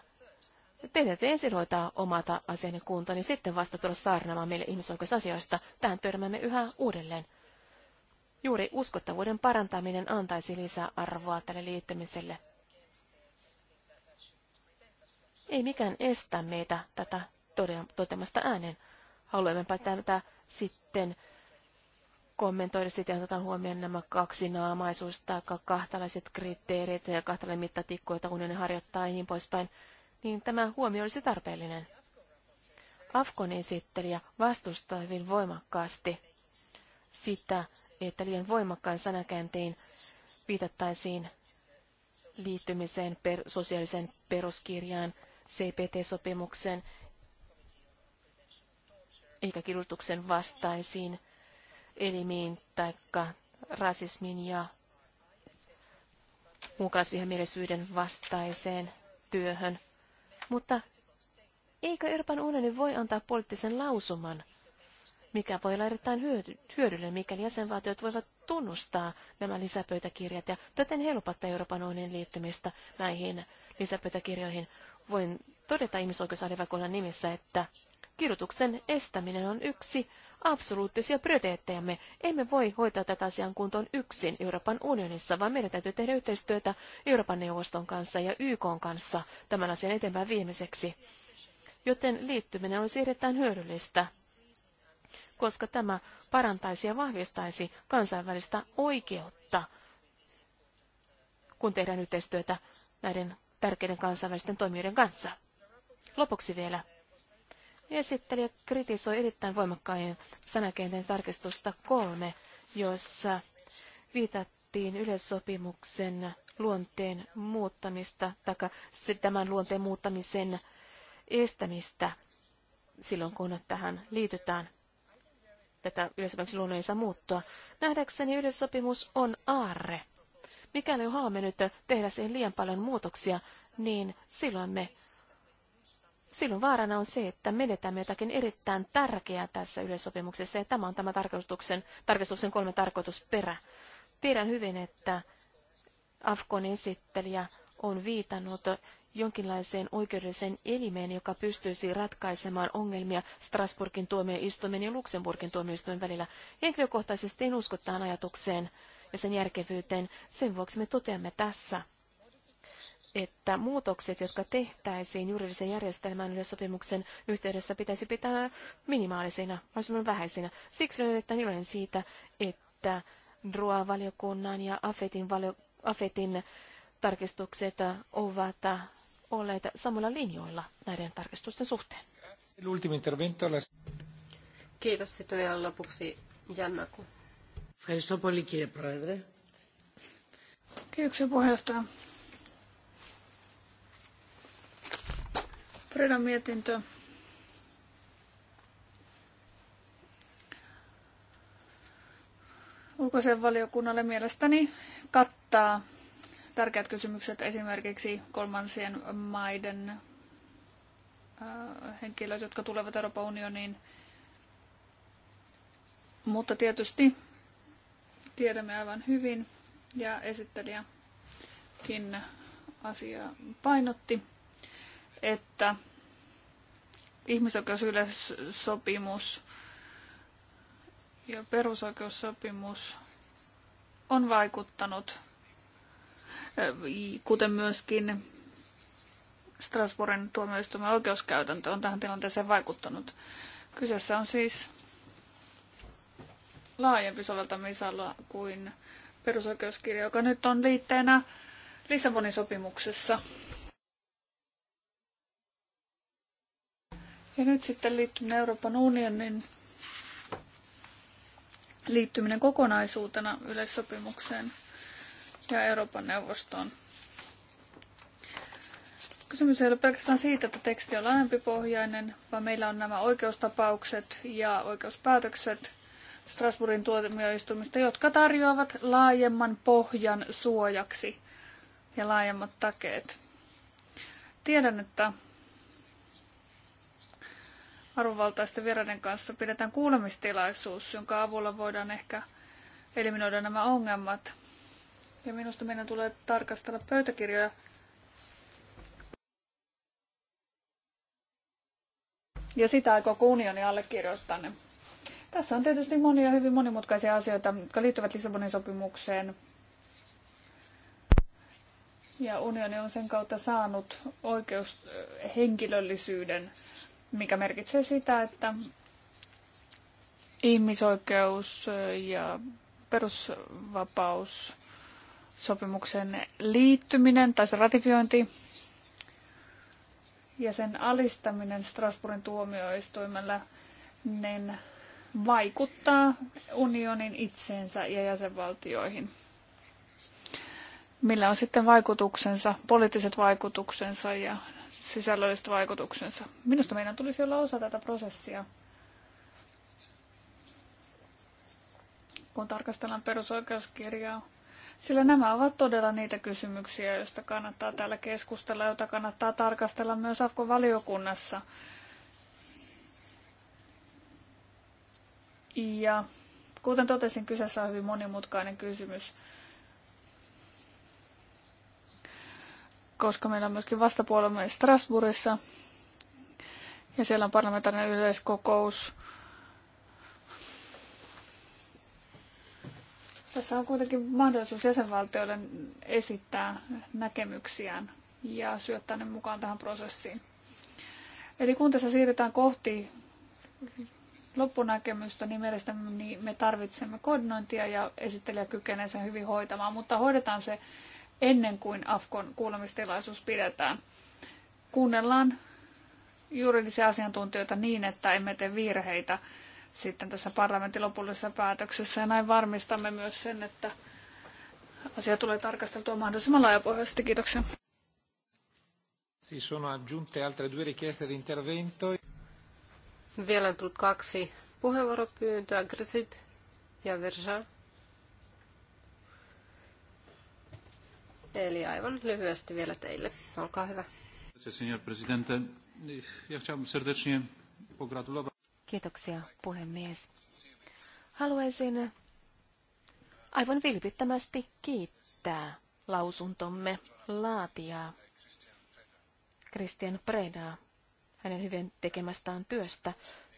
teidän ensin hoitaa omata asianne kuntoon, niin sitten vasta tulla saarnaamaan meille ihmisoikeusasioista. Tähän törmäämme yhä uudelleen. Juuri uskottavuuden parantaminen antaisi lisää arvoa tälle liittymiselle. Ei mikään estä meitä tätä toteamasta ääneen. Haluammepa tätä sitten kommentoida sitä, että otetaan huomioon nämä kaksi naamaisuus kahtalaiset kriteerit ja kahtalainen mittatikku, jota unioni harjoittaa ja niin poispäin niin tämä huomio olisi tarpeellinen. Afkon esittelijä vastustaa hyvin voimakkaasti sitä, että liian voimakkaan sanakäänteen viitattaisiin liittymiseen per, sosiaalisen peruskirjaan, CPT-sopimukseen, eikä kidutuksen vastaisiin elimiin tai rasismin ja muukalaisvihamielisyyden vastaiseen työhön. Mutta eikö Euroopan unioni voi antaa poliittisen lausuman, mikä voi olla erittäin hyödy- hyödyllinen, mikäli jäsenvaltiot voivat tunnustaa nämä lisäpöytäkirjat ja täten helpottaa Euroopan unionin liittymistä näihin lisäpöytäkirjoihin. Voin todeta ihmisoikeusarvokunnan nimissä, että kirjoituksen estäminen on yksi absoluuttisia prioriteettejamme. Emme voi hoitaa tätä asian kuntoon yksin Euroopan unionissa, vaan meidän täytyy tehdä yhteistyötä Euroopan neuvoston kanssa ja YK kanssa tämän asian eteenpäin viimeiseksi. Joten liittyminen olisi erittäin hyödyllistä, koska tämä parantaisi ja vahvistaisi kansainvälistä oikeutta, kun tehdään yhteistyötä näiden tärkeiden kansainvälisten toimijoiden kanssa. Lopuksi vielä Esittelijä kritisoi erittäin voimakkain sanakenteen tarkistusta kolme, jossa viitattiin yleissopimuksen luonteen muuttamista, tai tämän luonteen muuttamisen estämistä silloin, kun tähän liitytään. Tätä yleissopimuksen luonne ei saa muuttua. Nähdäkseni yleissopimus on aarre. Mikäli haluamme nyt tehdä siihen liian paljon muutoksia, niin silloin me silloin vaarana on se, että menetämme jotakin erittäin tärkeää tässä yleissopimuksessa, ja tämä on tämä tarkastuksen, tarkastuksen kolme tarkoitusperä. Tiedän hyvin, että Afkon esittelijä on viitannut jonkinlaiseen oikeudelliseen elimeen, joka pystyisi ratkaisemaan ongelmia Strasburgin tuomioistuimen ja Luxemburgin tuomioistuimen välillä. Henkilökohtaisesti en usko tähän ajatukseen ja sen järkevyyteen. Sen vuoksi me toteamme tässä, että muutokset, jotka tehtäisiin juridisen järjestelmän yleissopimuksen yhteydessä, pitäisi pitää minimaalisina, mahdollisimman vähäisinä. Siksi olen erittäin iloinen siitä, että DROA-valiokunnan ja AFETin, valio, AFETin tarkistukset ovat olleet samalla linjoilla näiden tarkistusten suhteen. Kiitos. Sitten vielä lopuksi Jannaku. Kiitoksia puheenjohtaja. Rinan mietintö. Ulkoisen valiokunnalle mielestäni kattaa tärkeät kysymykset esimerkiksi kolmansien maiden äh, henkilöt, jotka tulevat Euroopan unioniin. Mutta tietysti tiedämme aivan hyvin ja esittelijäkin asia painotti, että ihmisoikeusyleissopimus ja perusoikeussopimus on vaikuttanut, eh, kuten myöskin Strasbourgin tuomioistuimen oikeuskäytäntö on tähän tilanteeseen vaikuttanut. Kyseessä on siis laajempi soveltamisala kuin perusoikeuskirja, joka nyt on liitteenä Lissabonin sopimuksessa. Ja nyt sitten liittyminen Euroopan unionin liittyminen kokonaisuutena yleissopimukseen ja Euroopan neuvostoon. Kysymys ei ole pelkästään siitä, että teksti on laajempipohjainen, vaan meillä on nämä oikeustapaukset ja oikeuspäätökset Strasbourgin tuomioistuimista, jotka tarjoavat laajemman pohjan suojaksi ja laajemmat takeet. Tiedän, että arvovaltaisten vieraiden kanssa pidetään kuulemistilaisuus, jonka avulla voidaan ehkä eliminoida nämä ongelmat. Ja minusta meidän tulee tarkastella pöytäkirjoja ja sitä kun unioni allekirjoittaa ne. Tässä on tietysti monia hyvin monimutkaisia asioita, jotka liittyvät Lissabonin sopimukseen. Ja unioni on sen kautta saanut oikeushenkilöllisyyden mikä merkitsee sitä, että ihmisoikeus ja perusvapaus sopimuksen liittyminen tai se ratifiointi ja sen alistaminen Strasbourgin tuomioistuimella niin vaikuttaa unionin itseensä ja jäsenvaltioihin. Millä on sitten vaikutuksensa, poliittiset vaikutuksensa ja sisällölliset vaikutuksensa. Minusta meidän tulisi olla osa tätä prosessia. kun tarkastellaan perusoikeuskirjaa. Sillä nämä ovat todella niitä kysymyksiä, joista kannattaa täällä keskustella, joita kannattaa tarkastella myös afko valiokunnassa. Ja kuten totesin, kyseessä on hyvin monimutkainen kysymys. koska meillä on myöskin vastapuolemme Strasbourgissa ja siellä on parlamentaarinen yleiskokous. Tässä on kuitenkin mahdollisuus jäsenvaltioille esittää näkemyksiään ja syöttää ne mukaan tähän prosessiin. Eli kun tässä siirrytään kohti loppunäkemystä, niin mielestäni me tarvitsemme koordinointia ja esittelijä kykenee sen hyvin hoitamaan, mutta hoidetaan se ennen kuin AFKon kuulemistilaisuus pidetään. Kuunnellaan juridisia asiantuntijoita niin, että emme tee virheitä sitten tässä parlamentin lopullisessa päätöksessä. Ja näin varmistamme myös sen, että asia tulee tarkasteltua mahdollisimman laajapohjaisesti. Kiitoksia. sono aggiunte altre due richieste di intervento. Vielä on tullut kaksi puheenvuoropyyntöä, Grzyb ja Verja. Eli aivan lyhyesti vielä teille. Olkaa hyvä. Kiitoksia, puhemies. Haluaisin aivan vilpittömästi kiittää lausuntomme laatijaa Christian Predaa hänen hyvin tekemästään työstä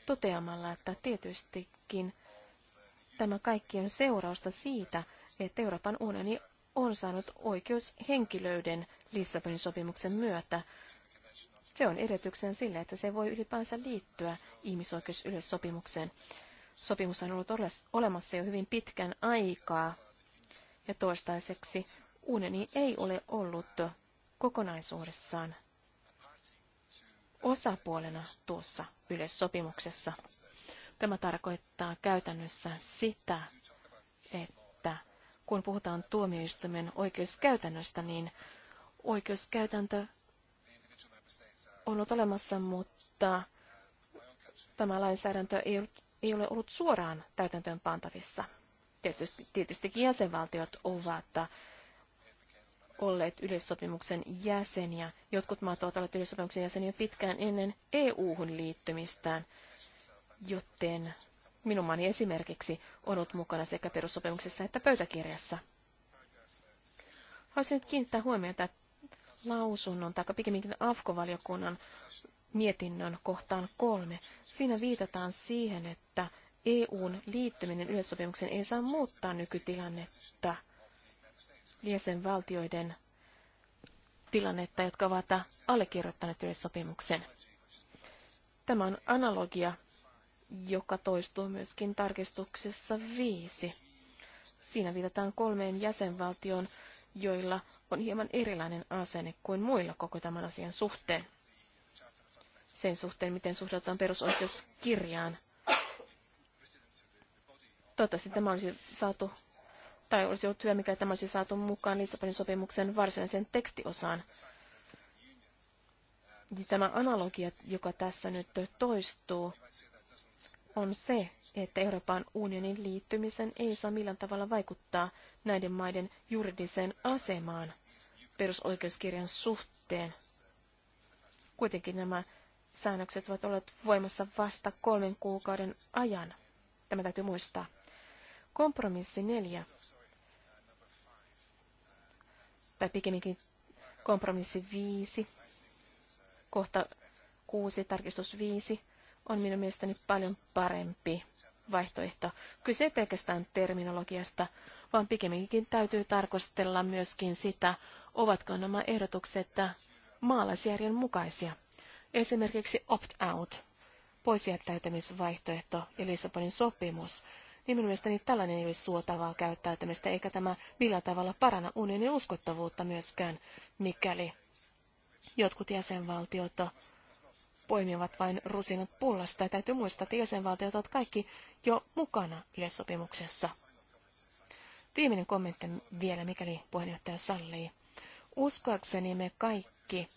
toteamalla, että tietystikin tämä kaikki on seurausta siitä, että Euroopan unioni on saanut oikeushenkilöiden Lissabonin sopimuksen myötä. Se on edellytyksen sille, että se voi ylipäänsä liittyä ihmisoikeusyleissopimukseen. Sopimus on ollut olemassa jo hyvin pitkän aikaa, ja toistaiseksi uneni ei ole ollut kokonaisuudessaan osapuolena tuossa yleissopimuksessa. Tämä tarkoittaa käytännössä sitä, että kun puhutaan tuomioistuimen oikeuskäytännöstä, niin oikeuskäytäntö on ollut olemassa, mutta tämä lainsäädäntö ei, ollut, ei ole ollut suoraan täytäntöön pantavissa. Tietysti, tietystikin jäsenvaltiot ovat olleet yleissopimuksen jäseniä. Jotkut maat ovat olleet yleissopimuksen jäseniä pitkään ennen EU-hun liittymistään, joten minun maani esimerkiksi on ollut mukana sekä perussopimuksessa että pöytäkirjassa. Haluaisin nyt kiinnittää huomiota lausunnon, tai pikemminkin AFKO-valiokunnan mietinnön kohtaan kolme. Siinä viitataan siihen, että EUn liittyminen yleissopimukseen ei saa muuttaa nykytilannetta jäsenvaltioiden tilannetta, jotka ovat allekirjoittaneet yleissopimuksen. Tämä on analogia joka toistuu myöskin tarkistuksessa viisi. Siinä viitataan kolmeen jäsenvaltioon, joilla on hieman erilainen asenne kuin muilla koko tämän asian suhteen. Sen suhteen, miten suhtaudutaan perusoikeuskirjaan. Toivottavasti tämä olisi saatu, tai olisi ollut hyvä, mikä tämä olisi saatu mukaan Lissabonin sopimuksen varsinaiseen tekstiosaan. Ja niin tämä analogia, joka tässä nyt toistuu, on se, että Euroopan unionin liittymisen ei saa millään tavalla vaikuttaa näiden maiden juridiseen asemaan perusoikeuskirjan suhteen. Kuitenkin nämä säännökset ovat olleet voimassa vasta kolmen kuukauden ajan. Tämä täytyy muistaa. Kompromissi neljä, tai pikemminkin kompromissi viisi, kohta kuusi, tarkistus viisi, on minun mielestäni paljon parempi vaihtoehto. Kyse ei pelkästään terminologiasta, vaan pikemminkin täytyy tarkastella myöskin sitä, ovatko nämä ehdotukset maalaisjärjen mukaisia. Esimerkiksi opt-out, poisjättäytymisvaihtoehto ja Lissabonin sopimus, niin minun mielestäni tällainen ei ole suotavaa käyttäytymistä, eikä tämä millään tavalla parana unionin uskottavuutta myöskään, mikäli jotkut jäsenvaltiot poimivat vain rusinat pullasta. Ja täytyy muistaa, että jäsenvaltiot ovat kaikki jo mukana yleissopimuksessa. Viimeinen kommentti vielä, mikäli puheenjohtaja sallii. Uskoakseni me kaikki,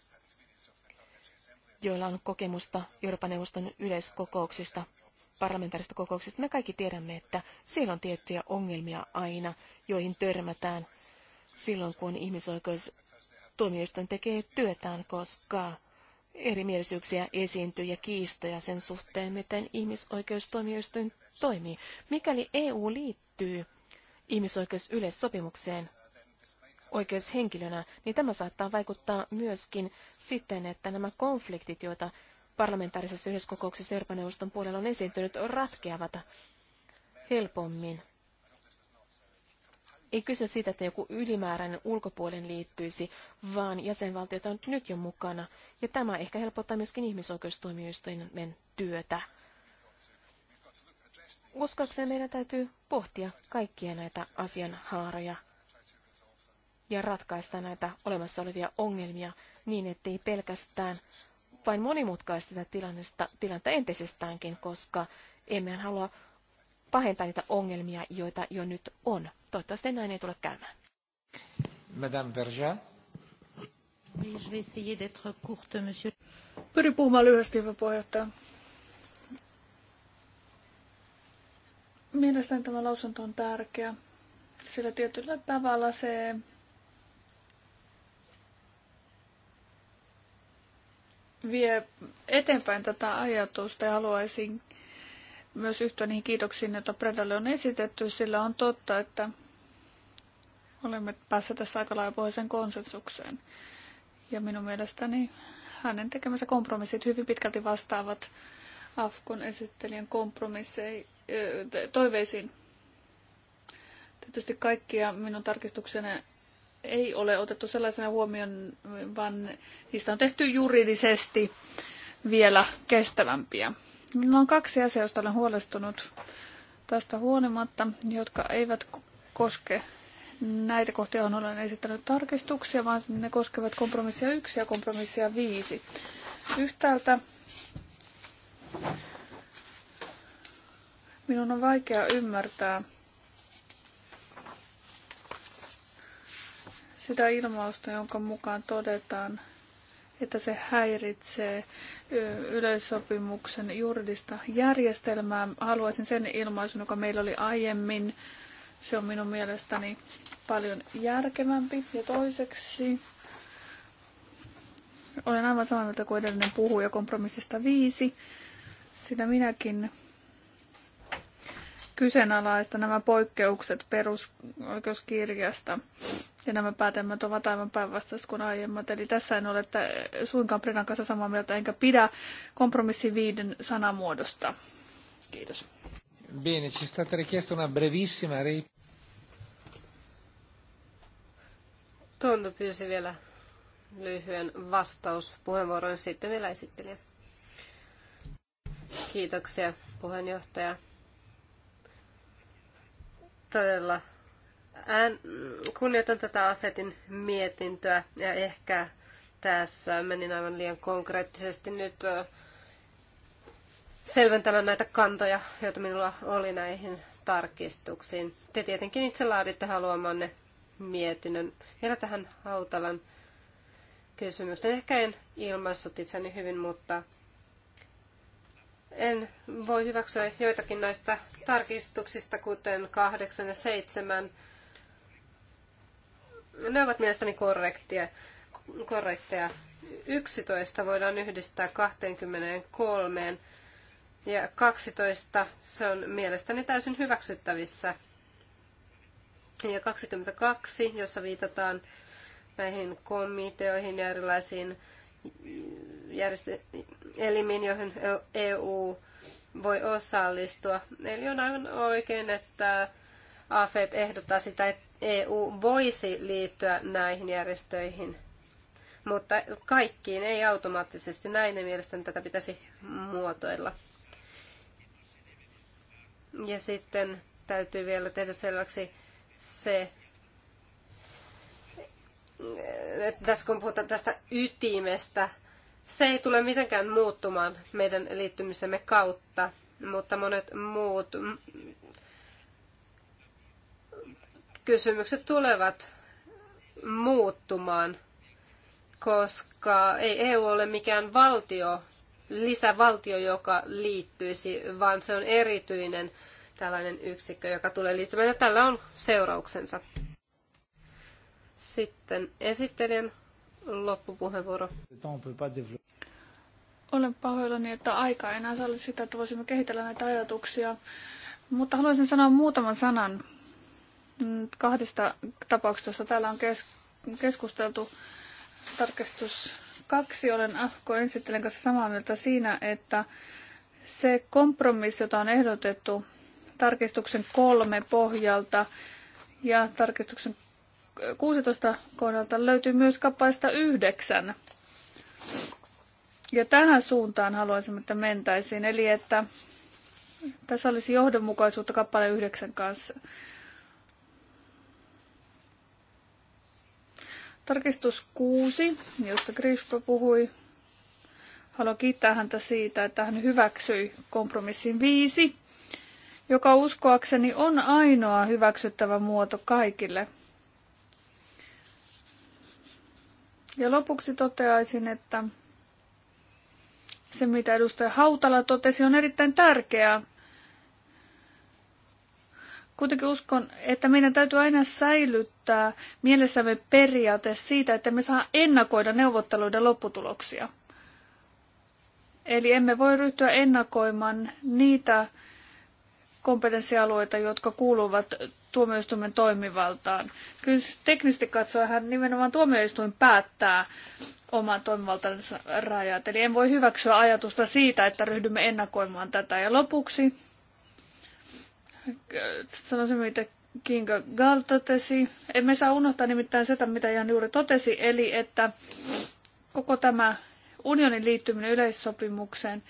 joilla on kokemusta Euroopan neuvoston yleiskokouksista, parlamentaarista kokouksista, me kaikki tiedämme, että siellä on tiettyjä ongelmia aina, joihin törmätään silloin, kun ihmisoikeus tuomioistuin tekee työtään, koska erimielisyyksiä esiintyy ja kiistoja sen suhteen, miten ihmisoikeustuomioistuin toimii. Mikäli EU liittyy ihmisoikeusyleissopimukseen oikeushenkilönä, niin tämä saattaa vaikuttaa myöskin siten, että nämä konfliktit, joita parlamentaarisessa yhdyskokouksessa Euroopan neuvoston puolella on esiintynyt, ratkeavat helpommin. Ei kyse siitä, että joku ylimääräinen ulkopuolen liittyisi, vaan jäsenvaltiot on nyt jo mukana, ja tämä ehkä helpottaa myöskin ihmisoikeustuomioistuimen työtä. Uskoakseni meidän täytyy pohtia kaikkia näitä asianhaaroja ja ratkaista näitä olemassa olevia ongelmia niin, ettei pelkästään vain monimutkaista tilannetta, tilannetta entisestäänkin, koska emme halua pahentaa niitä ongelmia, joita jo nyt on. Toivottavasti näin ei tule käymään. Madame Verja. Pyrin puhumaan lyhyesti, hyvä puheenjohtaja. Mielestäni tämä lausunto on tärkeä, sillä tietyllä tavalla se vie eteenpäin tätä ajatusta ja haluaisin myös yhtyä niihin kiitoksiin, joita Predalle on esitetty, sillä on totta, että olemme päässeet tässä aika laajapohjaisen konsensukseen. Ja minun mielestäni hänen tekemänsä kompromissit hyvin pitkälti vastaavat Afkon esittelijän kompromisseihin, toiveisiin. Tietysti kaikkia minun tarkistukseni ei ole otettu sellaisena huomioon, vaan niistä on tehty juridisesti vielä kestävämpiä. Minulla on kaksi asiaa, joista olen huolestunut tästä huolimatta, jotka eivät koske näitä kohtia, on olen esittänyt tarkistuksia, vaan ne koskevat kompromissia 1 ja kompromissia 5. Yhtäältä minun on vaikea ymmärtää sitä ilmausta, jonka mukaan todetaan, että se häiritsee yleissopimuksen juridista järjestelmää. Haluaisin sen ilmaisun, joka meillä oli aiemmin. Se on minun mielestäni paljon järkevämpi. Ja toiseksi olen aivan samaa mieltä kuin edellinen puhuja kompromissista viisi, sillä minäkin kyseenalaista nämä poikkeukset perusoikeuskirjasta. Ja nämä päätelmät ovat aivan päinvastaiset kuin aiemmat. Eli tässä en ole suinkaan Predan kanssa samaa mieltä, enkä pidä kompromissi viiden sanamuodosta. Kiitos. Bene, ci stata richiesta una brevissima Tontu pyysi vielä lyhyen vastauspuheenvuoron sitten vielä esittelijä. Kiitoksia puheenjohtaja. Todella ään, kunnioitan tätä AFETin mietintöä ja ehkä tässä menin aivan liian konkreettisesti nyt selventämään näitä kantoja, joita minulla oli näihin tarkistuksiin. Te tietenkin itse laaditte haluamanne mietinnön. Vielä tähän Hautalan kysymysten. Ehkä en ilmaissut itseni hyvin, mutta en voi hyväksyä joitakin näistä tarkistuksista, kuten kahdeksan ja seitsemän ne ovat mielestäni korrektia. korrekteja. 11 voidaan yhdistää 23 ja 12 se on mielestäni täysin hyväksyttävissä. Ja 22, jossa viitataan näihin komiteoihin ja erilaisiin järjestelmiin, elimiin, joihin EU voi osallistua. Eli on aivan oikein, että AFET ehdottaa sitä, että EU voisi liittyä näihin järjestöihin, mutta kaikkiin ei automaattisesti. Näin mielestäni tätä pitäisi muotoilla. Ja sitten täytyy vielä tehdä selväksi se, että tässä kun puhutaan tästä ytimestä, se ei tule mitenkään muuttumaan meidän liittymisemme kautta, mutta monet muut kysymykset tulevat muuttumaan, koska ei EU ole mikään valtio, lisävaltio, joka liittyisi, vaan se on erityinen tällainen yksikkö, joka tulee liittymään, ja tällä on seurauksensa. Sitten esittelijän loppupuheenvuoro. Olen pahoillani, että aika ei enää salli sitä, että voisimme kehitellä näitä ajatuksia, mutta haluaisin sanoa muutaman sanan kahdesta tapauksesta, täällä on kes- keskusteltu. Tarkistus kaksi, olen Ahko Ensittelen kanssa samaa mieltä siinä, että se kompromissi, jota on ehdotettu tarkistuksen kolme pohjalta ja tarkistuksen 16 kohdalta löytyy myös kappaista yhdeksän. Ja tähän suuntaan haluaisin, että mentäisiin. Eli että tässä olisi johdonmukaisuutta kappale yhdeksän kanssa. Tarkistus 6, josta Grispa puhui. Haluan kiittää häntä siitä, että hän hyväksyi kompromissin 5, joka uskoakseni on ainoa hyväksyttävä muoto kaikille. Ja lopuksi toteaisin, että se mitä edustaja Hautala totesi on erittäin tärkeää. Kuitenkin uskon, että meidän täytyy aina säilyttää mielessämme periaate siitä, että me saa ennakoida neuvotteluiden lopputuloksia. Eli emme voi ryhtyä ennakoimaan niitä kompetenssialueita, jotka kuuluvat tuomioistuimen toimivaltaan. Kyllä teknisesti hän nimenomaan tuomioistuin päättää oman toimivaltansa rajat. Eli en voi hyväksyä ajatusta siitä, että ryhdymme ennakoimaan tätä. Ja lopuksi sanoisin, mitä Kinga Gall totesi. Emme saa unohtaa nimittäin sitä, mitä Jan juuri totesi, eli että koko tämä unionin liittyminen yleissopimukseen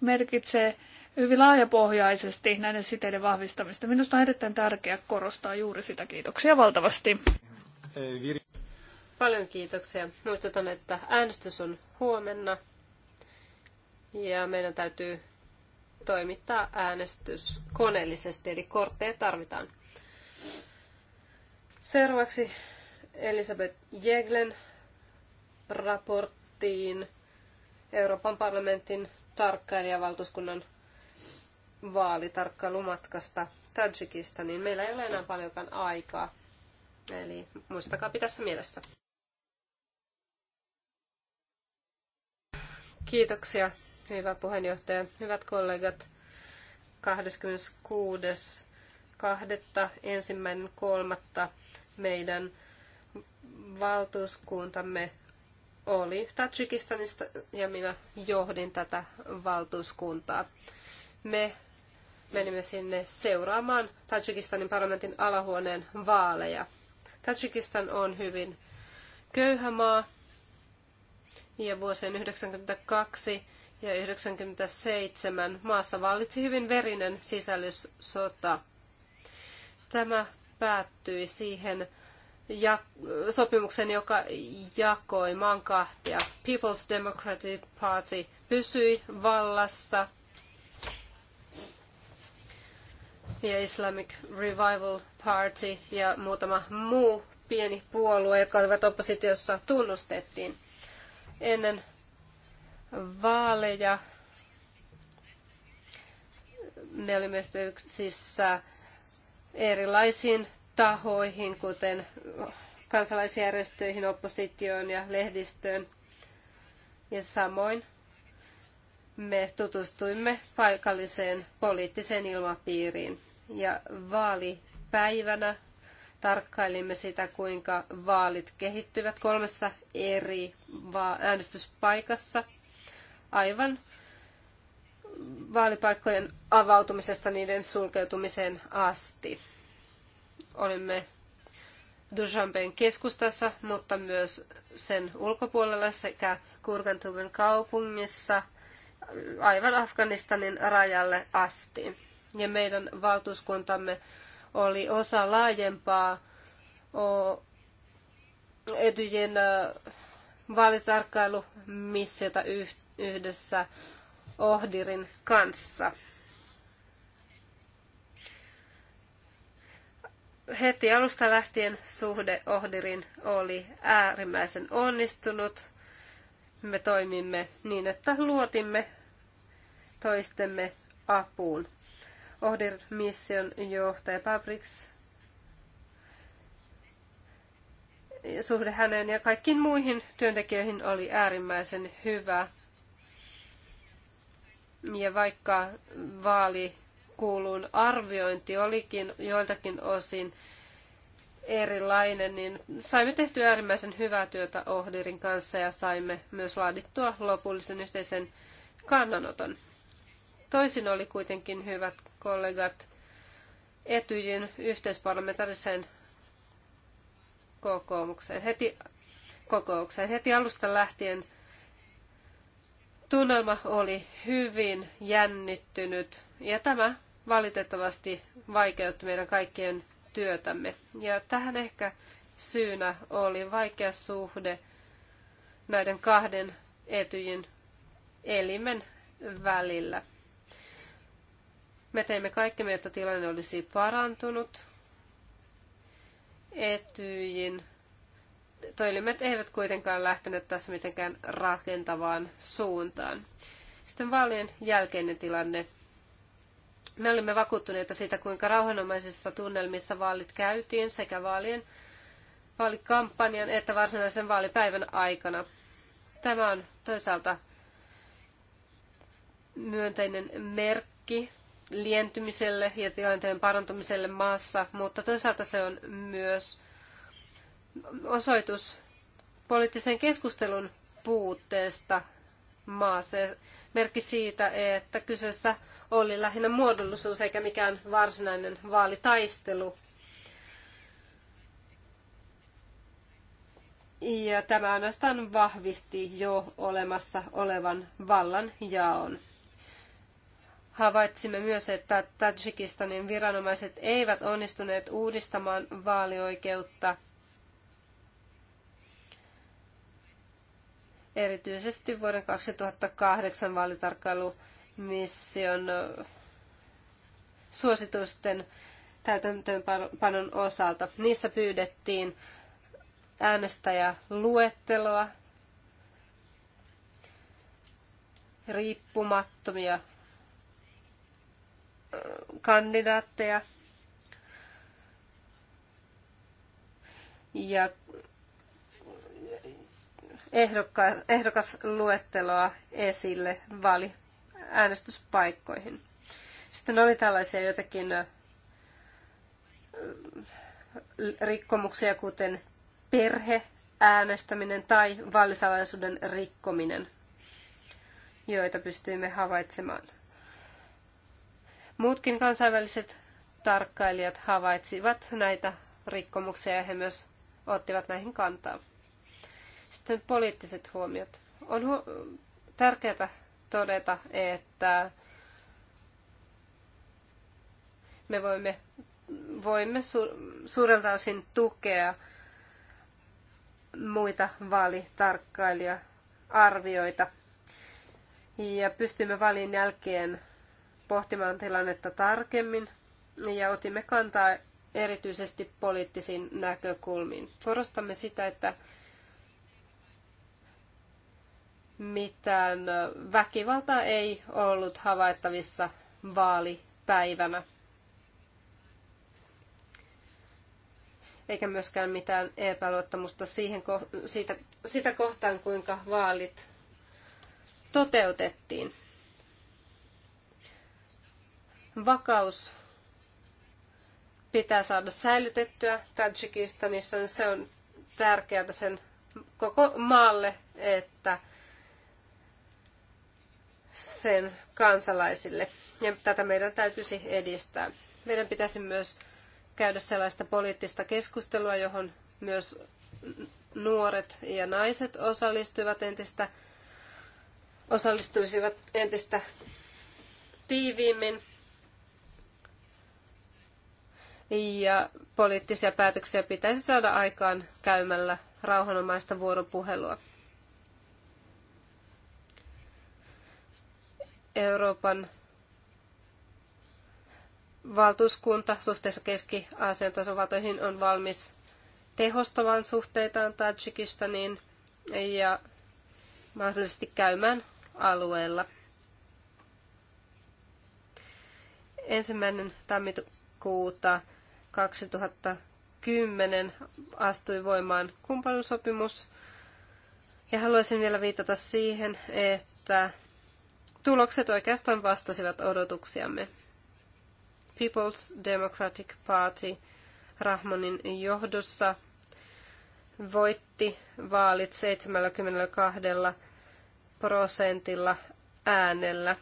merkitsee hyvin laajapohjaisesti näiden siteiden vahvistamista. Minusta on erittäin tärkeää korostaa juuri sitä. Kiitoksia valtavasti. Paljon kiitoksia. Muistutan, että äänestys on huomenna ja meidän täytyy toimittaa äänestys koneellisesti, eli kortteja tarvitaan. Seuraavaksi Elisabeth Jeglen raporttiin Euroopan parlamentin tarkkailijavaltuuskunnan vaalitarkkailumatkasta niin Meillä ei ole enää paljonkaan aikaa, eli muistakaa pitää se mielessä. Kiitoksia hyvä puheenjohtaja, hyvät kollegat. 26. kahdetta ensimmäinen kolmatta meidän valtuuskuntamme oli Tajikistanista ja minä johdin tätä valtuuskuntaa. Me menimme sinne seuraamaan Tajikistanin parlamentin alahuoneen vaaleja. Tajikistan on hyvin köyhä maa ja vuosien 1992 ja 97 maassa vallitsi hyvin verinen sisällyssota. Tämä päättyi siihen ja, sopimuksen, joka jakoi maan kahtia. People's Democratic Party pysyi vallassa ja Islamic Revival Party ja muutama muu pieni puolue, jotka olivat oppositiossa, tunnustettiin. Ennen vaaleja. Me olimme yhteyksissä erilaisiin tahoihin, kuten kansalaisjärjestöihin, oppositioon ja lehdistöön. Ja samoin me tutustuimme paikalliseen poliittiseen ilmapiiriin. Ja vaalipäivänä tarkkailimme sitä, kuinka vaalit kehittyvät kolmessa eri äänestyspaikassa – aivan vaalipaikkojen avautumisesta niiden sulkeutumiseen asti. Olimme Dushanben keskustassa, mutta myös sen ulkopuolella sekä Kurgantuben kaupungissa aivan Afganistanin rajalle asti. Ja meidän valtuuskuntamme oli osa laajempaa Etyjen vaalitarkkailumissiota yhteen yhdessä Ohdirin kanssa. Heti alusta lähtien suhde Ohdirin oli äärimmäisen onnistunut. Me toimimme niin, että luotimme toistemme apuun. Ohdir Mission johtaja Pabrix suhde häneen ja kaikkiin muihin työntekijöihin oli äärimmäisen hyvä. Ja vaikka vaali kuuluun arviointi olikin joiltakin osin erilainen, niin saimme tehtyä äärimmäisen hyvää työtä Ohdirin kanssa ja saimme myös laadittua lopullisen yhteisen kannanoton. Toisin oli kuitenkin hyvät kollegat Etyjin yhteisparlamentaariseen kokoukseen. Heti, kokoukseen. Heti alusta lähtien Tunnelma oli hyvin jännittynyt ja tämä valitettavasti vaikeutti meidän kaikkien työtämme. Ja tähän ehkä syynä oli vaikea suhde näiden kahden etyjin elimen välillä. Me teimme kaikkemme, että tilanne olisi parantunut. Etyjin toimet eivät kuitenkaan lähteneet tässä mitenkään rakentavaan suuntaan. Sitten vaalien jälkeinen tilanne. Me olimme vakuuttuneita siitä, kuinka rauhanomaisissa tunnelmissa vaalit käytiin sekä vaalien vaalikampanjan että varsinaisen vaalipäivän aikana. Tämä on toisaalta myönteinen merkki lientymiselle ja tilanteen parantumiselle maassa, mutta toisaalta se on myös osoitus poliittisen keskustelun puutteesta maassa. Merkki siitä, että kyseessä oli lähinnä muodollisuus eikä mikään varsinainen vaalitaistelu. Ja tämä ainoastaan vahvisti jo olemassa olevan vallan jaon. Havaitsimme myös, että Tajikistanin viranomaiset eivät onnistuneet uudistamaan vaalioikeutta – erityisesti vuoden 2008 vaalitarkkailumission suositusten täytäntöönpanon osalta. Niissä pyydettiin äänestäjäluetteloa, riippumattomia kandidaatteja ja ehdokka, ehdokasluetteloa esille vaaliäänestyspaikkoihin. Sitten oli tällaisia jotakin rikkomuksia, kuten perheäänestäminen tai vaalisalaisuuden rikkominen, joita pystyimme havaitsemaan. Muutkin kansainväliset tarkkailijat havaitsivat näitä rikkomuksia ja he myös ottivat näihin kantaa. Sitten poliittiset huomiot. On hu- tärkeää todeta, että me voimme, voimme su- suurelta osin tukea muita vaalitarkkailija-arvioita. Ja pystymme valin jälkeen pohtimaan tilannetta tarkemmin ja otimme kantaa erityisesti poliittisiin näkökulmiin. Korostamme sitä, että mitään väkivaltaa ei ollut havaittavissa vaalipäivänä. Eikä myöskään mitään epäluottamusta siihen, siitä, sitä kohtaan, kuinka vaalit toteutettiin. Vakaus pitää saada säilytettyä Tadjikistanissa. Se on tärkeää sen koko maalle, että sen kansalaisille. Ja tätä meidän täytyisi edistää. Meidän pitäisi myös käydä sellaista poliittista keskustelua, johon myös nuoret ja naiset osallistuivat entistä, osallistuisivat entistä tiiviimmin. Ja poliittisia päätöksiä pitäisi saada aikaan käymällä rauhanomaista vuoropuhelua. Euroopan valtuuskunta suhteessa Keski-Aasian tasavaltoihin on valmis tehostamaan suhteitaan Tajikistaniin ja mahdollisesti käymään alueella. Ensimmäinen tammikuuta 2010 astui voimaan kumppanuussopimus. Ja haluaisin vielä viitata siihen, että tulokset oikeastaan vastasivat odotuksiamme. People's Democratic Party Rahmanin johdossa voitti vaalit 72 prosentilla äänellä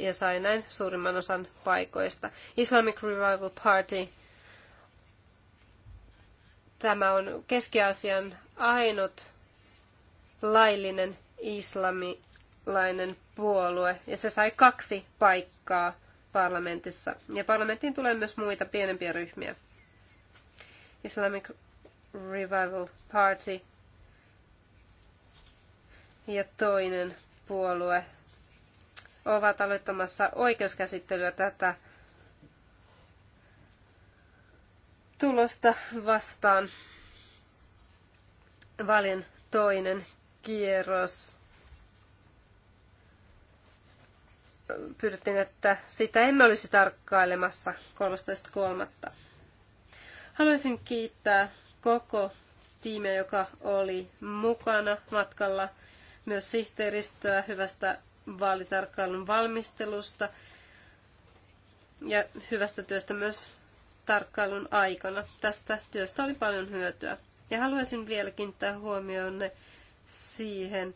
ja sai näin suurimman osan paikoista. Islamic Revival Party, tämä on Keski-Aasian ainut laillinen islami, lainen puolue ja se sai kaksi paikkaa parlamentissa. Ja parlamenttiin tulee myös muita pienempiä ryhmiä. Islamic Revival Party ja toinen puolue ovat aloittamassa oikeuskäsittelyä tätä tulosta vastaan. Valin toinen kierros pyydettiin, että sitä emme olisi tarkkailemassa 13.3. Haluaisin kiittää koko tiimiä, joka oli mukana matkalla, myös sihteeristöä hyvästä vaalitarkkailun valmistelusta ja hyvästä työstä myös tarkkailun aikana. Tästä työstä oli paljon hyötyä. Ja haluaisin vielä kiinnittää huomioon siihen,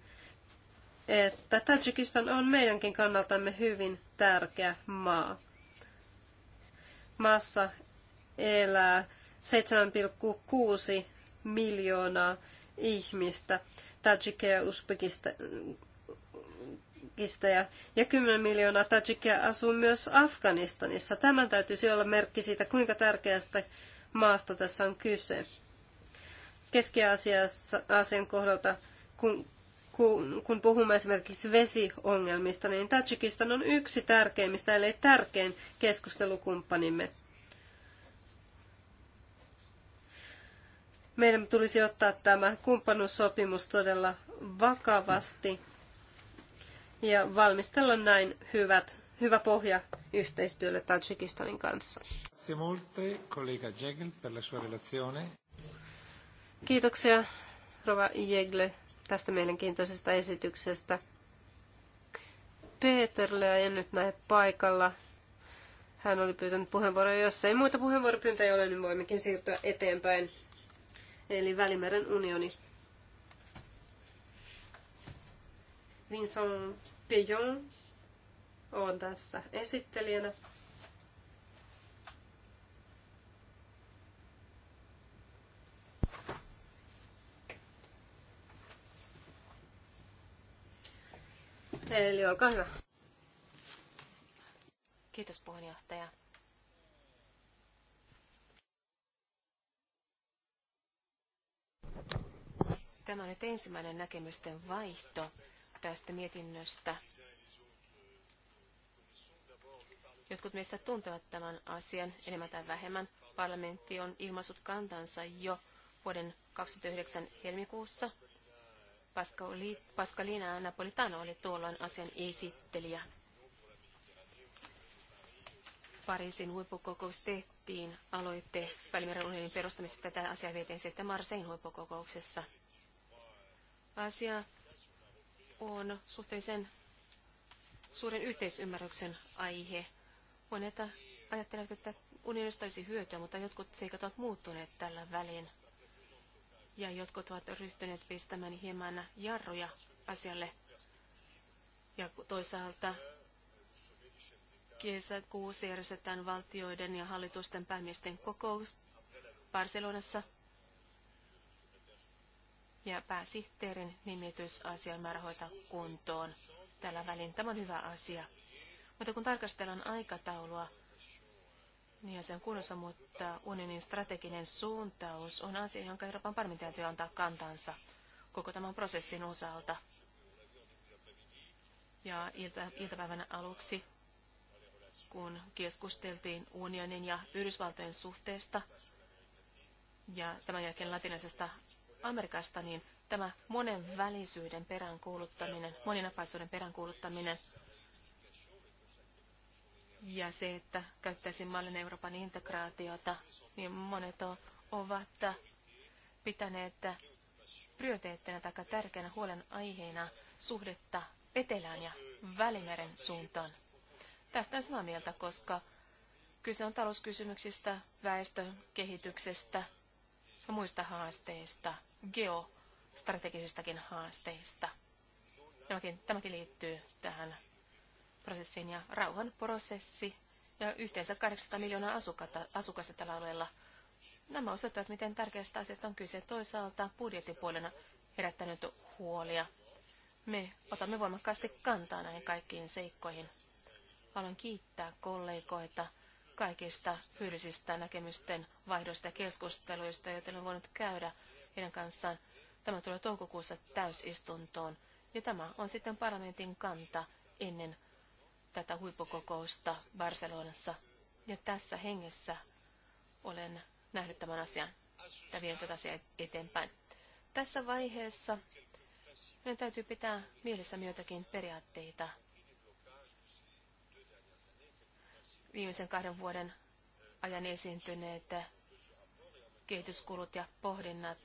että Tajikistan on meidänkin kannaltamme hyvin tärkeä maa. Maassa elää 7,6 miljoonaa ihmistä, Tajikia ja Uzbekisteja, ja 10 miljoonaa Tajikia asuu myös Afganistanissa. Tämän täytyisi olla merkki siitä, kuinka tärkeästä maasta tässä on kyse. Keski-Aasian kohdalta kun kun puhumme esimerkiksi vesiongelmista, niin Tajikistan on yksi tärkeimmistä, ellei tärkein keskustelukumppanimme. Meidän tulisi ottaa tämä kumppanuussopimus todella vakavasti ja valmistella näin hyvät, hyvä pohja yhteistyölle Tajikistanin kanssa. Kiitoksia, Rova Jegle, tästä mielenkiintoisesta esityksestä. Peterleä en nyt näe paikalla. Hän oli pyytänyt puheenvuoroa. Jos ei muita puheenvuoropyyntöjä ole, niin voimmekin siirtyä eteenpäin. Eli Välimeren unioni. Vincent Pillon on tässä esittelijänä. Eli olkaa hyvä. Kiitos puheenjohtaja. Tämä on nyt ensimmäinen näkemysten vaihto tästä mietinnöstä. Jotkut meistä tuntevat tämän asian enemmän tai vähemmän. Parlamentti on ilmaissut kantansa jo vuoden 2009 helmikuussa Pascoli, Pascalina Napolitano oli tuolloin asian esittelijä. Pariisin huippukokous tehtiin aloitte Välimeren unionin perustamisesta. Tätä asiaa vietiin sitten Marsein huippukokouksessa. Asia on suhteellisen suuren yhteisymmärryksen aihe. Monet ajattelevat, että unionista olisi hyötyä, mutta jotkut seikat ovat muuttuneet tällä välin ja jotkut ovat ryhtyneet pistämään hieman jarruja asialle. Ja toisaalta kesäkuussa järjestetään valtioiden ja hallitusten päämiesten kokous Barcelonassa. Ja pääsihteerin nimitysasia määrä hoitaa kuntoon tällä välin. Tämä on hyvä asia. Mutta kun tarkastellaan aikataulua, niin, ja sen kunnossa, mutta unionin strateginen suuntaus on asia, jonka Euroopan parmin täytyy antaa kantansa koko tämän prosessin osalta. Ja ilta, iltapäivän aluksi, kun keskusteltiin unionin ja Yhdysvaltojen suhteesta ja tämän jälkeen latinaisesta Amerikasta, niin tämä monen välisyyden peräänkuuluttaminen, moninapaisuuden peräänkuuluttaminen ja se, että käyttäisin mallin Euroopan integraatiota, niin monet ovat pitäneet prioriteettina tai tärkeänä huolen aiheena suhdetta Etelään ja Välimeren suuntaan. Tästä on samaa mieltä, koska kyse on talouskysymyksistä, väestökehityksestä ja muista haasteista, geostrategisistakin haasteista. Tämäkin, tämäkin liittyy tähän prosessin ja rauhan prosessi ja yhteensä 800 miljoonaa asukasta, asukasta tällä alueella. Nämä osoittavat, miten tärkeästä asiasta on kyse. Toisaalta budjettipuolena herättänyt huolia. Me otamme voimakkaasti kantaa näihin kaikkiin seikkoihin. Haluan kiittää kollegoita kaikista hyödyllisistä näkemysten vaihdoista ja keskusteluista, joita olen voinut käydä heidän kanssaan. Tämä tulee toukokuussa täysistuntoon, ja tämä on sitten parlamentin kanta ennen tätä huippukokousta Barcelonassa. Ja tässä hengessä olen nähnyt tämän asian ja vien tätä asiaa eteenpäin. Tässä vaiheessa meidän täytyy pitää mielessä myötäkin periaatteita. Viimeisen kahden vuoden ajan esiintyneet kehityskulut ja pohdinnat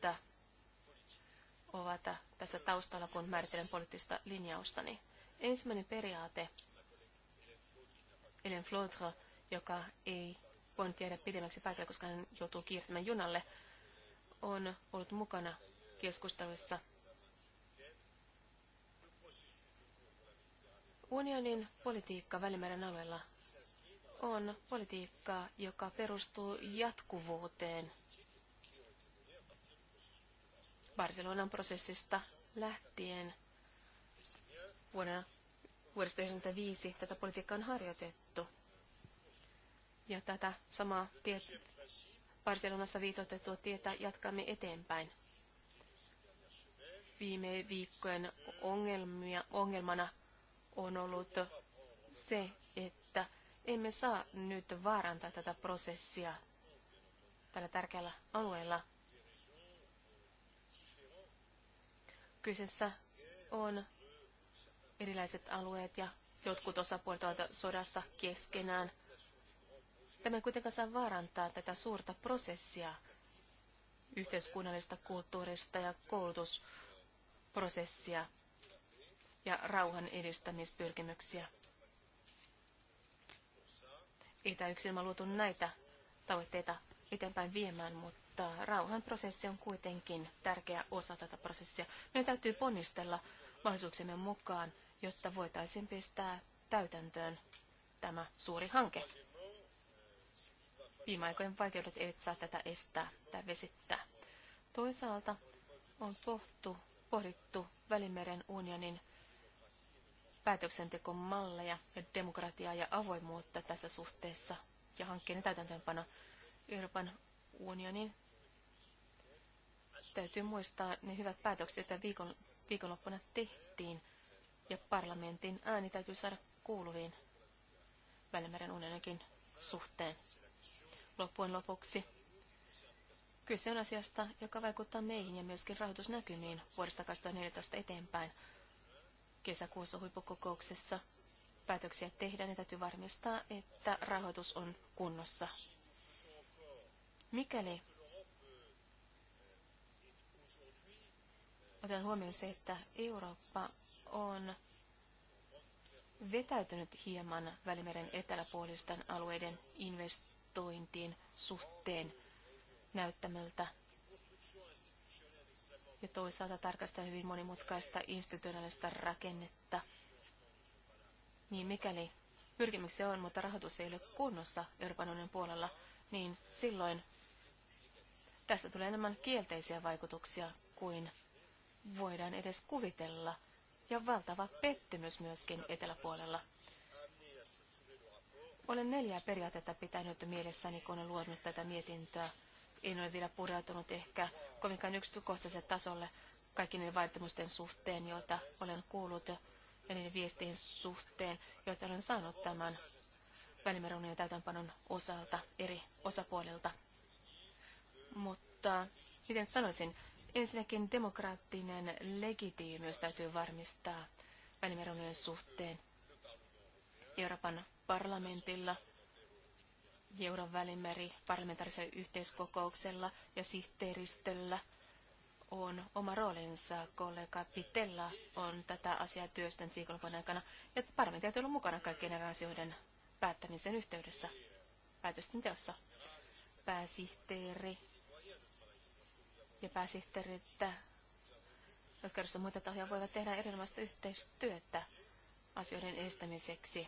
ovat tässä taustalla, kun määrittelen poliittista linjaustani. Niin ensimmäinen periaate Elen Flotra, joka ei voinut jäädä pidemmäksi paikalle, koska hän joutuu kiirtämään junalle, on ollut mukana keskusteluissa. Unionin politiikka Välimeren alueella on politiikka, joka perustuu jatkuvuuteen. Barcelonan prosessista lähtien vuonna vuodesta 1995 tätä politiikkaa on harjoitettu. Ja tätä samaa tiet, Barcelonassa viitoitettua tietä jatkamme eteenpäin. Viime viikkojen ongelmia, ongelmana on ollut se, että emme saa nyt vaarantaa tätä prosessia tällä tärkeällä alueella. Kyseessä on erilaiset alueet ja jotkut osapuolet ovat sodassa keskenään. Tämä ei kuitenkaan saa vaarantaa tätä suurta prosessia yhteiskunnallista kulttuurista ja koulutusprosessia ja rauhan edistämispyrkimyksiä. Ei tämä yksin luotu näitä tavoitteita eteenpäin viemään, mutta rauhan prosessi on kuitenkin tärkeä osa tätä prosessia. Meidän täytyy ponnistella mahdollisuuksiemme mukaan jotta voitaisiin pistää täytäntöön tämä suuri hanke. Viime aikojen vaikeudet eivät saa tätä estää tai vesittää. Toisaalta on pohtu, pohdittu Välimeren unionin päätöksentekomalleja ja demokratiaa ja avoimuutta tässä suhteessa ja hankkeen täytäntöönpano Euroopan unionin. Täytyy muistaa ne hyvät päätökset, joita viikon, viikonloppuna tehtiin ja parlamentin ääni täytyy saada kuuluviin Välimeren unioninkin suhteen. Loppujen lopuksi kyse on asiasta, joka vaikuttaa meihin ja myöskin rahoitusnäkymiin vuodesta 2014 eteenpäin. Kesäkuussa huippukokouksessa päätöksiä tehdään ja täytyy varmistaa, että rahoitus on kunnossa. Mikäli otan huomioon se, että Eurooppa on vetäytynyt hieman Välimeren eteläpuolisten alueiden investointiin suhteen näyttämöltä. Ja toisaalta tarkastaa hyvin monimutkaista institutionaalista rakennetta. Niin mikäli pyrkimyksiä on, mutta rahoitus ei ole kunnossa Euroopan unionin puolella, niin silloin tästä tulee enemmän kielteisiä vaikutuksia kuin voidaan edes kuvitella – ja valtava pettymys myöskin eteläpuolella. Olen neljää periaatetta pitänyt mielessäni, kun olen luonut tätä mietintöä. En ole vielä pureutunut ehkä kovinkaan yksityiskohtaiselle tasolle kaikki niiden vaatimusten suhteen, joita olen kuullut ja niiden viestien suhteen, joita olen saanut tämän välimeron ja täytänpanon osalta eri osapuolilta. Mutta miten sanoisin, Ensinnäkin demokraattinen legitiimiys täytyy varmistaa välimerunnin suhteen. Euroopan parlamentilla, Euron välimeri parlamentaarisella yhteiskokouksella ja sihteeristöllä on oma roolinsa. Kollega Pitella on tätä asiaa työstänyt viikonlopun aikana, ja parlamentti täytyy olla mukana kaikkien eri asioiden päättämisen yhteydessä, päätösten teossa. Pääsihteeri ja pääsihteeriltä, jotka edustavat muita tahoja, voivat tehdä erilaista yhteistyötä asioiden edistämiseksi.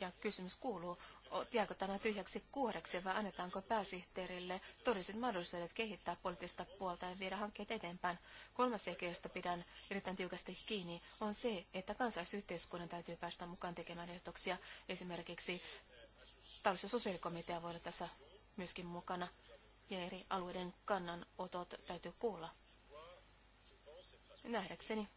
Ja kysymys kuuluu, jääkö tämä tyhjäksi kuoreksi vai annetaanko pääsihteerille todelliset mahdollisuudet kehittää poliittista puolta ja viedä hankkeet eteenpäin? Kolmas seikka, josta pidän erittäin tiukasti kiinni, on se, että kansalaisyhteiskunnan täytyy päästä mukaan tekemään ehdotuksia. Esimerkiksi talous- ja sosiaalikomitea voi olla tässä myöskin mukana ja eri alueiden kannanotot täytyy kuulla. Nähdäkseni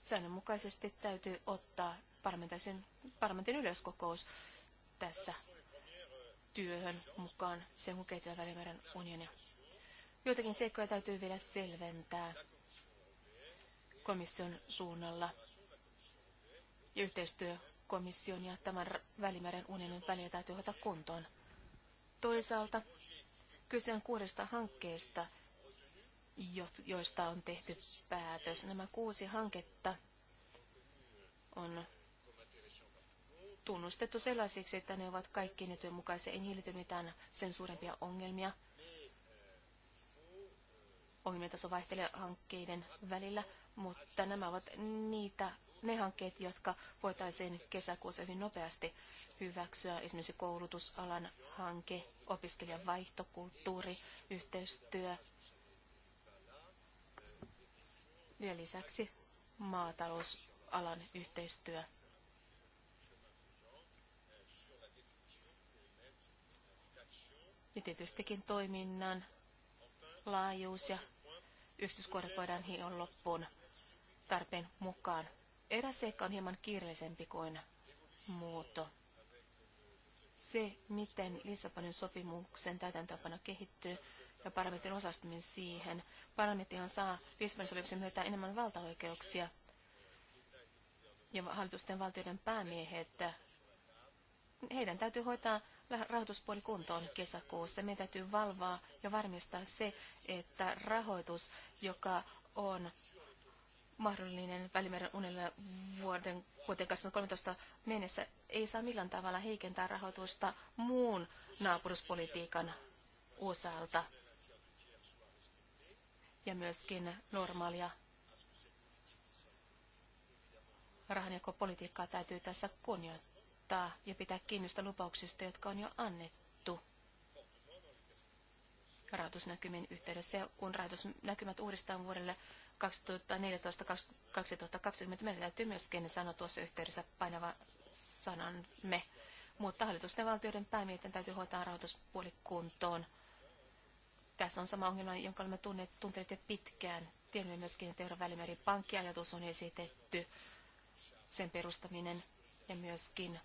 säännönmukaisesti täytyy ottaa parlamentin, parlamentin yleiskokous tässä työhön mukaan sen kun kehittyy Välimeren unionia. Joitakin seikkoja täytyy vielä selventää komission suunnalla. Ja yhteistyö komission ja tämän Välimeren unionin väliä täytyy ottaa kuntoon. Toisaalta kyse on kuudesta hankkeesta, joista on tehty päätös. Nämä kuusi hanketta on tunnustettu sellaisiksi, että ne ovat kaikki nytyn mukaisia. Ei niille mitään sen suurempia ongelmia. Ongelmien taso vaihtelee hankkeiden välillä, mutta nämä ovat niitä ne hankkeet, jotka voitaisiin kesäkuussa hyvin nopeasti hyväksyä, esimerkiksi koulutusalan hanke, opiskelijan vaihtokulttuuri, yhteistyö. Ja lisäksi maatalousalan yhteistyö. Ja tietystikin toiminnan laajuus ja yksityiskohdat voidaan hion loppuun tarpeen mukaan. Eräs seikka on hieman kiireellisempi kuin muuto. Se, miten Lissabonin sopimuksen täytäntöönpano kehittyy ja parlamentin osastuminen siihen. Parlamenttihan saa Lissabonin sopimuksen myötä enemmän valtaoikeuksia ja hallitusten valtioiden päämiehet, heidän täytyy hoitaa rahoituspuoli kuntoon kesäkuussa. Meidän täytyy valvaa ja varmistaa se, että rahoitus, joka on mahdollinen Välimeren unille vuoden, vuoteen 2013 mennessä ei saa millään tavalla heikentää rahoitusta muun naapuruspolitiikan osalta ja myöskin normaalia rahanjakopolitiikkaa täytyy tässä kunnioittaa ja pitää kiinni lupauksista, jotka on jo annettu rahoitusnäkymien yhteydessä. Ja kun rahoitusnäkymät uudestaan vuodelle 2014-2020 meidän täytyy myöskin sanoa tuossa yhteydessä painava sanan me. Mutta hallitusten valtioiden päämiesten täytyy hoitaa rahoituspuoli kuntoon. Tässä on sama ongelma, jonka olemme tunteneet jo pitkään. Tiedämme myöskin, että Euroopan välimerin pankkiajatus on esitetty, sen perustaminen ja myöskin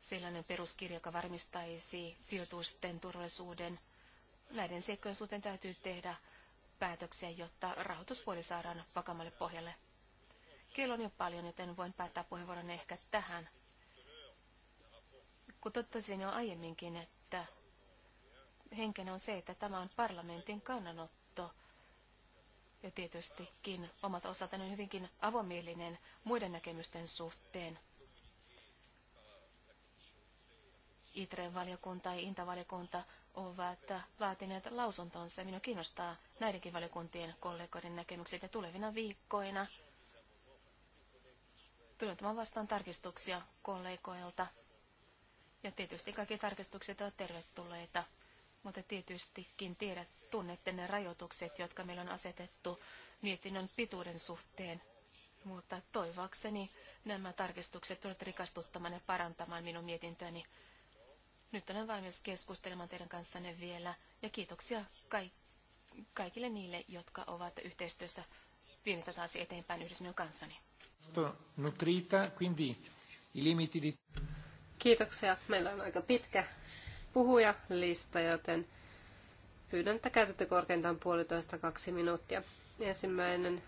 sellainen peruskirja, joka varmistaisi sijoitusten turvallisuuden. Näiden seikkojen suhteen täytyy tehdä päätöksiä, jotta rahoituspuoli saadaan vakamalle pohjalle. Kello on jo paljon, joten voin päättää puheenvuoron ehkä tähän. Kun totesin jo aiemminkin, että henkenä on se, että tämä on parlamentin kannanotto. Ja tietystikin omat osaltani on hyvinkin avomielinen muiden näkemysten suhteen. ITREn valiokunta ja INTA-valiokunta ovat vaatineet lausuntonsa. Minua kiinnostaa näidenkin valiokuntien kollegoiden näkemykset ja tulevina viikkoina tulen vastaan tarkistuksia kollegoilta. Ja tietysti kaikki tarkistukset ovat tervetulleita, mutta tietystikin tiedät, tunnette ne rajoitukset, jotka meillä on asetettu mietinnön pituuden suhteen. Mutta toivakseni nämä tarkistukset tulevat rikastuttamaan ja parantamaan minun mietintöni nyt olen valmis keskustelemaan teidän kanssanne vielä ja kiitoksia kaikille niille, jotka ovat yhteistyössä vienyt tätä eteenpäin yhdessä minun kanssani. Kiitoksia. Meillä on aika pitkä puhujalista, joten pyydän, että käytätte korkeintaan puolitoista kaksi minuuttia. Ensimmäinen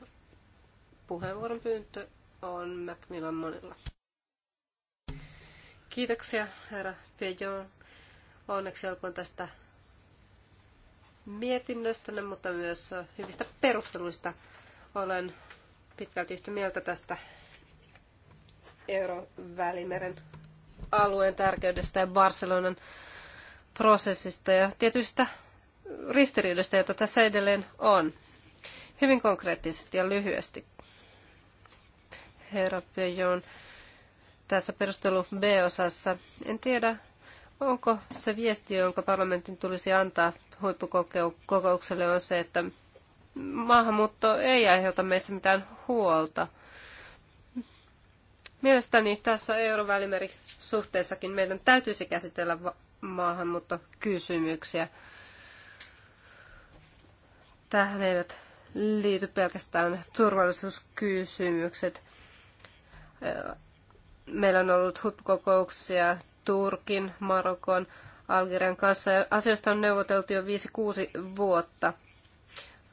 puheenvuoron pyyntö on Macmillan Monilla. Kiitoksia, herra Pejon. Onneksi olkoon tästä mietinnöstä, mutta myös hyvistä perusteluista. Olen pitkälti yhtä mieltä tästä Eurovälimeren alueen tärkeydestä ja Barcelonan prosessista ja tietystä ristiriidoista, joita tässä edelleen on. Hyvin konkreettisesti ja lyhyesti. Herra Pejon, tässä perustelu B-osassa. En tiedä, Onko se viesti, jonka parlamentin tulisi antaa huippukokoukselle, on se, että maahanmuutto ei aiheuta meissä mitään huolta. Mielestäni tässä eurovälimeri suhteessakin meidän täytyisi käsitellä maahanmuuttokysymyksiä. Tähän eivät liity pelkästään turvallisuuskysymykset. Meillä on ollut huippukokouksia Turkin, Marokon, Algerian kanssa. Asioista on neuvoteltu jo 5-6 vuotta.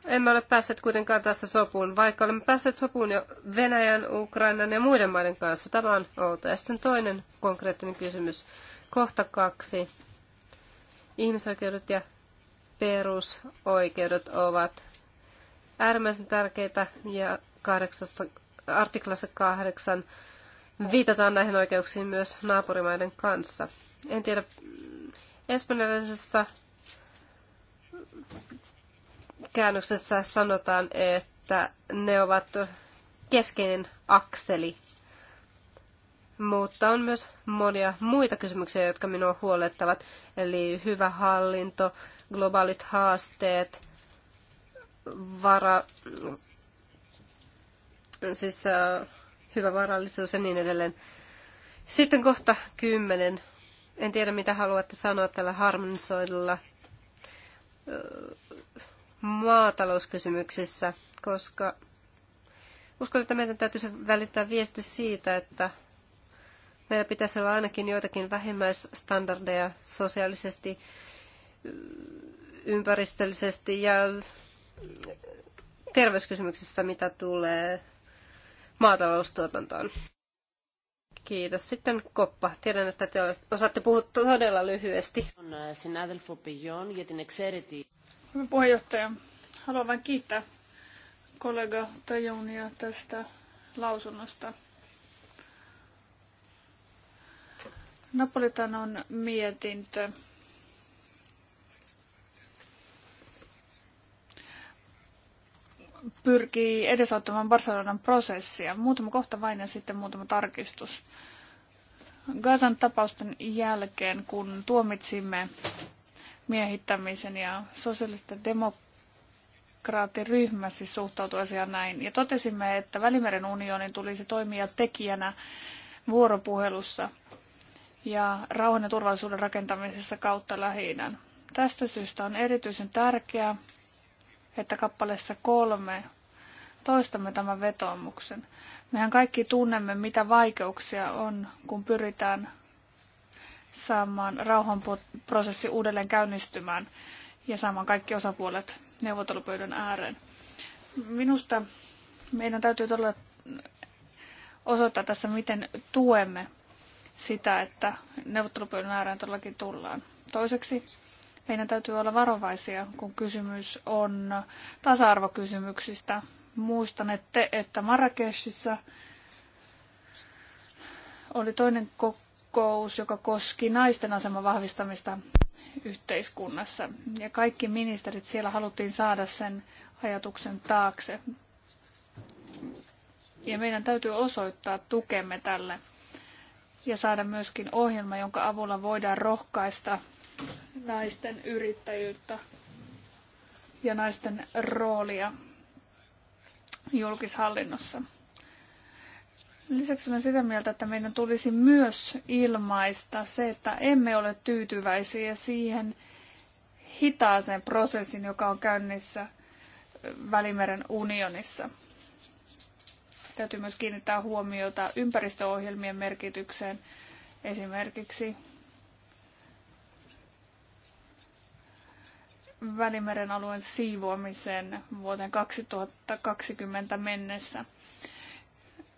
Emme ole päässeet kuitenkaan tässä sopuun, vaikka olemme päässeet sopuun jo Venäjän, Ukrainan ja muiden maiden kanssa. Tämä on outo. Ja sitten toinen konkreettinen kysymys. Kohta kaksi. Ihmisoikeudet ja perusoikeudet ovat äärimmäisen tärkeitä ja kahdeksassa, artiklassa kahdeksan viitataan näihin oikeuksiin myös naapurimaiden kanssa. En tiedä, espanjalaisessa käännöksessä sanotaan, että ne ovat keskeinen akseli. Mutta on myös monia muita kysymyksiä, jotka minua huolettavat, eli hyvä hallinto, globaalit haasteet, vara, siis äh, hyvä varallisuus ja niin edelleen. Sitten kohta kymmenen. En tiedä, mitä haluatte sanoa tällä harmonisoidulla maatalouskysymyksissä, koska uskon, että meidän täytyisi välittää viesti siitä, että meillä pitäisi olla ainakin joitakin vähimmäisstandardeja sosiaalisesti, ympäristöllisesti ja terveyskysymyksissä, mitä tulee maataloustuotantoon. Kiitos. Sitten Koppa. Tiedän, että te osaatte puhua todella lyhyesti. Äh, puheenjohtaja. Haluan vain kiittää kollega Tajunia tästä lausunnosta. Napolitanon mietintö pyrkii edesauttamaan Barcelonan prosessia. Muutama kohta vain ja sitten muutama tarkistus. Gazan tapausten jälkeen, kun tuomitsimme miehittämisen ja sosiaalisten demokraattiryhmä siis suhtautui asiaan näin. Ja totesimme, että Välimeren unionin tulisi toimia tekijänä vuoropuhelussa ja rauhan ja turvallisuuden rakentamisessa kautta lähi Tästä syystä on erityisen tärkeää, että kappaleessa kolme toistamme tämän vetoomuksen. Mehän kaikki tunnemme, mitä vaikeuksia on, kun pyritään saamaan rauhanprosessi uudelleen käynnistymään ja saamaan kaikki osapuolet neuvottelupöydän ääreen. Minusta meidän täytyy todella osoittaa tässä, miten tuemme sitä, että neuvottelupöydän ääreen todellakin tullaan. Toiseksi meidän täytyy olla varovaisia, kun kysymys on tasa-arvokysymyksistä. Muistan, että, että Marrakeshissa oli toinen kokous, joka koski naisten aseman vahvistamista yhteiskunnassa. Ja kaikki ministerit siellä haluttiin saada sen ajatuksen taakse. Ja meidän täytyy osoittaa tukemme tälle ja saada myöskin ohjelma, jonka avulla voidaan rohkaista naisten yrittäjyyttä ja naisten roolia julkishallinnossa. Lisäksi olen sitä mieltä, että meidän tulisi myös ilmaista se, että emme ole tyytyväisiä siihen hitaaseen prosessin, joka on käynnissä Välimeren unionissa. Täytyy myös kiinnittää huomiota ympäristöohjelmien merkitykseen, esimerkiksi Välimeren alueen siivoamiseen vuoteen 2020 mennessä.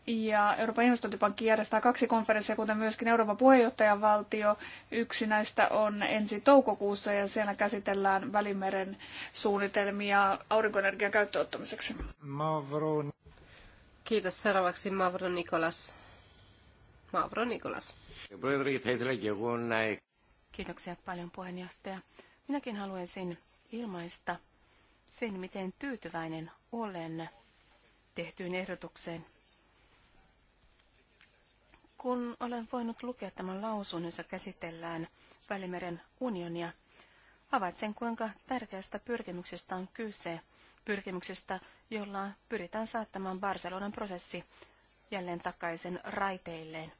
Ja Euroopan investointipankki järjestää kaksi konferenssia, kuten myöskin Euroopan puheenjohtajavaltio. Yksi näistä on ensi toukokuussa ja siellä käsitellään Välimeren suunnitelmia aurinkoenergian käyttöönottamiseksi. Mavro. Kiitos. Seuraavaksi Mavro Nikolas. Mavro Nikolas. Kiitoksia paljon puheenjohtaja. Minäkin haluaisin ilmaista sen, miten tyytyväinen olen tehtyyn ehdotukseen. Kun olen voinut lukea tämän lausun, jossa käsitellään Välimeren unionia, havaitsen, kuinka tärkeästä pyrkimyksestä on kyse, pyrkimyksestä, jolla pyritään saattamaan Barcelonan prosessi jälleen takaisin raiteilleen.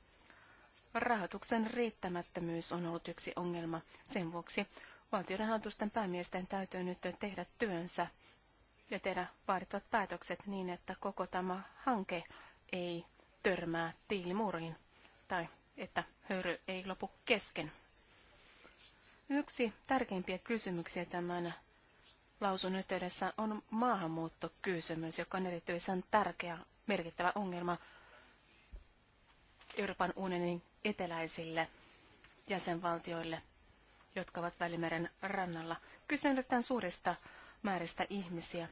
Rahoituksen riittämättömyys on ollut yksi ongelma. Sen vuoksi Valtiorahoitusten päämiesten täytyy nyt tehdä työnsä ja tehdä vaadittavat päätökset niin, että koko tämä hanke ei törmää tiilimuriin tai että höyry ei lopu kesken. Yksi tärkeimpiä kysymyksiä tämän lausun yhteydessä on maahanmuuttokysymys, joka on erityisen tärkeä merkittävä ongelma Euroopan unionin eteläisille jäsenvaltioille – jotka ovat Välimeren rannalla. Kyse on suurista määristä ihmisiä.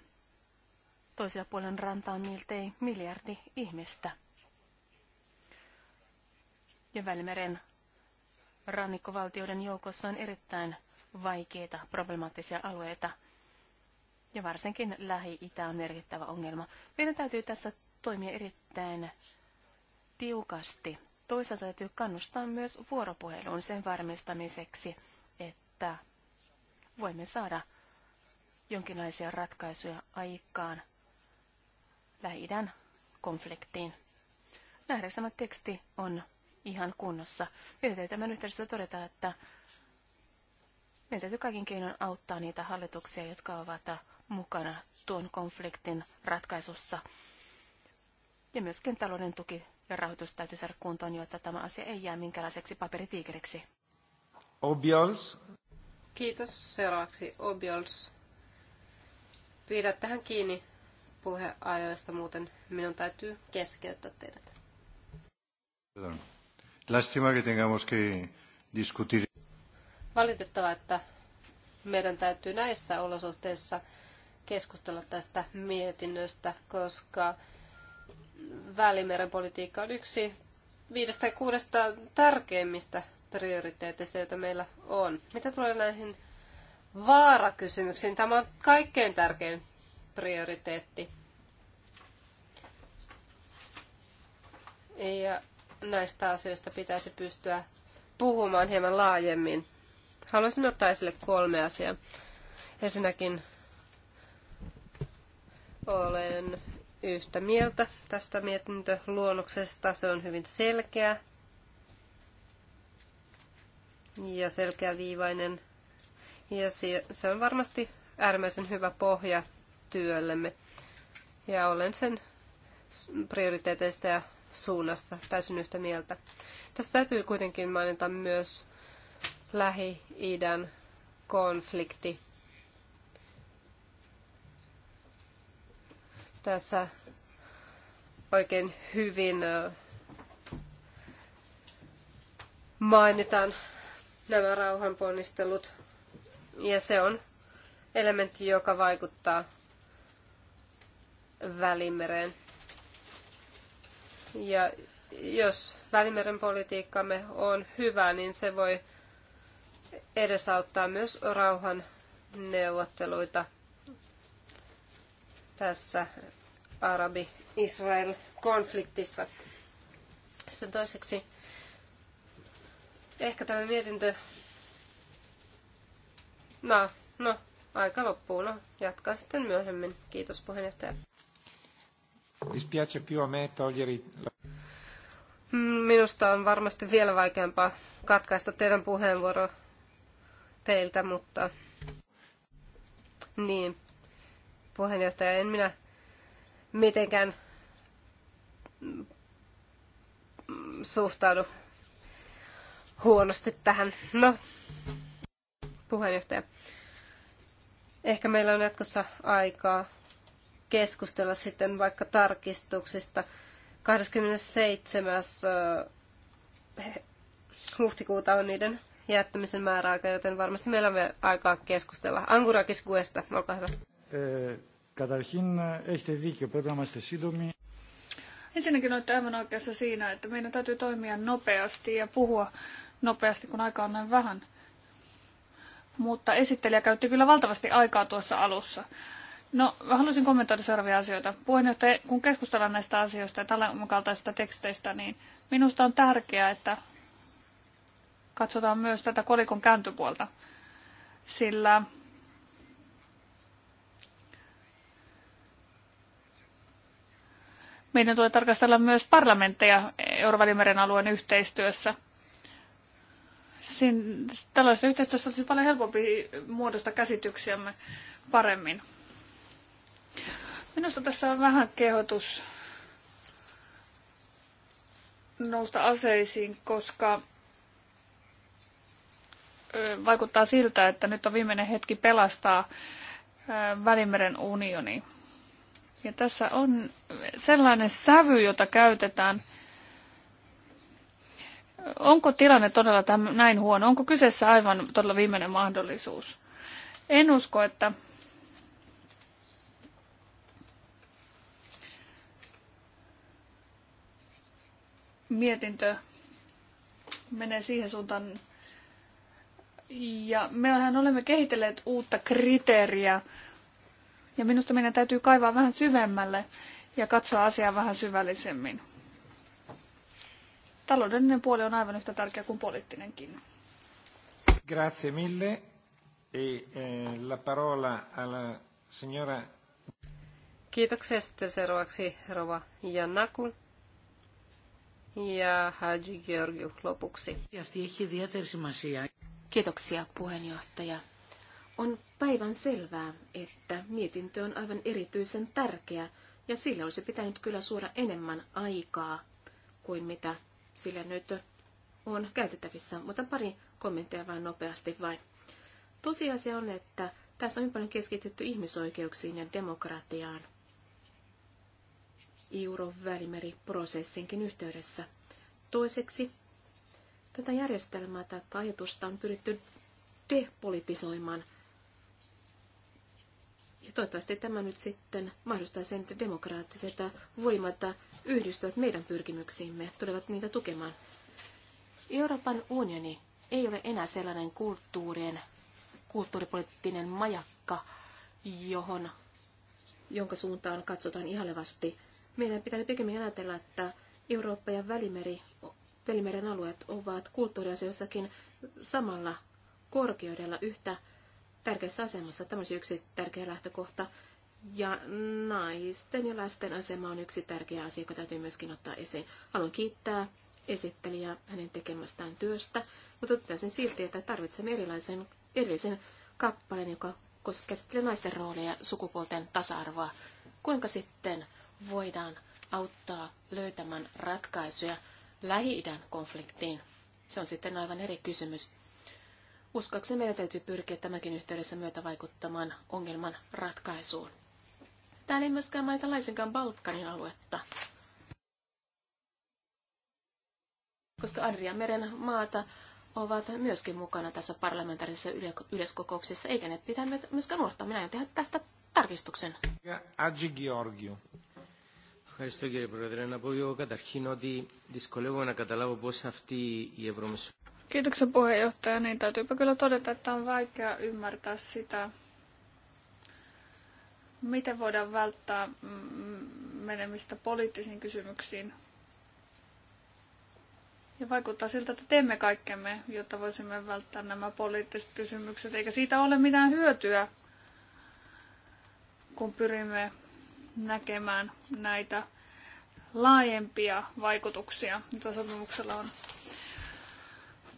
Toisella puolen rantaa on miltei miljardi ihmistä. Ja Välimeren rannikkovaltioiden joukossa on erittäin vaikeita, problemaattisia alueita. Ja varsinkin Lähi-Itä on merkittävä ongelma. Meidän täytyy tässä toimia erittäin tiukasti. Toisaalta täytyy kannustaa myös vuoropuheluun sen varmistamiseksi, että voimme saada jonkinlaisia ratkaisuja aikaan lähi konfliktiin. Nähdäksemme teksti on ihan kunnossa. Yritetään täytyy tämän yhteydessä todeta, että meidän täytyy kaikin keinoin auttaa niitä hallituksia, jotka ovat mukana tuon konfliktin ratkaisussa. Ja myöskin talouden tuki ja rahoitus täytyy saada kuntoon, jotta tämä asia ei jää minkälaiseksi paperitiikeriksi. Obiols. Kiitos. Seuraavaksi Obiols. Pidä tähän kiinni puheajoista, muuten minun täytyy keskeyttää teidät. Lástima Valitettavaa, että meidän täytyy näissä olosuhteissa keskustella tästä mietinnöstä, koska Välimeren politiikka on yksi viidestä ja kuudesta tärkeimmistä prioriteeteista, joita meillä on. Mitä tulee näihin vaarakysymyksiin, tämä on kaikkein tärkein prioriteetti. Ja näistä asioista pitäisi pystyä puhumaan hieman laajemmin. Haluaisin ottaa esille kolme asiaa. Ensinnäkin olen yhtä mieltä tästä mietintöluonnoksesta. Se on hyvin selkeä ja selkeäviivainen. Ja se on varmasti äärimmäisen hyvä pohja työllemme. Ja olen sen prioriteeteista ja suunnasta täysin yhtä mieltä. Tässä täytyy kuitenkin mainita myös Lähi-idän konflikti. Tässä oikein hyvin mainitaan nämä rauhanponnistelut. Ja se on elementti, joka vaikuttaa Välimereen. Ja jos Välimeren politiikkamme on hyvä, niin se voi edesauttaa myös rauhan neuvotteluita tässä Arabi-Israel-konfliktissa. Sitten toiseksi Ehkä tämä mietintö... No, no, aika loppuu. No, jatkaa sitten myöhemmin. Kiitos puheenjohtaja. Minusta on varmasti vielä vaikeampaa katkaista teidän puheenvuoro teiltä, mutta... Niin, puheenjohtaja, en minä mitenkään suhtaudu huonosti tähän. No, puheenjohtaja, ehkä meillä on jatkossa aikaa keskustella sitten vaikka tarkistuksista. 27. huhtikuuta on niiden jättämisen määräaika, joten varmasti meillä on vielä aikaa keskustella. Angurakis Guesta, olkaa hyvä. Καταρχήν, έχετε δίκιο, πρέπει Ensinnäkin olette aivan oikeassa siinä, että meidän täytyy toimia nopeasti ja puhua nopeasti, kun aikaa on näin vähän. Mutta esittelijä käytti kyllä valtavasti aikaa tuossa alussa. No, haluaisin kommentoida seuraavia asioita. Puheenjohtaja, kun keskustellaan näistä asioista ja tällä kaltaisista teksteistä, niin minusta on tärkeää, että katsotaan myös tätä kolikon kääntöpuolta, sillä meidän tulee tarkastella myös parlamentteja Euroopan alueen yhteistyössä – Siin, tällaisessa yhteistyössä olisi paljon helpompi muodostaa käsityksiämme paremmin. Minusta tässä on vähän kehotus nousta aseisiin, koska vaikuttaa siltä, että nyt on viimeinen hetki pelastaa Välimeren unioni. Ja tässä on sellainen sävy, jota käytetään onko tilanne todella tämän, näin huono? Onko kyseessä aivan todella viimeinen mahdollisuus? En usko, että mietintö menee siihen suuntaan. Ja mehän olemme kehitelleet uutta kriteeriä. Ja minusta meidän täytyy kaivaa vähän syvemmälle ja katsoa asiaa vähän syvällisemmin taloudellinen puoli on aivan yhtä tärkeä kuin poliittinenkin. Grazie mille. E, eh, la parola alla signora... Kiitoksia sitten seuraavaksi Rova Jannaku ja Haji Georgiou lopuksi. Kiitoksia puheenjohtaja. On päivän selvää, että mietintö on aivan erityisen tärkeä ja sillä olisi pitänyt kyllä suoda enemmän aikaa kuin mitä sillä nyt on käytettävissä. Mutta pari kommenttia vain nopeasti vain. Tosiasia on, että tässä on paljon keskitytty ihmisoikeuksiin ja demokratiaan. Euro-välimeriprosessinkin yhteydessä. Toiseksi tätä järjestelmää tai ajatusta on pyritty depolitisoimaan ja toivottavasti tämä nyt sitten mahdollistaa sen, että demokraattiset voimat yhdistyvät meidän pyrkimyksiimme, tulevat niitä tukemaan. Euroopan unioni ei ole enää sellainen kulttuurien, kulttuuripoliittinen majakka, johon, jonka suuntaan katsotaan ihalevasti. Meidän pitää pikemmin ajatella, että Eurooppa ja Välimeri, Välimeren alueet ovat kulttuuriasioissakin samalla korkeudella yhtä tärkeässä asemassa. Tämä olisi yksi tärkeä lähtökohta. Ja naisten ja lasten asema on yksi tärkeä asia, joka täytyy myöskin ottaa esiin. Haluan kiittää esittelijää hänen tekemästään työstä, mutta toteaisin silti, että tarvitsemme erilaisen, erillisen kappaleen, joka käsittelee naisten roolia ja sukupuolten tasa-arvoa. Kuinka sitten voidaan auttaa löytämään ratkaisuja Lähi-idän konfliktiin? Se on sitten aivan eri kysymys. Uskoakseni meidän täytyy pyrkiä tämäkin yhteydessä myötä vaikuttamaan ongelman ratkaisuun. Täällä ei myöskään mainita laisinkaan Balkanin aluetta. Koska Adrian meren maata ovat myöskin mukana tässä parlamentaarisessa yleiskokouksessa, eikä ne pitää myöskään unohtaa. Minä en tehdä tästä tarkistuksen. Agi Georgiou. Ευχαριστώ κύριε Πρόεδρε. Να πω εγώ καταρχήν ότι δυσκολεύομαι να καταλάβω πώς αυτή η Ευρωμεσογειακή Kiitoksen puheenjohtaja. Niin täytyypä kyllä todeta, että on vaikea ymmärtää sitä, miten voidaan välttää mm, menemistä poliittisiin kysymyksiin. Ja vaikuttaa siltä, että teemme kaikkemme, jotta voisimme välttää nämä poliittiset kysymykset, eikä siitä ole mitään hyötyä, kun pyrimme näkemään näitä laajempia vaikutuksia, mitä sopimuksella on.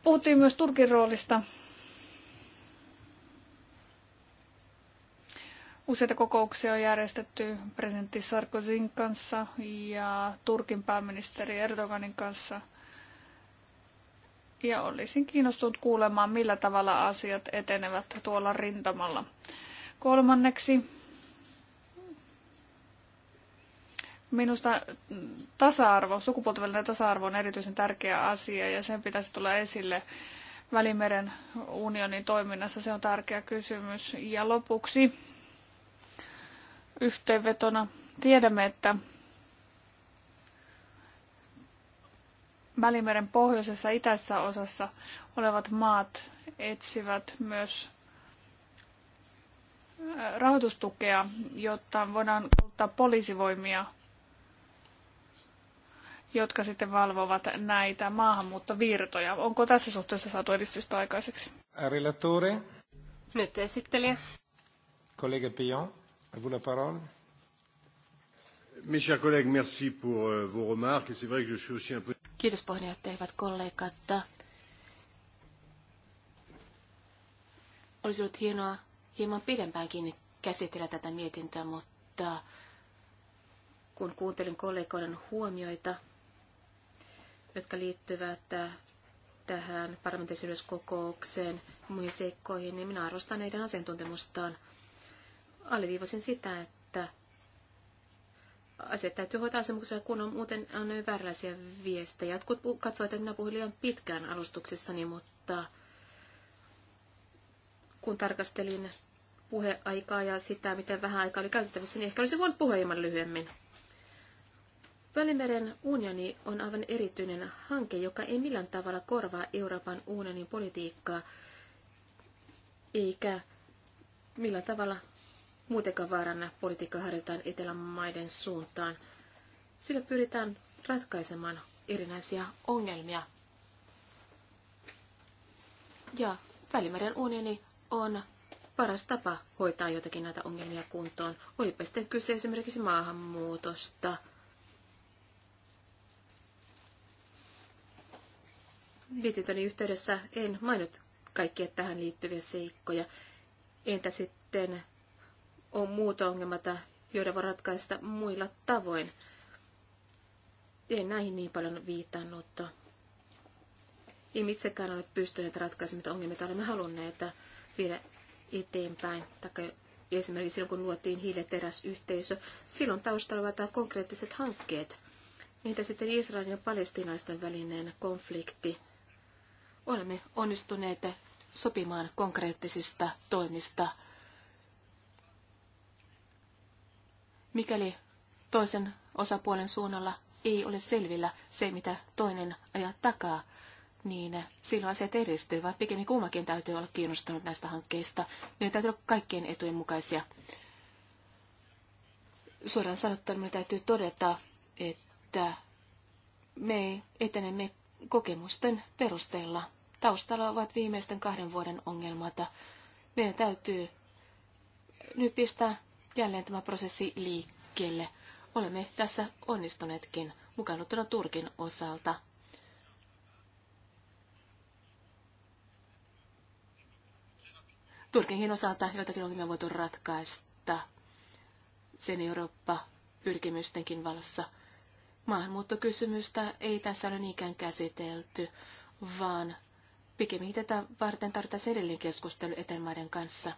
Puhuttiin myös Turkin roolista. Useita kokouksia on järjestetty presidentti Sarkozyn kanssa ja Turkin pääministeri Erdoganin kanssa. Ja olisin kiinnostunut kuulemaan, millä tavalla asiat etenevät tuolla rintamalla. Kolmanneksi Minusta tasa-arvo, sukupuolten välinen tasa-arvo on erityisen tärkeä asia ja sen pitäisi tulla esille Välimeren unionin toiminnassa. Se on tärkeä kysymys. Ja lopuksi yhteenvetona tiedämme, että Välimeren pohjoisessa itäisessä osassa olevat maat etsivät myös rahoitustukea, jotta voidaan kuluttaa poliisivoimia jotka sitten valvovat näitä maahanmuuttovirtoja. Onko tässä suhteessa saatu edistystä aikaiseksi? Relatore. Nyt esittelijä. Kollega Pion, vous la parole. Mes chers collègues, merci pour euh, vos remarques. C'est vrai que je suis aussi un peu... Kiitos puheenjohtaja, hyvät kollegat. Olisi ollut hienoa hieman pidempäänkin käsitellä tätä mietintöä, mutta kun kuuntelin kollegoiden huomioita, jotka liittyvät tähän ja muihin seikkoihin, niin minä arvostan heidän asiantuntemustaan. Alleviivasin sitä, että asiat täytyy hoitaa asianmukaisella kun on muuten on vääräisiä viestejä. Jotkut katsoivat, että minä puhuin liian pitkään alustuksessani, mutta kun tarkastelin puheaikaa ja sitä, miten vähän aikaa oli käytettävissä, niin ehkä olisi voinut puhua hieman lyhyemmin. Välimeren unioni on aivan erityinen hanke, joka ei millään tavalla korvaa Euroopan unionin politiikkaa, eikä millään tavalla muutenkaan vaaranna politiikkaa harjoitetaan etelän maiden suuntaan. Sillä pyritään ratkaisemaan erinäisiä ongelmia. Ja Välimeren unioni on paras tapa hoitaa jotakin näitä ongelmia kuntoon. Olipa sitten kyse esimerkiksi maahanmuutosta – mietintöni yhteydessä en mainut kaikkia tähän liittyviä seikkoja. Entä sitten on muut ongelmat, joiden voi ratkaista muilla tavoin? En näihin niin paljon viitannut. Emme itsekään ole pystyneet ratkaisemaan ongelmia, joita olemme halunneet viedä eteenpäin. esimerkiksi silloin, kun luotiin hiileteräsyhteisö, silloin taustalla ovat konkreettiset hankkeet. Entä sitten Israelin ja palestinaisten välinen konflikti? Olemme onnistuneet sopimaan konkreettisista toimista. Mikäli toisen osapuolen suunnalla ei ole selvillä se, mitä toinen ajaa takaa, niin silloin asiat edistyy, vaan pikemmin kummakin täytyy olla kiinnostunut näistä hankkeista. Ne täytyy olla kaikkien etujen mukaisia. Suoraan sanottuna me täytyy todeta, että me etenemme kokemusten perusteella. Taustalla ovat viimeisten kahden vuoden ongelmat. Meidän täytyy nyt pistää jälleen tämä prosessi liikkeelle. Olemme tässä onnistuneetkin, mukaan Turkin osalta. Turkinkin osalta joitakin ongelmia voitu ratkaista sen Eurooppa-pyrkimystenkin valossa. Maahanmuuttokysymystä ei tässä ole niinkään käsitelty, vaan Pikemminkin tätä varten tarvitaan edelleen keskustelu etelmaiden kanssa.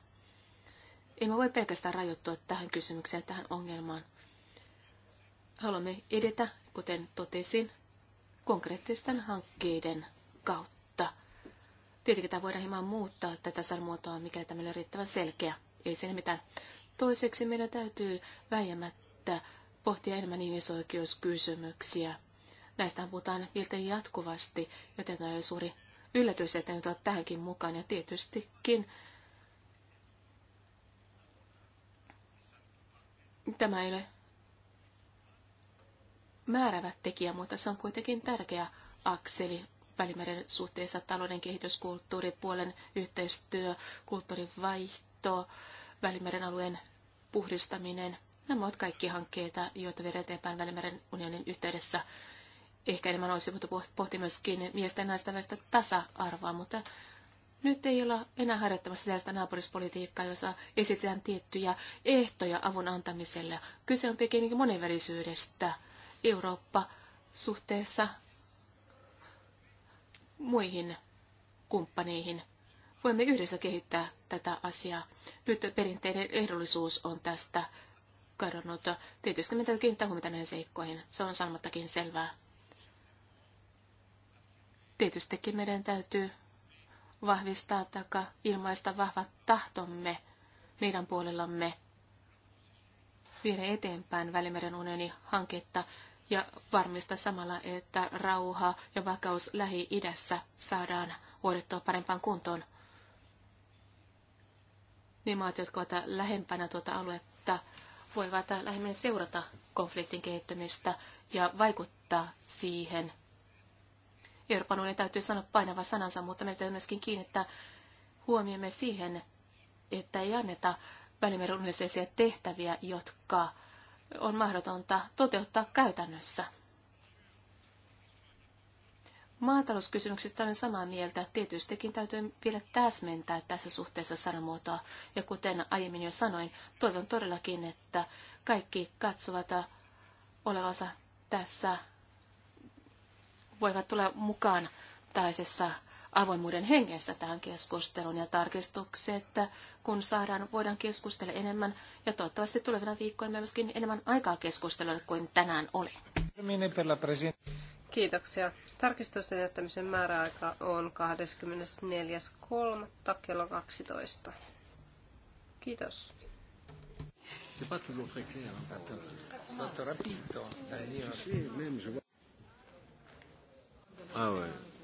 Emme voi pelkästään rajoittua tähän kysymykseen, tähän ongelmaan. Haluamme edetä, kuten totesin, konkreettisten hankkeiden kautta. Tietenkin tämä voidaan hieman muuttaa tätä sanamuotoa, mikä tämä on riittävän selkeä. Ei siinä mitään. Toiseksi meidän täytyy väijämättä pohtia enemmän ihmisoikeuskysymyksiä. Näistä puhutaan miltei jatkuvasti, joten tämä oli suuri yllätys, että ne ovat tähänkin mukaan. Ja tietystikin tämä ei ole määrävä tekijä, mutta se on kuitenkin tärkeä akseli Välimeren suhteessa talouden kehitys, kulttuuripuolen yhteistyö, kulttuurin vaihto, Välimeren alueen puhdistaminen. Nämä ovat kaikki hankkeita, joita viedään eteenpäin Välimeren unionin yhteydessä ehkä enemmän olisi voitu pohtia myöskin miesten ja naisten välistä tasa-arvoa, mutta nyt ei olla enää harjoittamassa sellaista naapurispolitiikkaa, jossa esitetään tiettyjä ehtoja avun antamiselle. Kyse on pikemminkin monenvälisyydestä. Eurooppa suhteessa muihin kumppaneihin. Voimme yhdessä kehittää tätä asiaa. Nyt perinteinen ehdollisuus on tästä kadonnut. Tietysti meidän täytyy kiinnittää huomiota näihin seikkoihin. Se on sanomattakin selvää. Tietystikin meidän täytyy vahvistaa tai ilmaista vahvat tahtomme meidän puolellamme viedä eteenpäin Välimeren unionin hanketta ja varmistaa samalla, että rauha ja vakaus Lähi-idässä saadaan huolittua parempaan kuntoon. Ne maat, jotka ovat lähempänä tuota aluetta, voivat lähemmin seurata konfliktin kehittymistä ja vaikuttaa siihen Euroopan unionin täytyy sanoa painava sanansa, mutta meidän täytyy myöskin kiinnittää huomiomme siihen, että ei anneta välimeren tehtäviä, jotka on mahdotonta toteuttaa käytännössä. Maatalouskysymyksistä olen samaa mieltä. Tietystikin täytyy vielä täsmentää tässä suhteessa sanamuotoa. Ja kuten aiemmin jo sanoin, toivon todellakin, että kaikki katsovat olevansa tässä voivat tulla mukaan tällaisessa avoimuuden hengessä tähän keskusteluun ja tarkistukseen, että kun saadaan, voidaan keskustella enemmän ja toivottavasti tulevina viikkoina myöskin enemmän aikaa keskustella kuin tänään oli. Kiitoksia. Tarkistusten jättämisen määräaika on 24.3. kello 12. Kiitos. C'est pas toujours très clair. Hein, Ah ouais.